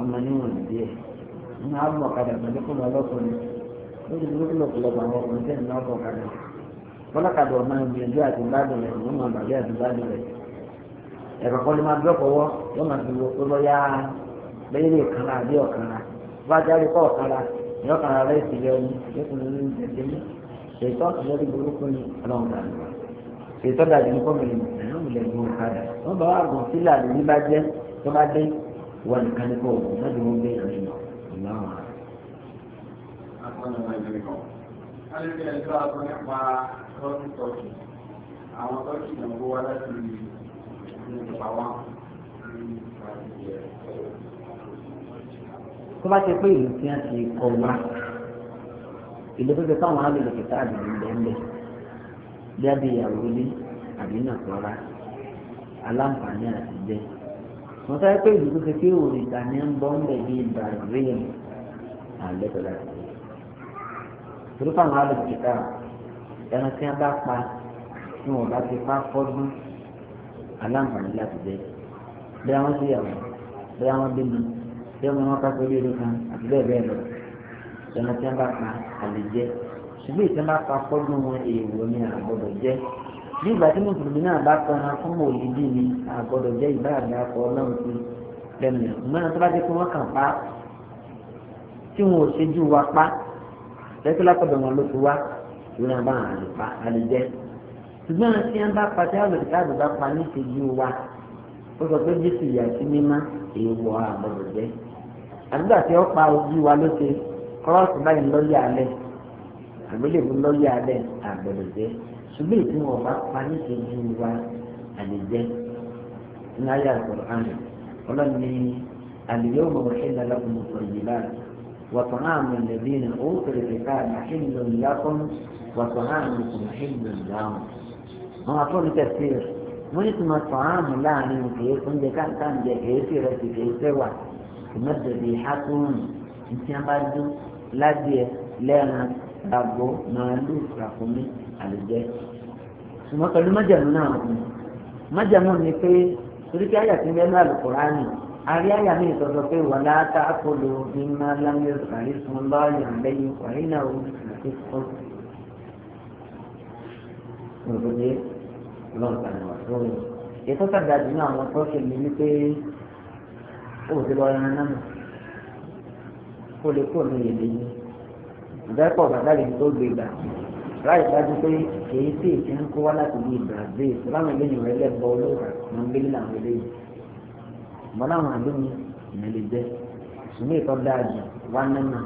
ọmọ níwọ̀n díẹ̀ ní ma kadà pẹ̀lú kó lọ lọ́kùnrin ó ti dúró lọ́pọ̀lọpọ̀ àwọn ọkùnrin tẹ̀ ní ọkọ̀ kadà kọ́lákadà ọmọ ìgbìyànjú àti ìbádùn rẹ̀ ọmọ àbàlẹ́ àti ìbádùn rẹ̀ ẹ̀kọ́kọ́ ló máa dúró máa lẹ́yìn lè kanra àbí ọ̀kanra bá jáde kọ́ ọ̀kanra ní ọ̀kanra rẹ̀ ti yẹ ọmú lẹ́kùn lórí tẹ̀sí mú ṣètò àtúnyẹ́rì burúkú ni ọlọ́run dà lọ. ṣètò dàbí ní kọ́mìnì ìlú lẹ́gbọ̀n ọ̀kadà wọ́n bá wà gùn sílẹ̀ àbí bí bá jẹ́ tó bá dé wà nìkan ní kọ́ ọ̀gùn náà ni wọ́n gbé ìrìn lọ ìlànà. àwọn tọ́jú ìdánwò wá láti ìlú ìpàwọ́ ní tó bá ti pé ìlú tí wọ́n ti kọ wá ìlú tó ti táwọn alèlè kìtà àbìlú lẹ́lẹ̀ bí a bí ìyàwó ní àbínàkọ́ra aláǹfààní àti jẹ́ wọ́n sáré pé ìlú tó ti pé òrìṣà ní ń bọ́ ń bẹ̀ bí ìbàrẹ̀ àlẹ́tọ̀ láti jẹ́ torí fáwọn alèlè kìtà ẹran tí wọ́n bá pa tí wọ́n bá ti pa fọ́dún aláǹfààní láti jẹ́ bí àwọn ṣe yàwó bí àwọn bímọ tí ọmọ wọn kápẹ́ lórí kan àti bẹ́ẹ̀ bẹ́ẹ̀ lọ ìṣẹ̀lẹ̀ tí wọ́n bá pa àlè jẹ́ ṣùgbọ́n ìṣẹ̀lẹ̀ bá pa fọ́dún wọn èèwọ̀ ni àgbọ̀dọ̀ jẹ́ bí ìgbà tí mùsùlùmí náà bá tọ́ra fún mòlídìí ni àgbọ̀dọ̀ jẹ́ ìbá àgbà akọ ọlọ́run sí lẹ́nu ìmọ̀ràn tó bá jẹ́ pé wọ́n kàn pa tí wọn ò ṣejú wa pa lẹ́tọ́ lápẹ̀dọ̀ wọn ló ti wá ìrìn àbá àlùpà àlùjẹ́ ṣùgbọ́n tí wọ́n bá pa tí àlùkáàdù bá pa ní ṣejú wa ó sọ pé jésù ìyá sí mímá èèwọ̀ àgbọ̀dọ̀ jẹ́ àdúgbò àti ọ̀pá ojú wa ló ṣe kọ́ọ̀sì báyìí lọ́ọ̀yà alẹ́ àgbélébù lọ́ọ̀yà alẹ́ àgbẹ̀lẹ̀jẹ́ ṣùgbọ́n ìdí wọn bá pa ní ìṣẹ́jú wa àlejẹ́ ní ayé àgbọ̀rọ̀ àná ọlọ́ni àlejò mọ̀ọ́ ṣẹlẹ̀ lọ́kùnrin sọ̀rọ̀ yìí láàrín الذين أوتوا الكتاب حل لكم وطعامكم حل لهم wọ́n á tún tẹ̀síìr wọ́n ní tí wọ́n tọ́ àmì láàrin kìí fún jẹ́ káńtà ń jẹ kìí ìmọ̀tẹ̀bí hátùrùn ntí wọn bá dún ládìẹ lẹ́ran àgbo màálù ràkúnmí àlùjẹ́. ṣùgbọ́n pẹ̀lú májàmú náà kù májàmú ni pé torí pé àyà ti ń bẹ́ẹ̀ Al-Qur'ani àrí àyà mi ìtọ́jọ́ pé wà láta àkọlù mímá lámìlú kàrí fún lọ́ọ̀yà lẹ́yìn wàrí náà ó ti kọ́. ìròyìn lọ́ọ̀tàn wà lórí ètò sàdájú náà wọn tó ó ti lọ ẹran náà kó lè kó ní èdè yìí ìdápọ̀ bàbá yìí tó gbé gbà láì dájú pé èyí tí èsì ń kó wá láti bí Brazil láwọn ilé ìwé ẹlẹ́gbọ́ olóòrà ló ń gbé láwọn ilé yìí mọ láwọn àdúgbò ìyẹn lè jẹ ṣùgbọ́n ìtọ́ dáa jù wá nínú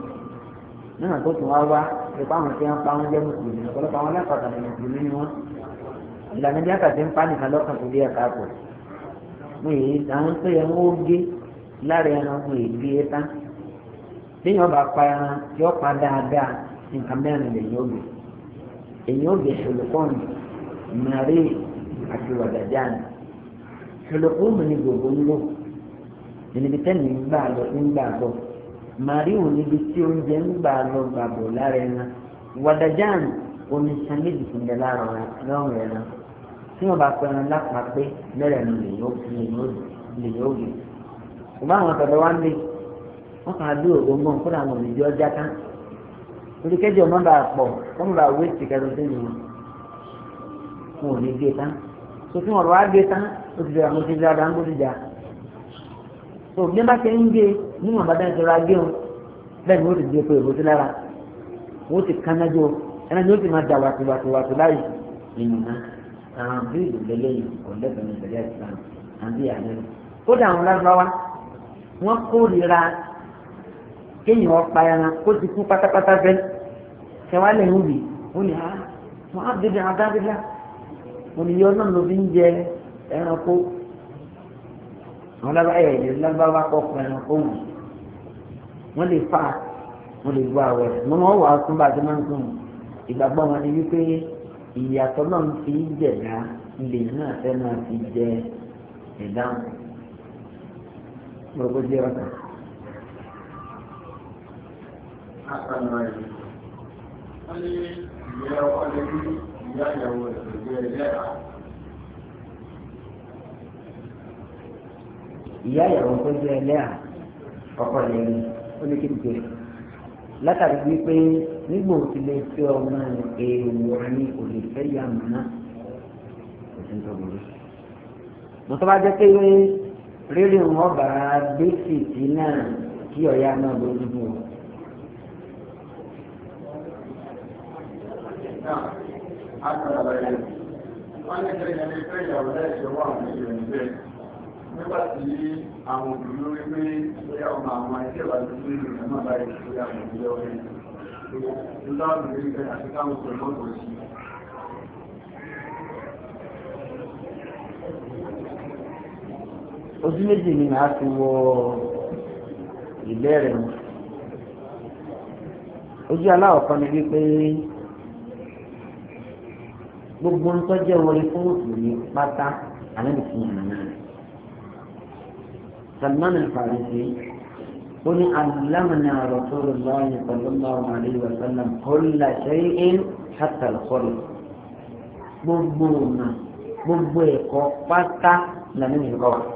nínú tó tún wá wá ipa àwọn tí wọ́n pa wọ́n jẹ́ mùsùlùmí ọ̀pọ̀lọpọ̀ àwọn alápàtà mùsùlùmí ni wọ́n ìlànà bí àkàtì ń pa nìkan lọ́kàn tó bí ẹ̀ka pọ̀ mo yìí àwọn lára ẹranko ìgbé ẹta lẹ́yìn ọba pa ẹran yọ pa dáadáa nǹkan mẹ́rin lẹ́yìn ògbè ẹ̀yìn ògbè ṣòlùkọ́n màrí àti wàdàjáàn ṣòlùkọ́n mi ni gbogbo ń lò ẹnìbi tẹ́lẹ̀ ń gbà lọ ń gbà bọ̀ màrí òun níbi tí oúnjẹ ń gbà lọ gbà bọ̀ lára ẹran wàdàjáàn omi san méjì fún mi lára ọ̀rọ̀ ẹran tí wọ́n bá pẹran lápapẹ́ mẹ́rin lẹ́yìn ògbè ṣùgbọ́n àwọn ọ̀tọ̀dọ̀ wa ń lè wọ́n kàn á dé ògbóngbò kódà àwọn òbí jọ já tán torí kẹ́jọ ọmọ bá pọ̀ ọmọ bá wé ti kẹ́jọ sí mi wọn ò ní gé tán tó fi wọn lọ́wọ́ á gé tán ó ti bẹ̀rẹ̀ àwọn ti bẹ̀rẹ̀ àdáńgó ti jà tó bí wọ́n bá ṣe ń gé nínú àbádá ìṣòro agéhùn bẹ́ẹ̀ ni ó ti gbé pé èbó sí lára wọ́n ti kánájó ẹni ni ó ti máa dà wàtúwàtúwàtú láyé nínú náà àwọn bí ìlú lélẹ́yìn kò lẹ́bẹ̀ẹ́ ní ìbẹ̀rẹ̀ ìsìlámù àbí àlẹ́ kódà àwọn lágbáwá wọ́n kórìíra kéèyàn ọ̀pá ẹran kó ti kú pátápátá bẹ́ẹ̀ ṣẹ̀wá lè ń wì ó ní ah, á wọ́n á débi àdáńdéla oníyọ náà ló fi ń jẹ ẹranko àwọn lábáyà ìdè lábáwá kọ fún ẹranko wù wọ́n lè fà wọ́n lè bu àwẹ̀ mọ́ wọ́n wà á tún bá máa ń sùn ìgbàgbọ́ wọn ni wípé ìyàtọ̀ náà ń jẹ̀dá lè náà fẹ́ máa fi jẹ ẹ̀dáhùn mọ̀rọ̀gbọ́jẹ́ rákà. ìyá ìyàwó tó jẹ́ ẹlẹ́à ọkọ lẹ́yìn ó ní kí n pè é látàrí wípé nígbà tí lè fi ọmọ èèwọ̀ ni kò lè fẹ́ yà mọ́ náà kò sí ń tọ́ bọ̀rọ̀. mo tọ́ bá jẹ́ pé rírì wọn bá gbé fìtì náà kí ọ̀yá náà lójú bò. wọ́n ní kí ẹni pé ìyàwó lẹ́sẹ̀ wà ní ìrìn bẹ́ẹ̀ nígbà tí àwọn òbí rí pé bóyá ọmọ àwọn ẹgbẹ́ wa ti rí ìrìn náà báyìí sí àwọn òbí lọ́wọ́ ìlú táwọn òbí rí àti táwọn òbí lọ́wọ́ sí ojú méjì ni màá fi wọ ìbéèrè mi ojú aláwọ̀ kan ni wípé gbogbo ń tọ́jú wọlé fún òkùnrin pátá àlẹ́ nìkan ìrànlọ́wọ́ rẹ̀ Salman al-Farisi ó ní alámàna rọ̀tọ́rọ̀ lọ́yìn sallallahu alaihi wa sallam kulla shay'in hatta al-khuluq gbogbo ọ̀nà gbogbo ẹ̀kọ́ pátá làmì nìkan wà.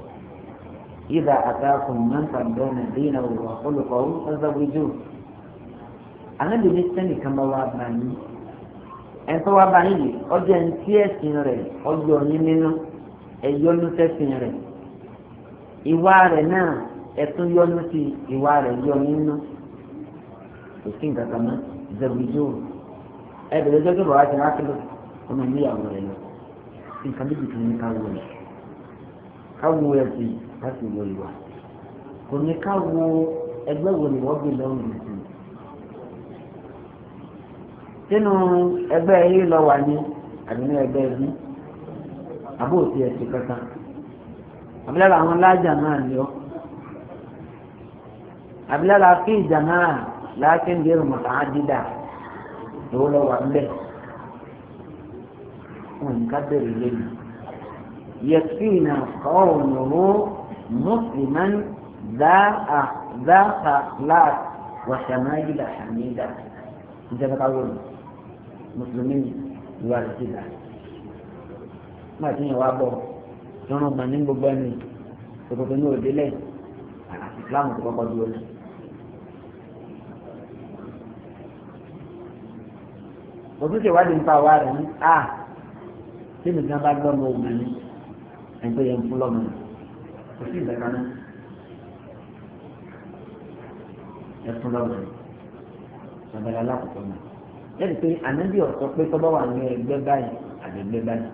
إذا أتاكم من ترضون دينه وخلقه فزوجوه Ànábì ní sẹ́ni kan bá wá bá yín ẹ̀sọ́ wá bá yín yìí ọjọ́ ẹni tí ẹ̀sìn rẹ̀ ọjọ́ yín nínú ẹ̀yọ́nú sẹ́sìn rẹ̀ ìwà rẹ̀ náà ẹ̀tún yọ́nú sí ìwà rẹ̀ yọ nínú kò sí nǹkan kan mọ́ bàbá ti rákì lọ ọmọ ìlú ìyàwó rẹ̀ lọ nǹkan méjì kìíní ká wọ rẹ̀ ká wọ ẹ̀sìn yìí. láti wo ìwà kò ní ká wo ẹgbẹ́ wo ni wọ́n gbé lọ́wọ́ sínú ẹgbẹ́ yìí lọ wà ní àbí ní ẹgbẹ́ ẹbí àbó òsì ẹ̀sìn kankan àbílára àwọn lájà náà ni ọ àbílára ìjà náà láti ń ndị mọ̀tà á dídà lówó lọ wà ńbẹ wọn ní ká bẹ̀rẹ̀ yẹ kí مسلما ذا ذا أخلاق وشمائل حميدة أنت بتقول مسلمين يوارثنا ما تيجي وابو tọ́nà ọgbà ní gbogbo ẹni ìkòkò ní òdélẹ̀ àti ìsìláàmù tó kọ́kọ́ dúró lẹ̀. òtún ṣèwádìí nípa wa rẹ̀ ní a tí nìkan bá gbọ́ ọmọ òun ní ẹgbẹ́ yẹn ń fún lọ́mọ rẹ̀ kò sí ìgbà kan náà ẹtún lọ́wọ́ abala alákọ̀ọ́kọ́ náà lẹ́yìn pé ànábì ọ̀sọ́ pé tọ́ bá wà ní ẹgbẹ́ báyìí àgbègbè báyìí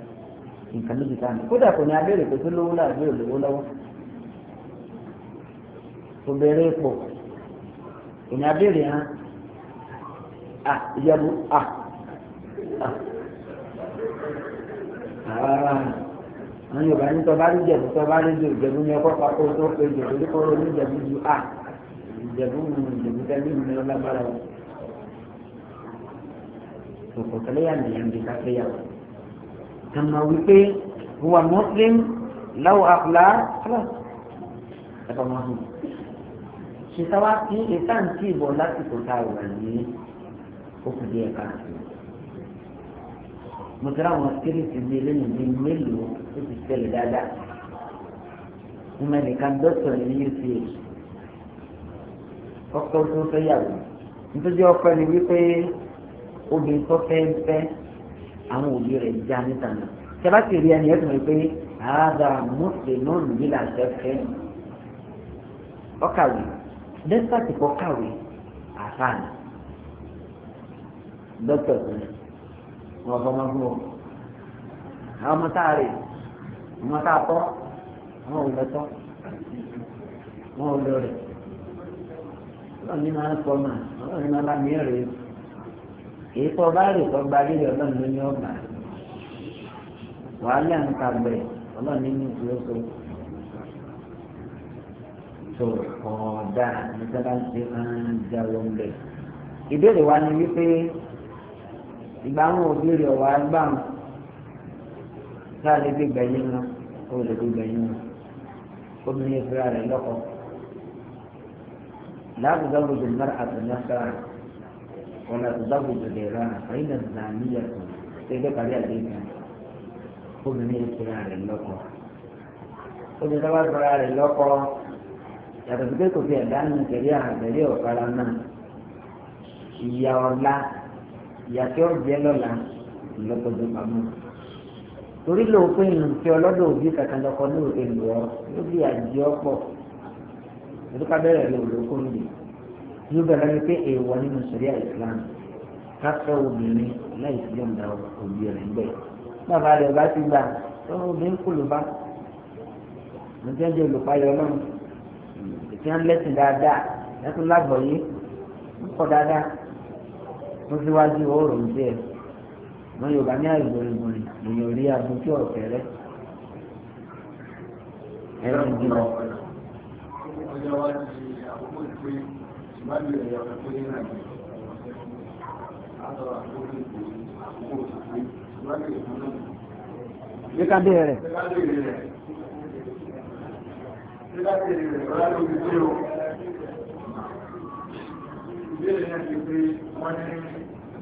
nǹkan méjì ká ní kódà kò ní abẹ́rẹ́ pé tó lówó láàbí òlówó lọ́wọ́ kò bẹ̀rẹ̀ pọ̀ kò ní abẹ́rẹ́ hàn à ìjẹ́bú à à wọn ní ọba ní tọ́ bá rí jẹ̀bú tọ́ bá rí jù jẹ̀bú ni ọkọ̀ pàkó tó pé jẹ̀bú ní kọ́ ní jẹ̀bú ju a jẹ̀bú ní jẹ̀bú tẹ́lẹ̀ ní ọlá bára wọn. kòkò tẹ́lẹ̀ yà nìyẹn ń di káfẹ́ yà wọ́n. kàmá wípé huwa muslim law àkùlá kọ́lá ẹ̀fọ́ máa hù. ṣèṣàwá sí ìtàǹtì ìbọn lásìkò tá a wà ní òkùnjẹ́ ẹ̀ka àti mo tẹ́lẹ̀ àwọn kérésì bíi lẹ́yìn bíi mélòó ó ti tẹ̀lé dáadáa mo nìkan dọ́tọ̀ ní uch ọkọ tó fẹ́ yàgò nítorí ọkọ ni wípé obìnrin tó fẹ́ fẹ́ àwọn òbí rẹ̀ já níta náà tẹ́lá ti rí ẹni ẹ̀sùn wípé àádọ́ mùsùlùmí ònìyí là ṣe fẹ́ ọkàwé dẹ́sítà kọ́ kàwé àfáàní dọ́tọ̀ tó ní wọn fọmọ fún ọ àwọn ọmọ tá a rè ọmọ tá a tọ́ àwọn ò lọ tọ́ wọn ò lọ rẹ̀ wọn ní máa ń fọ mà wọn ní máa bá mi rè èyí kọ́ bá rè kọ́ gba lílẹ̀ ọlọ́run ló ọgbà wàhálà ń ta gbẹ̀ ọlọ́run ní ní tó ọ̀ọ́dà ní sábà ń ṣe máa ń jáwọ́ ń bẹ̀ ìbéèrè wa ni wípé ìgbà àwọn òbí rẹ̀ wà á gbà wọn tá a lè fi gbẹ̀yìn wọn ó lè fi gbẹ̀yìn wọn obìnrin ìfura rẹ̀ lọ́kọ. láti dábò jù mọ́ra àtúnyáṣá wọn láti dábò jù lè ra àyìn náà zàmíyà tó ṣẹgbẹ́ kárí àdéhùn obìnrin ìfura rẹ̀ lọ́kọ. obìnrin tó bá fura rẹ̀ lọ́kọ yàtọ̀ sí pé kò fi ẹ̀dá nù kẹ̀lé àgbẹ̀lé náà ìyá ọ̀la ìyá tí ó jẹ́ lọ́la ìlọ́kọ̀jọ pamọ́ torí lóòpin ìlú tí ọlọ́dọ̀ òbí kankan lọ́kọ ní òde ìlú ọ ló bí àjẹ́ ọ̀pọ̀ ìdúkà bẹ̀rẹ̀ lè olóko nìyí yóò bẹ̀rẹ̀ ni pé èèwọ̀ nínú sẹ̀ríà ìsìlámù káfẹ́ obìnrin láì sí ọ̀dà òbí rẹ̀ gbẹ̀. bàbá rẹ̀ bá ti gbà tó obìnrin kò ló bá mo jẹ́ jẹ́ olùpayọ̀ náà ìfihàn lẹ́sìn dáadáa lẹ́tọ́ lágbọ̀ọ́yé ń kọ́ dáadáa tó síwájú oòrùn díẹ̀ wọn Yorùbá ní àìgbòrìgbòrì èèyàn rí abúlé ọ̀fẹ́ rẹ ẹni jìnnà. Bí ká bẹ̀rẹ̀ rẹ̀. Bí ká bẹ̀rẹ̀ rẹ̀ ìbéèrè náà ti pé wọ́n ní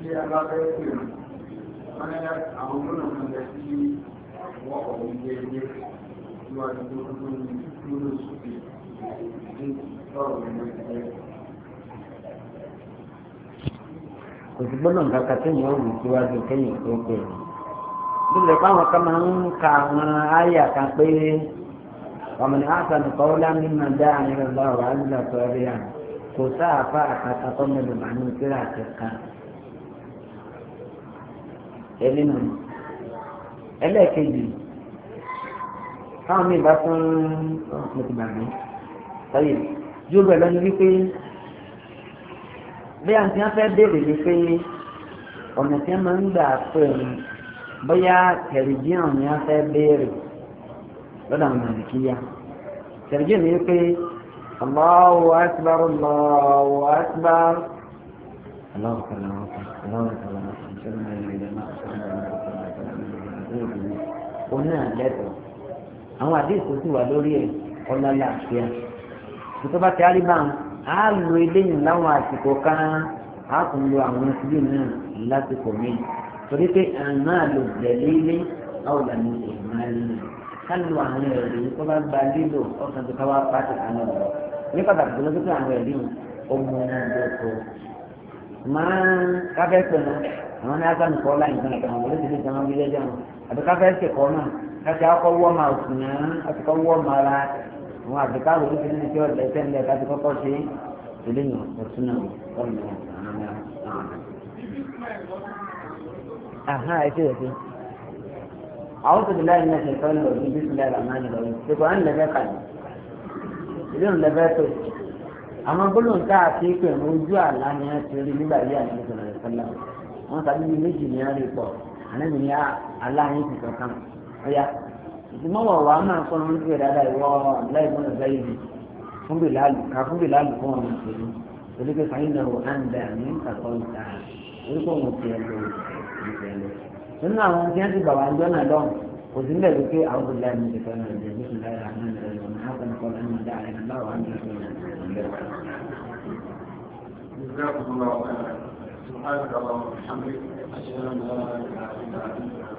ilé alábẹ́ pèrò wọ́n ní àwọn olóòrùn náà lẹ sí wọ́n ọ̀hún ilé ilé níwájú tó ń tó ní lórí sókè ní lọ́rọ̀ ìwé ilé. kò sí gbọ́dọ̀ nǹkan kan tí yẹn ò wù síwájú kéèyàn tó pè é nílẹ̀ fáwọn kan máa ń ka àwọn àyà kan pé ọmọ ní àṣà nìkan ó lá nínú dáa nílẹ̀ lọ́wọ́ àdúrà tó rí àná kò sáàfà àkàtà ọmọ ìlúmọ̀nù kíra àtẹ̀ka ẹni nù ẹlẹ́ẹ̀kejì táwọn míì bá tún mo ti gbàgbé sọyè ju bẹ́ẹ̀ lọ́nu wípé bí a ti fẹ́ béèrè ni pé ọ̀nà tí a máa ń gbà pé bóyá tẹ̀lifíọ̀n ni a fẹ́ béèrè lọ́dọ̀ àwọn màlìkíyà tẹ̀lifíọ̀n ni wípé. الله أكبر الله أكبر الله أكبر الله أكبر oní àlẹ́tọ̀ àwọn àdéhùn wà lórí ẹ̀ ọlọ́lá àfíà tó ti á á lo eléyìí láwọn àsìkò kan á tún lo àwọn ìdílé náà lásìkò míì torí pé àná àlò tẹ̀lé ilé ìmọ̀ ayé náà. ká lo àwọn ẹ̀rí tó bá gba lílo ọ̀sán tó ká wá pàṣẹ àwọn ọ̀rọ̀ ní pàtàkì tó lọ́sọ̀tò àwọn ẹ̀rí ọmọ ẹgbẹ́ tó máa káfẹ́ pẹ̀lú àwọn ní asanu kọ́ láyìn kan àtàwọn ọmọdé ti fi sọ wọn bílẹ̀ jẹun àti káfẹ́ ṣe kọ́ náà káṣí akọ́ wọ́ máa sùn náà àti kọ́ wọ́ máa ra àwọn àbíká òbí ní ti ọ̀dẹ̀ sẹ́ńdẹ̀ káti kọ́kọ́ أعوذ بالله من الشيطان الرجيم بسم الله الرحمن الرحيم ṣùgbọ́n ń lẹ́fẹ́ kàní ìdí òun lẹ́fẹ́ tó àwọn gbólóhùn tá a ti pè mú ojú àlá ni wọ́n ti rí nígbà yí àná ìṣòro rẹ̀ sọ́lá wọn tàbí bíi méjì ní àárín pọ̀ ànábì ní àlá yín ti kankan ọ̀yá ìdìmọ́wọ̀ wà á máa kọ́ ọ́n ti dáadáa ìwọ ọ̀láì fún ọ̀sẹ̀ yìí fún bìláàlù ká fún bìláàlù fún ọ̀nà nínú àwọn tí wọ́n ti gbà wá ń jọ́nà lọ́wọ́ kò sí nílẹ̀ wípé àwọn olùdílé mi ti fẹ́ràn ìjẹ́ bí sùn láyé àná ìjẹ́ ìjọ máa ń kọ́ ní ìdá ẹni láwọn àmì ìṣòro ìjẹ́ Gracias por la oportunidad.